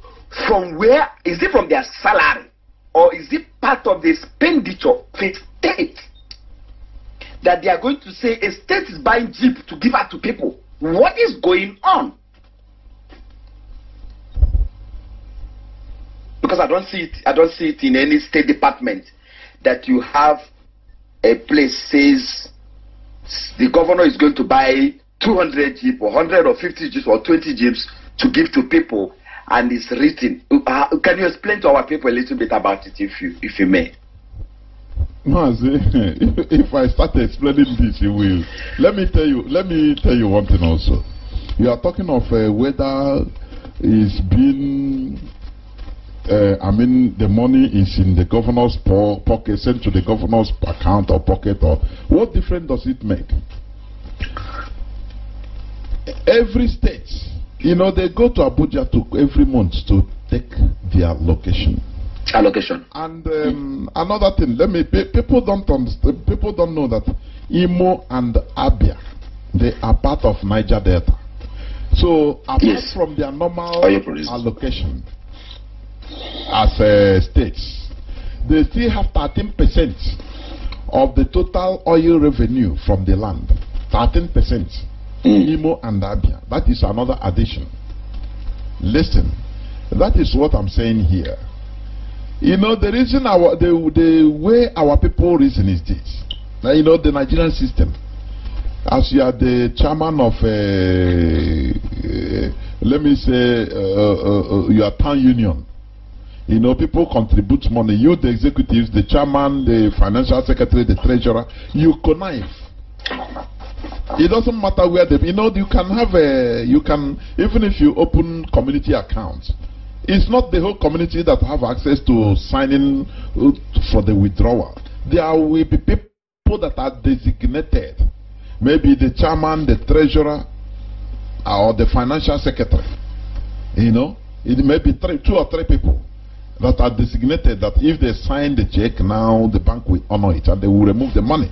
From where? Is it from their salary? Or is it part of the expenditure of a state? That they are going to say a state is buying Jeep to give out to people. What is going on? Because I don't see it, I don't see it in any state department that you have a place says the governor is going to buy 200 jeeps or 150 jeeps or 20 jeeps to give to people and it's written. Uh, can you explain to our people a little bit about it, if you, if you may? No, if, if I start explaining this, you will. Let me tell you. Let me tell you one thing also. You are talking of uh, whether it's been uh, I mean, the money is in the governor's pocket, sent to the governor's account or pocket, or what difference does it make? Every state, you know, they go to Abuja to every month to take their location. Allocation. And um, another thing, let me. People don't understand. People don't know that Imo and Abia, they are part of Niger Delta. So apart yes. from their normal allocation, as uh, states. They still have 13% of the total oil revenue from the land. 13%. Mm. Imo and Abia. That is another addition. Listen, that is what I'm saying here. You know, the reason our, the, the way our people reason is this. Now, you know, the Nigerian system. As you are the chairman of, a, uh, uh, let me say, uh, uh, uh your town union, you know, people contribute money. You, the executives, the chairman, the financial secretary, the treasurer, you connive. It doesn't matter where they, you know, you can have a, you can, even if you open community accounts, it's not the whole community that have access to signing uh, for the withdrawal. There will be people that are designated, maybe the chairman, the treasurer, or the financial secretary. You know, it may be three, two or three people that are designated that if they sign the check, now the bank will honor it and they will remove the money.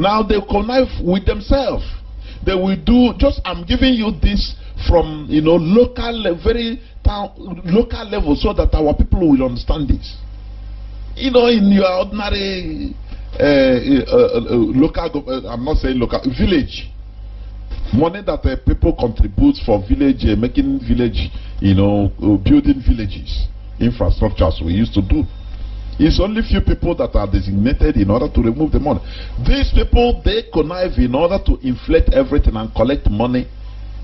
Now they connive with themselves. They will do, just I'm giving you this from you know local, very town, local level so that our people will understand this. You know, in your ordinary uh, uh, uh, local, eh, I'm not saying local, village money that eh, people contribute for village, eh, making village, you know, building villages infrastructures we used to do. It's only few people that are designated in order to remove the money. These people, they connive in order to inflate everything and collect money.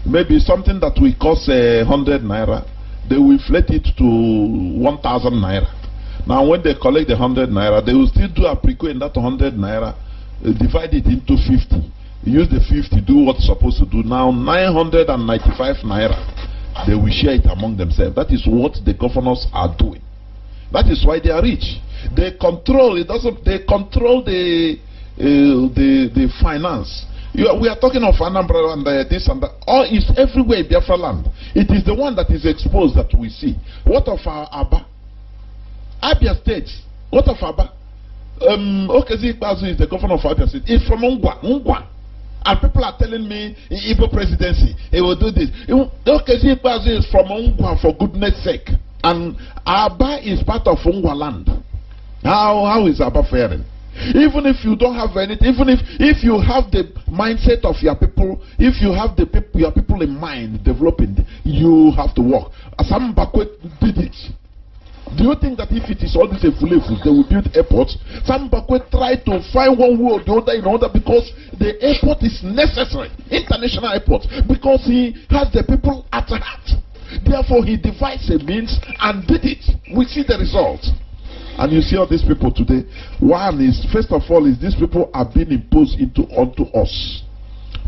Maybe something that will cost a uh, hundred naira, they will inflate it to one thousand naira. Now, when they collect the hundred naira, they will still do a prequel in that hundred naira, uh, divide it into fifty. Use the fifty, do what's supposed to do. Now, nine hundred and ninety-five naira they will share it among themselves. That is what the governors are doing. That is why they are rich. They control it. Doesn't they control the uh, the the finance? we are talking of Anambra and uh, this and that. All is everywhere in Biafra land. It is the one that is exposed that we see. What of our Abba? Abia State. What of Abba? Um, Okezi is the governor of Abia State. It's from Ungwa. Ungwa. And people are telling me in Igbo presidency, he will do this. Okay, Zimbazi is from Ungwa for goodness sake. And Aba is part of Ungwa land. How, how is Aba faring? Even if you don't have anything, even if, if you have the mindset of your people, if you have the peop your people in mind developing, you have to work. Bakwe did it. Do you think that if it is all these efulefus, they will build airports? Sam Bakwe tried to find one way or the other in order because the airport is necessary, international airport, because he has the people at heart. Therefore, he devised a means and did it. We see the result. And you see all these people today. One is, first of all, is these people are being imposed into onto us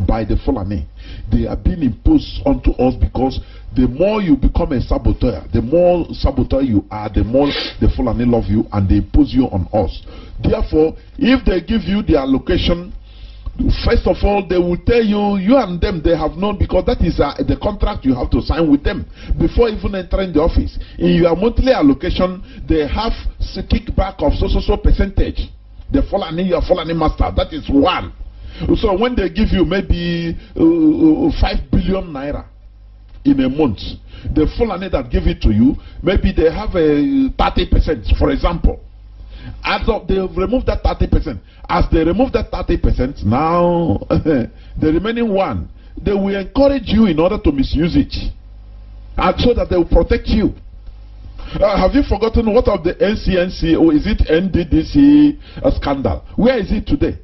by the Fulani they are being imposed onto us because the more you become a saboteur, the more saboteur you are, the more the Fulani love you and they impose you on us. Therefore, if they give you their location, first of all, they will tell you, you and them, they have known because that is uh, the contract you have to sign with them before even entering the office. In your monthly allocation, they have a kickback of so so so percentage. The Fulani, your Fulani master, that is one. So when they give you maybe uh, uh, uh, 5 billion naira in a month, the Fulani that give it to you, maybe they have a 30%, for example. As of they have removed that 30%. As they remove that 30%, now the remaining one, they will encourage you in order to misuse it. And so that they will protect you. have you forgotten what of the NCNC or is it NDDC scandal? Where is it today?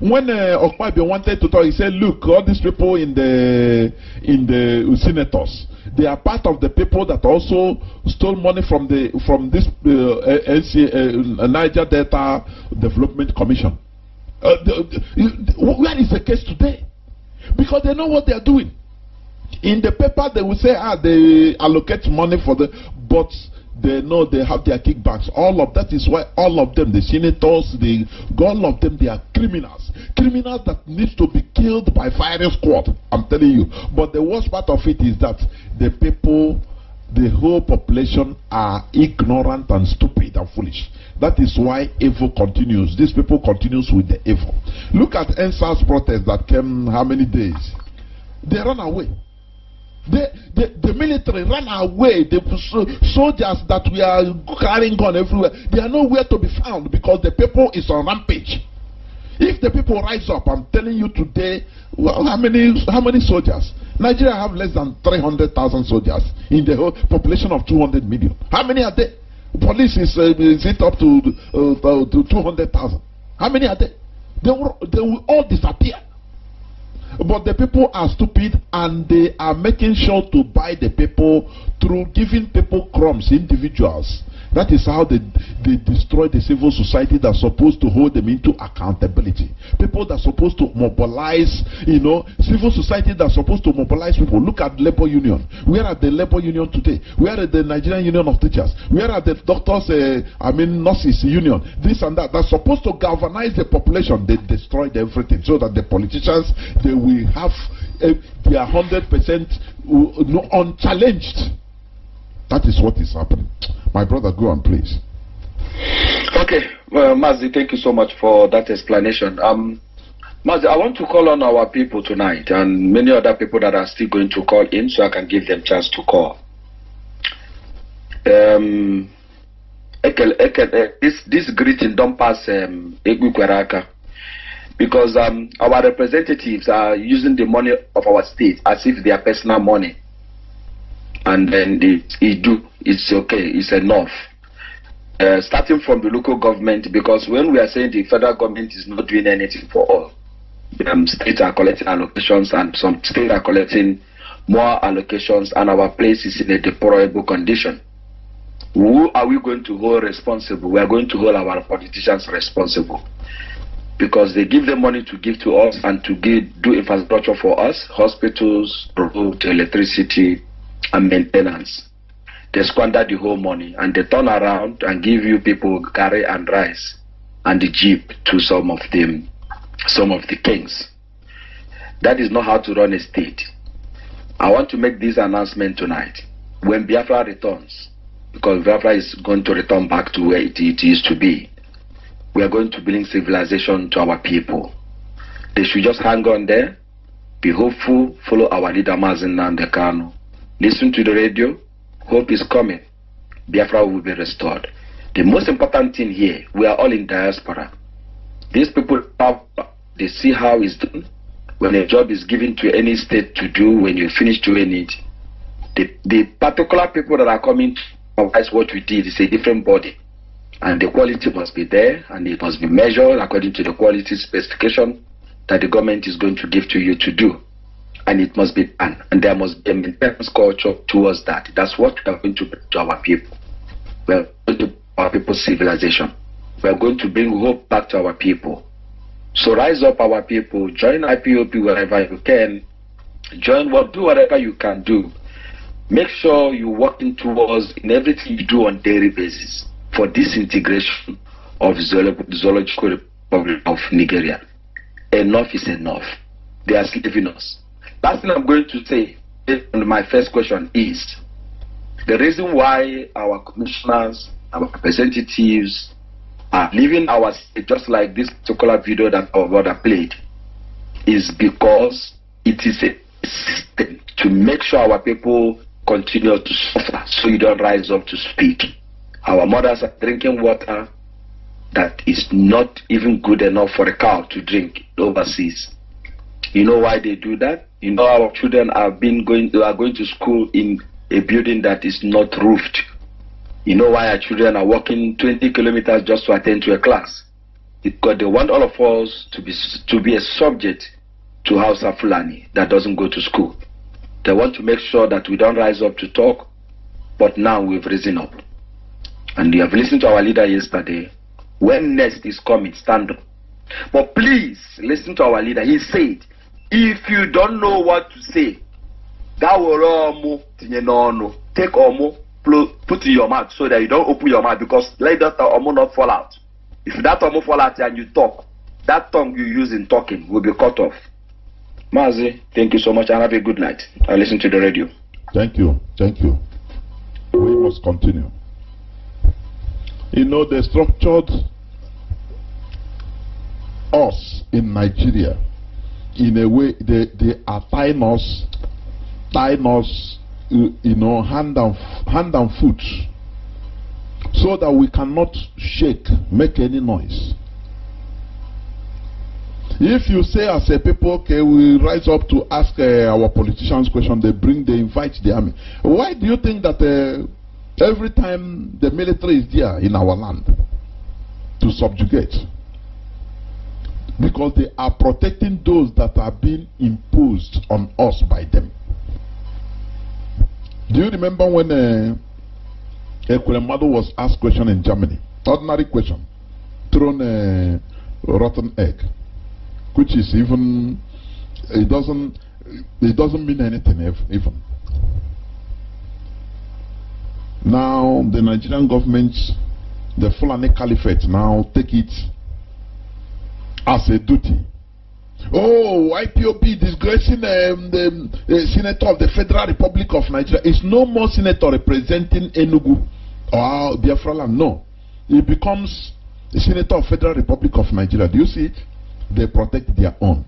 When uh, Okpabio wanted to talk, he said, Look, all these people in the, in the senators, they are part of the people that also stole money from, the, from this uh, Data uh, Niger Delta Development Commission. Uh, the, the, where is the case today? Because they know what they are doing. In the paper, they will say, ah, they allocate money for the. But they know they have their kickbacks. All of that is why all of them, the senators, the all of them, they are criminals. Criminals that need to be killed by firing squad. I'm telling you. But the worst part of it is that the people, the whole population, are ignorant and stupid and foolish. That is why evil continues. These people continues with the evil. Look at NSAS protest that came how many days? They run away. The, the, the military ran away. The soldiers that we are carrying on everywhere, they are nowhere to be found because the people is on rampage. If the people rise up, I'm telling you today, well, how many, how many soldiers? Nigeria have less than 300,000 soldiers in the whole population of 200 million. How many are there? Police is, uh, is it up to, uh, uh, to 200,000. How many are there? They will, they will all disappear. But the people are stupid and they are making sure to buy the people through giving people crumbs, individuals. That is how they, they destroy the civil society that's supposed to hold them into accountability. People that are supposed to mobilize, you know, civil society that's supposed to mobilize people. Look at labor union. Where are the labor union today? Where are the Nigerian Union of Teachers? Where are the doctors, eh, I mean, nurses union? This and that. That's supposed to galvanize the population. They destroyed everything so that the politicians, they will have eh, their 100% uh, no, unchallenged. That is what is happening. My brother, go on, please. Okay, well, Mazi, thank you so much for that explanation. Um, Mazi, I want to call on our people tonight and many other people that are still going to call in so I can give them chance to call. Um, eh, this, this greeting don't pass um, because um, our representatives are using the money of our state as if they are personal money and then it's it do it's okay it's enough uh, starting from the local government because when we are saying the federal government is not doing anything for all um, states are collecting allocations and some states are collecting more allocations and our place is in a deplorable condition who are we going to hold responsible we are going to hold our politicians responsible because they give the money to give to us and to give, do infrastructure for us hospitals road electricity and maintenance. They squander the whole money and they turn around and give you people curry and rice and the jeep to some of them, some of the kings. That is not how to run a state. I want to make this announcement tonight. When Biafra returns, because Biafra is going to return back to where it, it used to be, we are going to bring civilization to our people. They should just hang on there, be hopeful, follow our leader Mazin Nandekano, Listen to the radio. Hope is coming. Biafra will be restored. The most important thing here, we are all in diaspora. These people have, they see how it's done. When a job is given to any state to do, when you finish doing it, the, the particular people that are coming to advise what we did is a different body. And the quality must be there and it must be measured according to the quality specification that the government is going to give to you to do and it must be done. And there must be a maintenance culture towards that. That's what we are going to bring to our people. We are going to our people's civilization. We are going to bring hope back to our people. So rise up, our people. Join IPOP wherever you can. Join what, do whatever you can do. Make sure you're working towards in everything you do on daily basis for disintegration of the zoological republic of Nigeria. Enough is enough. They are slaving us. Last thing I'm going to say on my first question is the reason why our commissioners, our representatives are leaving our state just like this particular video that our brother played is because it is a system to make sure our people continue to suffer so you don't rise up to speak. Our mothers are drinking water that is not even good enough for a cow to drink overseas. You know why they do that? You know our children have been going are going to school in a building that is not roofed. You know why our children are walking 20 kilometers just to attend to a class? Because they want all of us to be to be a subject to House of Fulani that doesn't go to school. They want to make sure that we don't rise up to talk, but now we've risen up. And you have listened to our leader yesterday. When next is coming, stand up. But please listen to our leader. He said if you don't know what to say that will ọmụ tinye n'ọnụ take ọmụ put in your mouth so that you don't open your mouth because let that ọmụ not fall out if that ọmụ fall out and you talk that tongue you use in talking will be cut off Mazi, thank you so much and have a good night i listen to the radio thank you thank you we must continue you know they structured us in nigeria in a way, they, they are tying us, tying us, uh, you, know, hand and, hand and foot, so that we cannot shake, make any noise. If you say, as a people, okay, we rise up to ask uh, our politicians questions, they bring, they invite the army. Why do you think that uh, every time the military is there in our land to subjugate? because they are protecting those that are being imposed on us by them. Do you remember when uh, Equelemado was asked question in Germany? Ordinary question, thrown a uh, rotten egg, which is even, it doesn't, it doesn't mean anything even. Now, the Nigerian government, the Fulani Caliphate, now take it as a duty. Oh, IPOP disgracing um, the um, uh, Senator of the Federal Republic of Nigeria. It's no more Senator representing Enugu or Biafra land. No. He becomes the Senator of Federal Republic of Nigeria. Do you see it? They protect their own.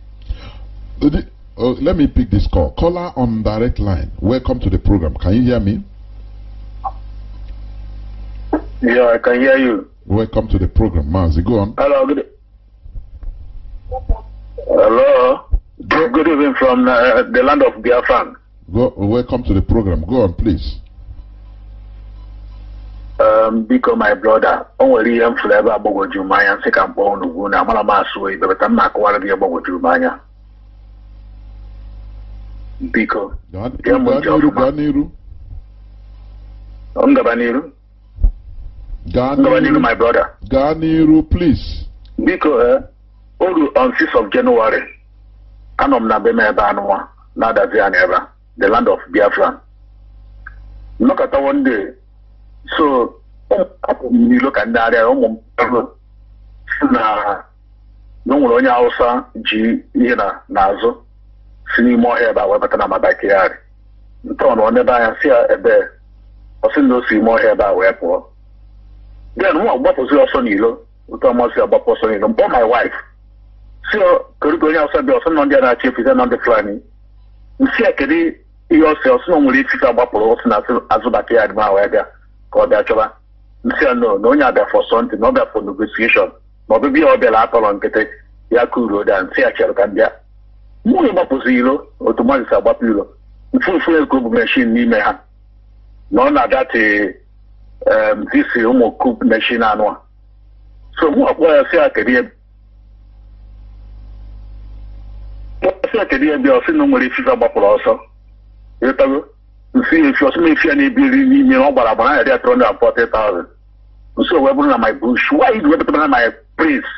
Uh, the, uh, let me pick this call. Caller on direct line. Welcome to the program. Can you hear me? Yeah, I can hear you. Welcome to the program, Mazi. Go on. Hello, good, Hello. Good, good evening from uh, the land of Biafran. Go, welcome to the program. Go on, please. Um, biko my brother, o nwere ihe m fụrụ ebe agbagwoju m anya nsị ka m na amara m asụ ibe bata m na-akọwara gị agbagwoju m anya. Biko, gee m ntị ọfụma. n'iru. n'iru. n'iru, my brother. Gaa n'iru, please. Biko, eh. Oru on 6 of January anọ m na be m ebe anụwa na-adazi anya ebe the land of Biafra nnọkọta one so um, apụ m um, um, n'ilo ka ndị arịa ụmụ m na o nwere onye Hausa ji ihe na n'azụ si n'ime ọhịa ebe a wee bata na Mabakiyari ntọọ na ọ n'ebe anya si ya ebe ọ n'osi na o si ime ọhịa ebe a wee pụọ then nwa gbapụzi ọsọ n'ilo ụtọ masị ya gbapụ ọsọ n'ilo mkpọ my wife si koriko onye awụsa bịa ọsọ nọ ndị a na-achị efife na ndị fulani nsi a kedu ihe ọsị ọsị na nwere ifife agbapụrụ ọsị na azụbata ya adịma ahụ ya bịa ka ọ bịa chọba nsị a nọ na onye abịa for ntị na ọ bịa for negotiation ma ya ọ bịara atọrọ nkịtị ya uru ụda nsị a chere ka m bịa nwunye gbapụzi iro otu mmadụ si agbapụ iro mfufu ego bụ meshin n'ime ha na ọ na-adati visi ụmụ kub meshin anụ a so mụ ọkpọ ya si a kedu sị na kedu ihe bịa ọsị na o nwere ifife gbapụrụ ọsọ ịtago nsi efi ọsị na efi ya na-ebiri n'ime na ọ gbara agbara narị atọ na fọtị taụzend nso wee bụrụ na my bush why ji webatara na my prince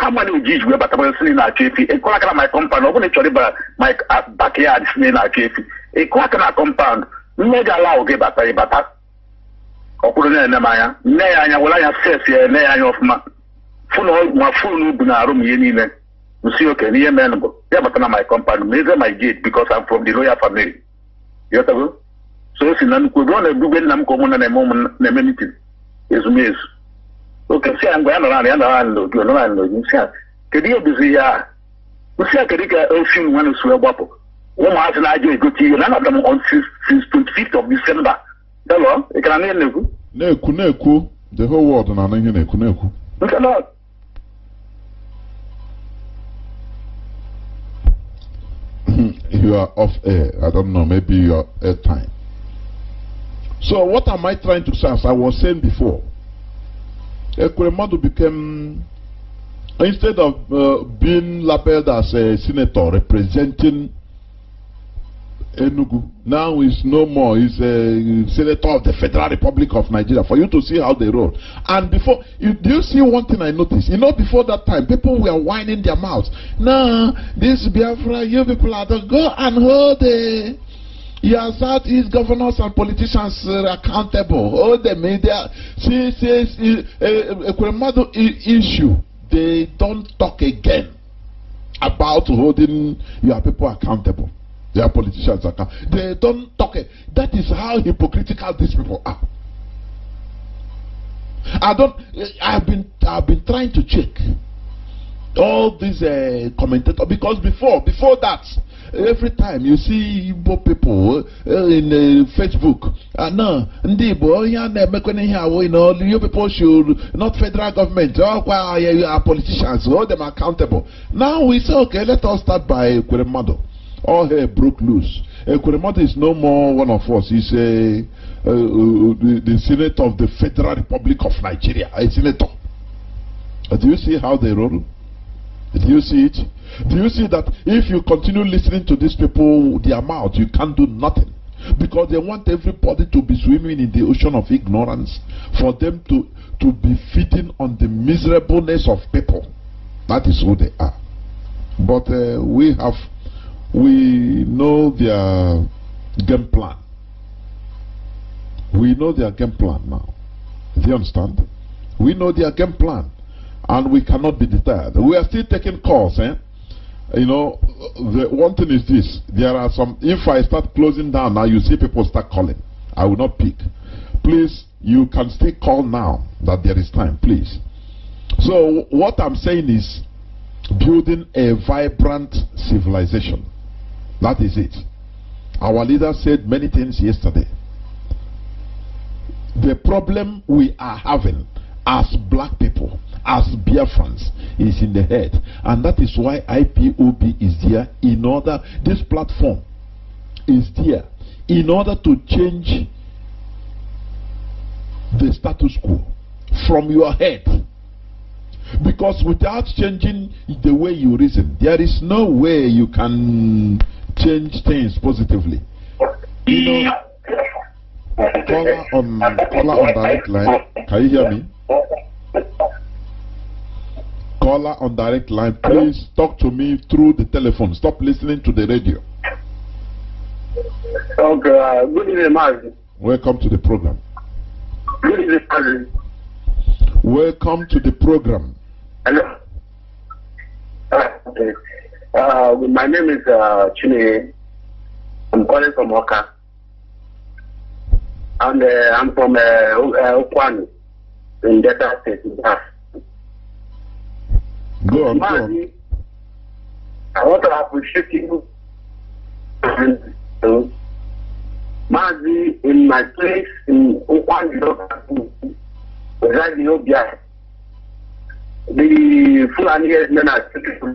ha mana eji iji wee batara nsị na-achọ efi ịkụrụ aka na my compound ọ bụrụ na ị chọrọ ịbara my backyard sị na-achọ efi ịkụrụ aka na compound nne ga-ala gị bata ịbata ọkwụrụ na-ene m anya nne ya anya were anya sesi ya ene ya anya ọfụma fụ na ọ ma fụ na ubu na arụ m ihe niile nsi oke n'ihe mere mbụ ya batana my compound ma eze my gate because I'm from the royal family yọtago so o si na nnukwu ebe ọ na-ebugbe nna m ka ụmụnna na-eme ụmụ na-eme mitin ezumezu oke si ya mgbe ya nọrọ ala ya nọrọ ala n'obi ọ nọrọ ala n'obi si ya kedu ihe bụzi ya nsi ya kedu ka ofi nwa na usu gbapụ ụmụazị na-ajụ egote ihe na anọdụ m on since twenty th of December dalo ị kana na ihe na-ekwu na-ekwu na-ekwu the whole world na ihe na-ekwu na-ekwu nke Hmm. you are off air. I don't know. Maybe you are air time. So, what am I trying to say? As I was saying before, Ekuremadu became, instead of uh, being labeled as a senator representing Enugu. Now is no more. He's a uh, senator of the Federal Republic of Nigeria. For you to see how they roll. And before, you, do you see one thing I noticed? You know, before that time, people were whining their mouths. Now, this Biafra, you people are to go and hold a. Your Southeast governors and politicians uh, accountable. All the media. See, see, see uh, Ekwemadu issue. They don't talk again about holding your people accountable. Their politicians are. They don't talk. It. That is how hypocritical these people are. I don't. I've been. I've been trying to check all these uh, commentators because before, before that, every time you see Igbo people uh, in uh, Facebook, uh, no, ndị Igbo a you know, you people should not federal government, you uh, are politicians, hold them accountable. Now we say, okay, let us start by Kwere all hell broke loose. Ekuremota is no more one of us. He's a, uh, the, the Senate of the Federal Republic of Nigeria, a senator. Uh, do you see how they roll? Do you see it? Do you see that if you continue listening to these people, their mouth, you can't do nothing? Because they want everybody to be swimming in the ocean of ignorance for them to, to be feeding on the miserableness of people. That is who they are. But uh, we have we know their game plan. We know their game plan now. Do you understand? We know their game plan. And we cannot be deterred. We are still taking calls, eh? You know, the one thing is this there are some, if I start closing down now, you see people start calling. I will not pick. Please, you can still call now that there is time, please. So, what I'm saying is building a vibrant civilization. That is it. Our leader said many things yesterday. The problem we are having as black people, as Biafrans, is in the head. And that is why IPOB is there in order, this platform is there in order to change the status quo from your head. Because without changing the way you reason, there is no way you can change things positively. You know, caller on, caller on direct line, can you hear me? Caller on direct line, please talk to me through the telephone. Stop listening to the radio. Okay, uh, good evening, Marvin. Welcome to the program. Good evening, Marvin. Welcome to the program. Hello. Uh, okay. Uh, my name is uh, Chine. I'm calling from Oka. And uh, I'm from uh, uh Okwani in Delta State. Go on, go on. I want to appreciate you. And, uh, Mazi, in my place in Okwani, residing in Obia, the Fulani men are taking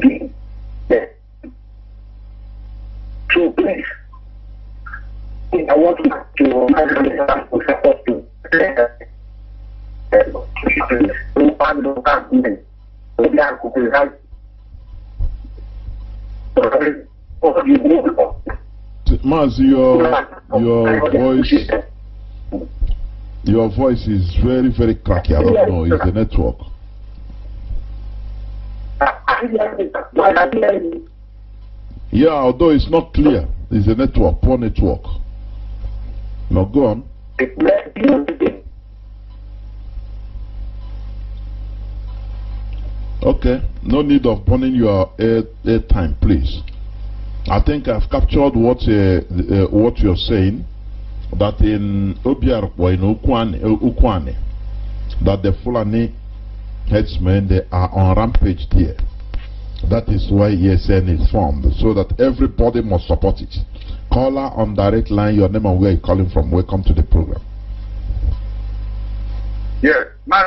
be there to please. In a work to support to to have the government to be able to help. Maz, your your voice your voice is very very cracky. I don't know. It's the network. Yeah, although it's not clear, it's a network, poor network. Now go on. Okay, no need of burning your air, air time, please. I think I've captured what, uh, uh what you're saying that in Obiarpo, in Ukwane, uh, Ukwane that the Fulani headsmen they are on rampage there. That is why ESN is formed, so that everybody must support it. Caller on direct line, your name and where you're calling from. Welcome to the program. Yes, man,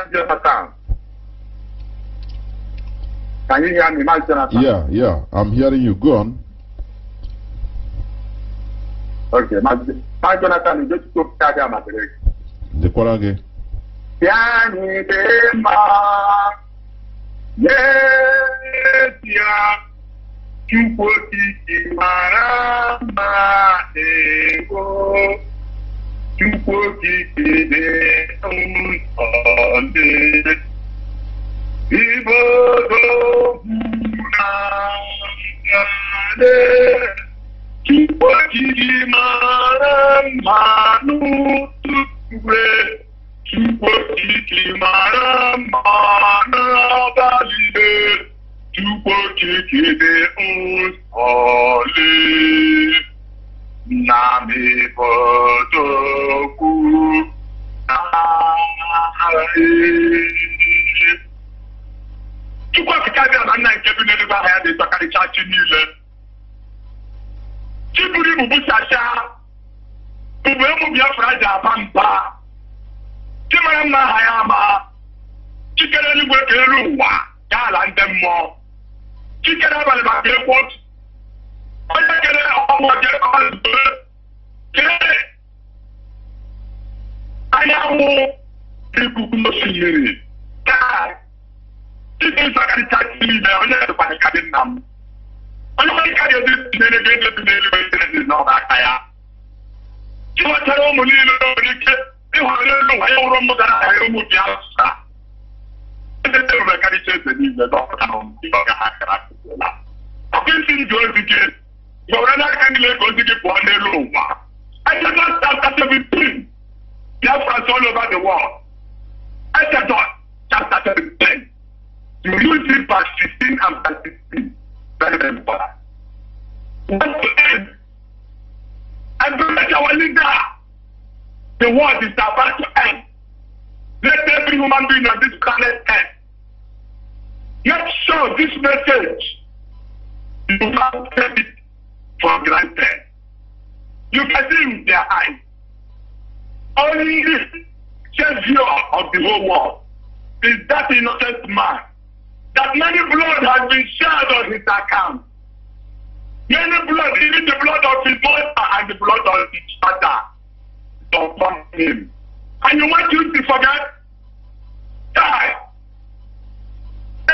Can you hear me, man, Yeah, yeah, I'm hearing you. Go on. Okay, man, Jonathan, you just took that down, the direct. Yeah, etia chukwu okike mara mma ego chukwu okike dị nsọdị ibodogwu na ngade chukwu okike mara mma n'ụtụtụ chukwu okike mara mma n'abalị Chukwokikide Nsọọlị Namibotokwu Chukwuka bịa na nna nke bi n'eluigwe aha ya na-esokarịcha chi niile chi buru ibu bụchacha mgbe ụmụ Biafra ji aba mba chi mara nna aha ya ama chikere eluigwe ka elu ụwa ga ala ndị mmụọ kíkẹ́rẹ́ balẹ̀ bàbá yẹn pọ̀ ọjà kẹrẹ ọmọ jẹ ọmọ ìgbẹ́ kẹrẹ ayáwó ìgbùgbùn ló sì yẹrẹ káà kíkẹ́ ìsọ̀kadì tàkì ìgbẹ́ ọjà ìgbà ìkàdé nàm ọjà ìkàdé ẹ̀dí tìǹbẹ̀rẹ̀ gẹ́gẹ́ tìǹbẹ̀rẹ̀ gẹ́gẹ́ tìǹbẹ̀rẹ̀ náà bá kàyà kí wọ́n tẹ̀lé ọmọ ní ìlú ọ̀rẹ́ kẹ́ bí wọ́n lé lọ́wọ́ ayé wọ́n mú dáná ayé wọ́n mú bí a sà. ndị all over the world you and want to end leader the world is about to end let every human being on this planet end Yet, sure this message you don't take it for granted. You can see in their eyes. Only the savior of the whole world is that innocent man that many blood has been shed on his account. Many blood, even the blood of his mother and the blood of his father, upon him. And you want you to forget? Die.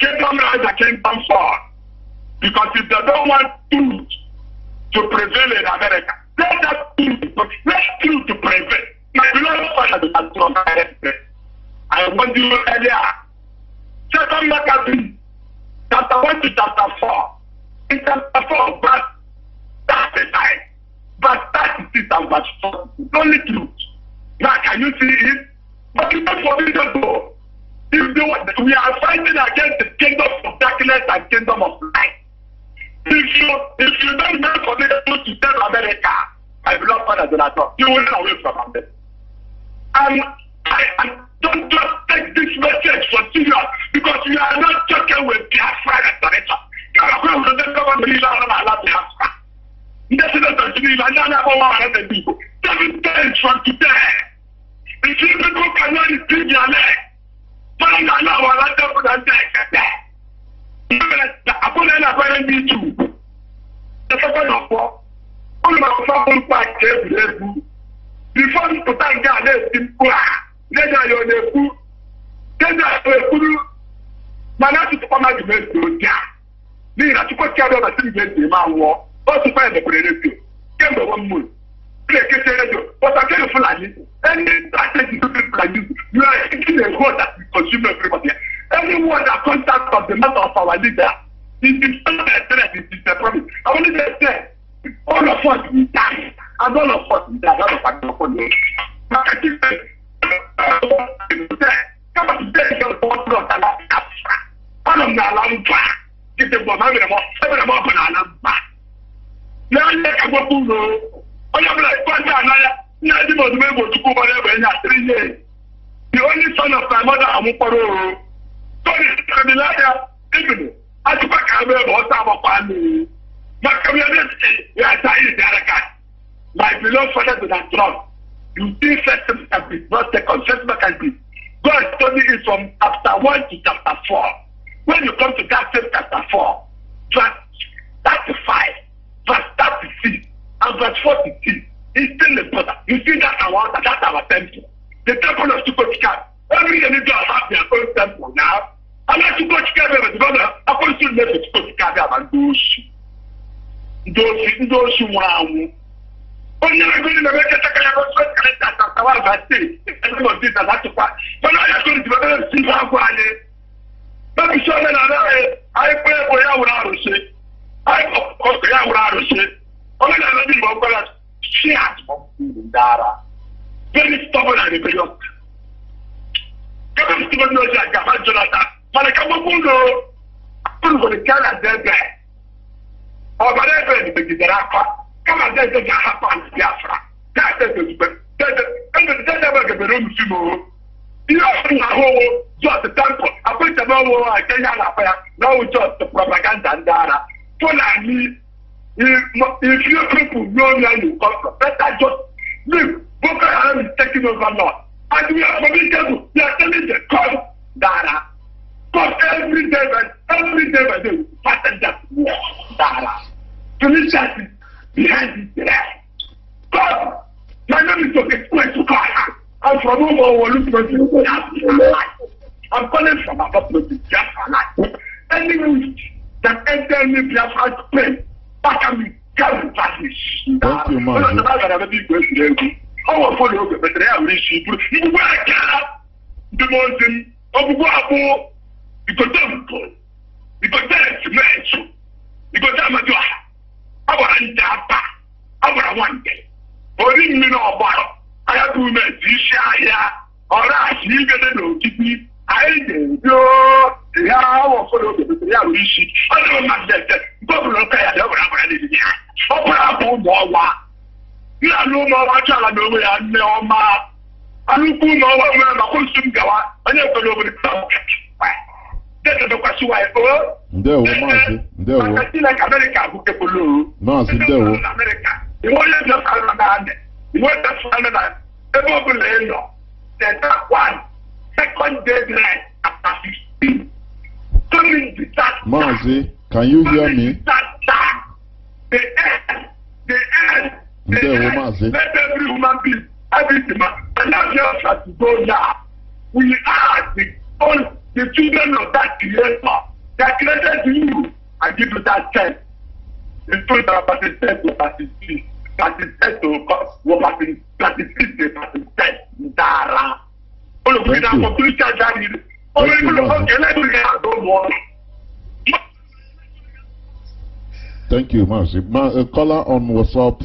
Get kingdom rise and come far. Because if they don't want truth to prevail in America, let that truth, let truth to prevail. My beloved father, I do I warned you earlier. Second Maccabees, chapter 1 to chapter 4. In chapter 4, but that is it, and that's 4. Only truth. Now, can you see it? But you don't me to door. If they, we are fighting against the kingdom of darkness and kingdom of light. If you if you don't make commitment to tell America, will not find a Trump, you will run away from America. And I, I don't just take this message for serious because you are not talking with Biafra You are going to the government of the Seven times from today. If you people cannot your leg, Báyìí aláwọ̀ aládẹ́kùn náà ń tẹ̀ kẹ́kẹ́. Abúlé náà fẹ́rẹ́ ní ìtù. Ṣé fẹ́fẹ́ náà fọ́? Olùmọ̀ọ́fọ́ fún pàṣẹ ìbùdó before pụta nke a na-esi mkpu a lenya ya ọ na-ekwu lenya ya ọ ekwuru mana atụtụkwa mmadụ mesi ozi a n'ihi na tupu ka ọ bịa basi mgbe kéèké ṣeré jọ but again Fulani any strategy to be produced you are taking a word that we consume everybody anyone that contact of the matter of our leader is the first threat is the problem I wan say say all of us we die and all of us we die all of us we fall down my pikin say I wan say come on today you go one blood and one capsule all of na alamba give them one every dem all every dem all go na alamba na only ẹgbẹ fún mi o onye ọbụla ịkpọta anaya nne di m ozugbo egbo chukwu gbara egbe nya three years the only son of my mother anwụkpọrọ oro tony kamilaya ibinu achịkwa ka ebe ebe ọta agbakwa mmiri maka onye dị ya ata ihe dị araka my beloved father did not trust you think sentiment can be not second sentiment can be God told me it from chapter one to chapter four when you come to that same chapter four verse thirty-five and verse 42. He's still a brother. You see, that's our, that's our temple. The temple of Sukotika. Every religion have their own temple now. And that Sukotika is brother. I can still make a Sukotika there and do she. Do she, do she, wow. Onye na-agụnye na mekata ka ya gosi kalịta tasawa vasi ezigbo dị na latụkwa mana onye agụnye dị mebere si ihe agwụ anyị mebisi onye na-anaghị anyị kpọọ ego ya wụrụ arụsị anyị kpọọ ya wụrụ arụsị ọlọ́dà lọ́dún ìbọn gbọ́dọ̀ ṣé àtìmọ́ fún dára very stubborn and rebellious. gẹ́gẹ́ bí wọ́n lọ sí àjàmbá Jonathan mọ̀lẹ́ká gbogbo ń lò ó olùkọ́ni kẹ́lá dẹ́gbẹ́ ọ̀bà dẹ́gbẹ́ ni bèjì dẹ́rẹ́ apá kẹ́lá dẹ́gbẹ́ ní ahapa ní Biafra dẹ́gbẹ́ dẹ́gbẹ́ dẹ́gbẹ́ dẹ́gbẹ́ gẹ̀gẹ́ ló ń fi mọ́ o. ihe ọ̀hún na ahụ owo jọs tanko akwai tẹ̀mẹ́ owo àkẹ́yà àlàfẹ́ ya náà wò jọs propaganda ń dára fúlàní if you people know where you come from, better just leave. Boko Haram is taking over now. And we are communicable. We are telling the cause Dara. Because every day, by, every day by day, we pattern that war, Dara. Tunisia behind the there. God, my name is Dr. Kwetu Kaya. I'm from over Wolu Province. I'm calling from about Province, just alive. Any witch that enters me, just has pain bàtà mi gàlù bàtì ìṣúná ọlọ́dún bá gàdá bẹ́ẹ̀ bí ìgbẹ́ ìṣúná ẹ̀kú ọwọ́ fọlọ́ ọgbẹ̀ bẹ̀tẹ̀rẹ̀ àwọn ìṣú ìbúrú ìbúgbó àjà ndémọ́nsẹ́m ọgbùgbó àbó ìkọ̀tà mpọ̀ ìkọ̀tà ẹ̀sìmẹ́ẹ̀sù ìkọ̀tà àmàdùà àbọ̀rà ntà àbà àbọ̀rà wàǹdẹ̀ òní mmiri ọ̀bọ̀rọ̀ ayábùmẹ̀ ti ṣe àyà ọ̀rọ̀ àṣìí gẹ́gẹ́ nà òtítì anyị ga-ebido ya awa ụfọdụ oge bụtara ya bụ isi ọ dịrị mmadụ na-ete nke ọ bụla nka ya dị ọbara agbara n'ebibi ha ọ bụrụ abụ ụmụ ọnwa nna na ụmụ ọnwa achọala na onwe ya nne ọma alụkwu ụmụ ọnwa nwere ma kwụsị m gawa onye kwere obodo dedekwasị nwanyị o ndewo maazị ndewo maka chineke amerịka bụ kepụlụ maazị ndewo amerịka iwe onye biafra na na-adị iwe biafra na na ebe ọ bụla ị nọ na-ete akwa anyị second deadline after 16. Mazi, can you hear me? The end, the end, the end. Let every human be, every human, and let us have to go now. We are the, all, the children of that creator that created you and give you that chance. The truth about the test of that is that is test of God, what that is that is the test of Dara. olùkúta kọ kírísítà jáde Thank you, Marcy. Ma uh, caller on WhatsApp,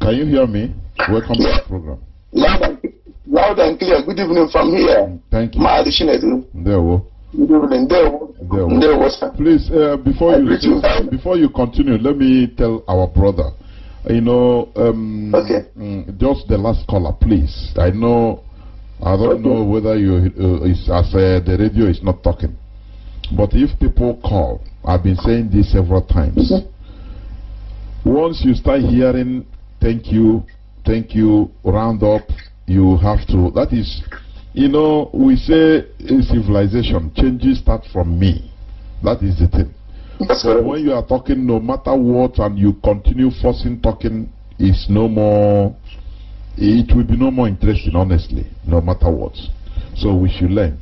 can you hear me? Welcome to the program. Loud and, loud and clear. Good evening from here. Mm, thank you. My addition is. There we Good evening. There we There was. Please, uh, before you, you before you continue, let me tell our brother. You know, um, okay. Mm, just the last caller, please. I know I don't know whether you, uh, I said, uh, the radio is not talking. But if people call, I've been saying this several times. Once you start hearing, thank you, thank you, round up, you have to. That is, you know, we say in civilization, changes start from me. That is the thing. So when you are talking, no matter what, and you continue forcing talking, is no more it will be no more interesting, honestly, no matter what. So we should learn.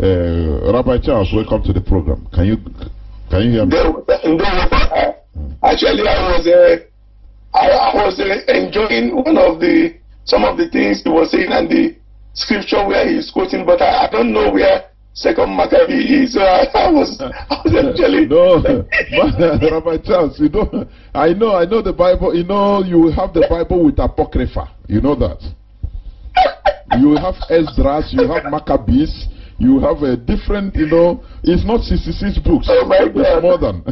Uh, Rabbi Charles, welcome to the program. Can you can you hear me? Uh, actually, I was uh, I, I was uh, enjoying one of the some of the things he was saying and the scripture where he's quoting, but I, I don't know where Second Maccabees. is, I, uh, I was, I was actually. no, but, Rabbi Charles, you know, I know, I know the Bible. You know, you have the Bible with Apocrypha. You know that. you have Esdras, you have Maccabees, you have a uh, different, you know, it's not 66 books. Oh my it's God. more than.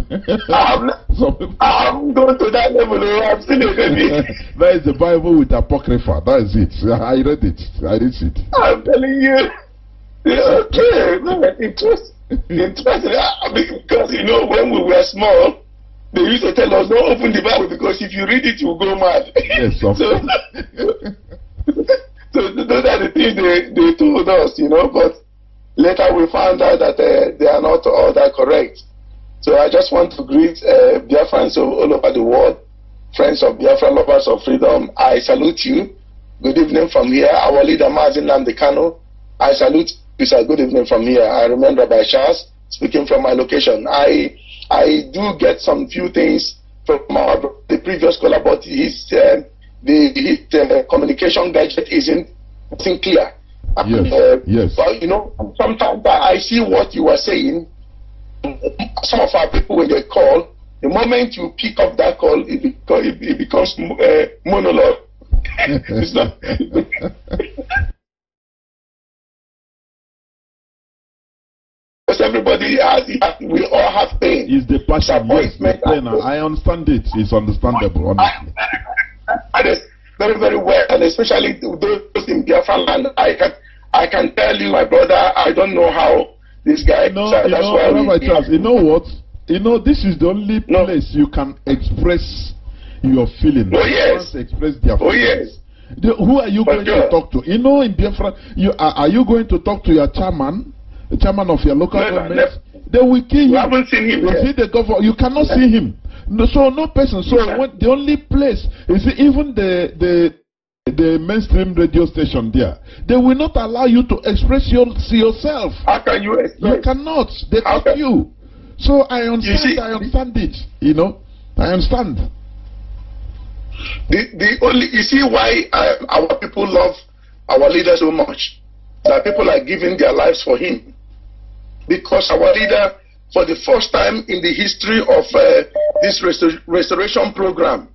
I'm, so, I'm going to that level. Oh, I'm still That is the Bible with Apocrypha. That is it. I read it. I read it. I'm telling you. Okay, right. Interesting. Interesting. Because, you know, when we were small, they used to tell us, don't open the Bible because if you read it, you'll go mad. Yes, so, so those are the things they, they told us, you know, but later we found out that uh, they are not all that correct. So I just want to greet uh, Biafrans all over the world, friends of Biafra, lovers of freedom. I salute you. Good evening from here. Our leader, Mazin Namdekano. I salute Peace good evening from here. I remember by Charles speaking from my location. I I do get some few things from our, the previous caller, but his uh, the his, uh, communication gadget isn't, clear. Yes. Uh, yes. But you know, sometimes I see what you are saying. Some of our people when they call, the moment you pick up that call, it, becomes, it becomes uh, monologue. it's not. Because everybody has, we all have pain. Is the passion. Yes, I understand it. It's understandable, honestly. I, I very, very well, and especially those in Biafra land. I can, I can tell you, my brother, I don't know how this guy. No, so you that's know, why we, you know what? You know, this is the only no. place you can express your feeling. Oh, yes. Express their feelings. Oh, yes. The, who are you but going to talk to? You know, in Biafra, you, are, are you going to talk to your chairman? the chairman of your local no, government, they will kill you. You haven't seen him. You see the governor. You cannot see him. No, so no person. So the only place is even the the the mainstream radio station there. They will not allow you to express your, yourself. How can you express? You cannot. They cut you. So I understand. See, I understand it. You know, I understand. The the only you see why our people love our leader so much that people are giving their lives for him because our leader, for the first time in the history of uh, this restor restoration program,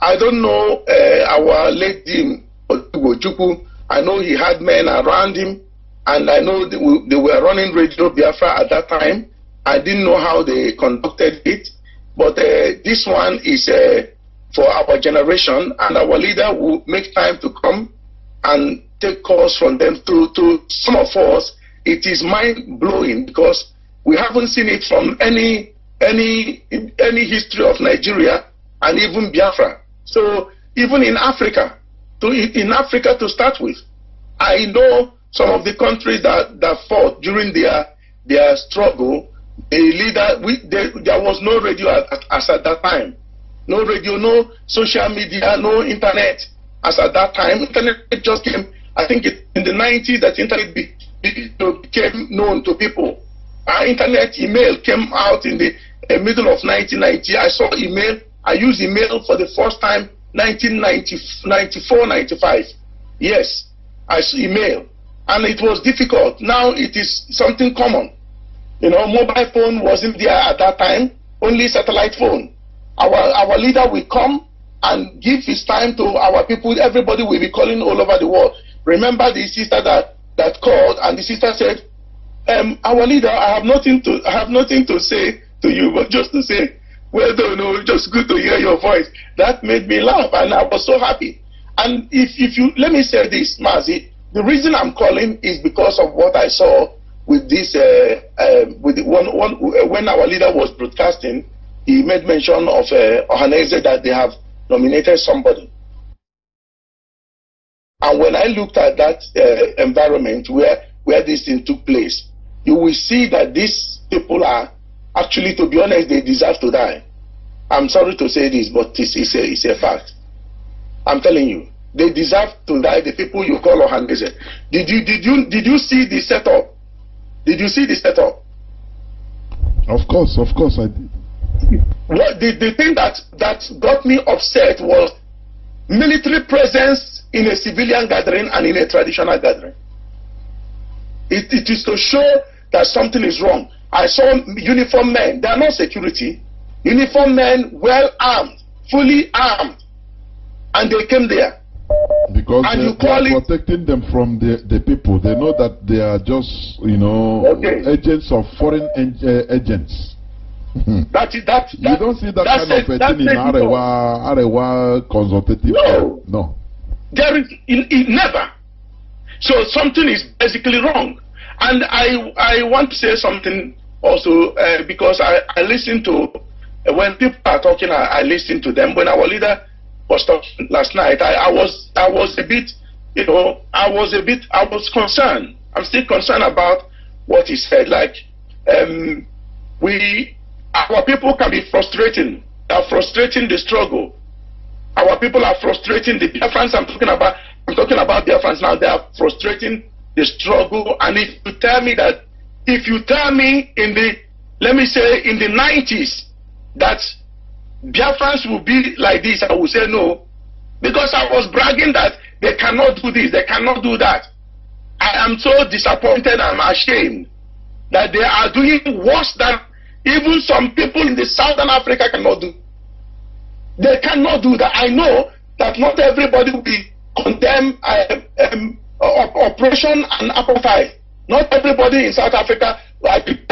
I don't know uh, our late Dean Ojuku. I know he had men around him, and I know they, were running Radio Biafra at that time. I didn't know how they conducted it, but uh, this one is uh, for our generation, and our leader will make time to come and take calls from them to, to some of us it is mind blowing because we haven't seen it from any any any history of Nigeria and even Biafra. So even in Africa, to, in Africa to start with, I know some of the countries that, that fought during their their struggle. A leader, we, there was no radio at, at, as at that time, no radio, no social media, no internet. As at that time, internet just came. I think it, in the 90s that internet it became known to people. Our internet email came out in the uh, middle of 1990. I saw email. I used email for the first time 1994, 95. Yes, I saw email. And it was difficult. Now it is something common. You know, mobile phone wasn't there at that time, only satellite phone. Our, our leader will come and give his time to our people. Everybody will be calling all over the world. Remember the sister that that called and the sister said, um, our leader, I have nothing to I have nothing to say to you, but just to say, well done, know, oh, just good to hear your voice. That made me laugh and I was so happy. And if, if you let me say this, Mazi, the reason I'm calling is because of what I saw with this uh, uh, with one, one uh, when our leader was broadcasting, he made mention of uh, Ohaneze that they have nominated somebody. And when I looked at that uh, environment where, where this thing took place, you will see that these people are actually, to be honest, they deserve to die. I'm sorry to say this, but it's, it's, a, it's a fact. I'm telling you, they deserve to die. The people you call on Did you did you did you see the setup? Did you see the setup? Of course, of course, I did. What the, the thing that that got me upset was military presence in a civilian gathering and in a traditional gathering. It, it is to show that something is wrong. I saw uniformed men, they are not security, uniformed men, well armed, fully armed, and they came there. Because and they, they are protecting them from the, the people. They know that they are just, you know, okay. agents of foreign ag uh, eh, agents. that is that, that. You don't see that kind of a thing in Arewa, Arewa consultative. No. no. There is never. So something is basically wrong. And I, I want to say something also uh, because I, I listen to, uh, when people are talking, I, I listen to them. When our leader was talking last night, I, I, was, I was a bit, you know, I was a bit, I was concerned. I'm still concerned about what he said. Like, um, we, our people can be frustrating. They are frustrating the struggle. Our people are frustrating the Biafrans. I'm talking about. I'm talking about Biafrans now. They are frustrating the struggle. And if you tell me that, if you tell me in the, let me say in the 90s, that Biafrans will be like this, I will say no, because I was bragging that they cannot do this, they cannot do that. I am so disappointed I'm ashamed that they are doing worse than even some people in the Southern Africa cannot do. They cannot do that. I know that not everybody will be condemned uh, um, oppression and apartheid. Not everybody in South Africa like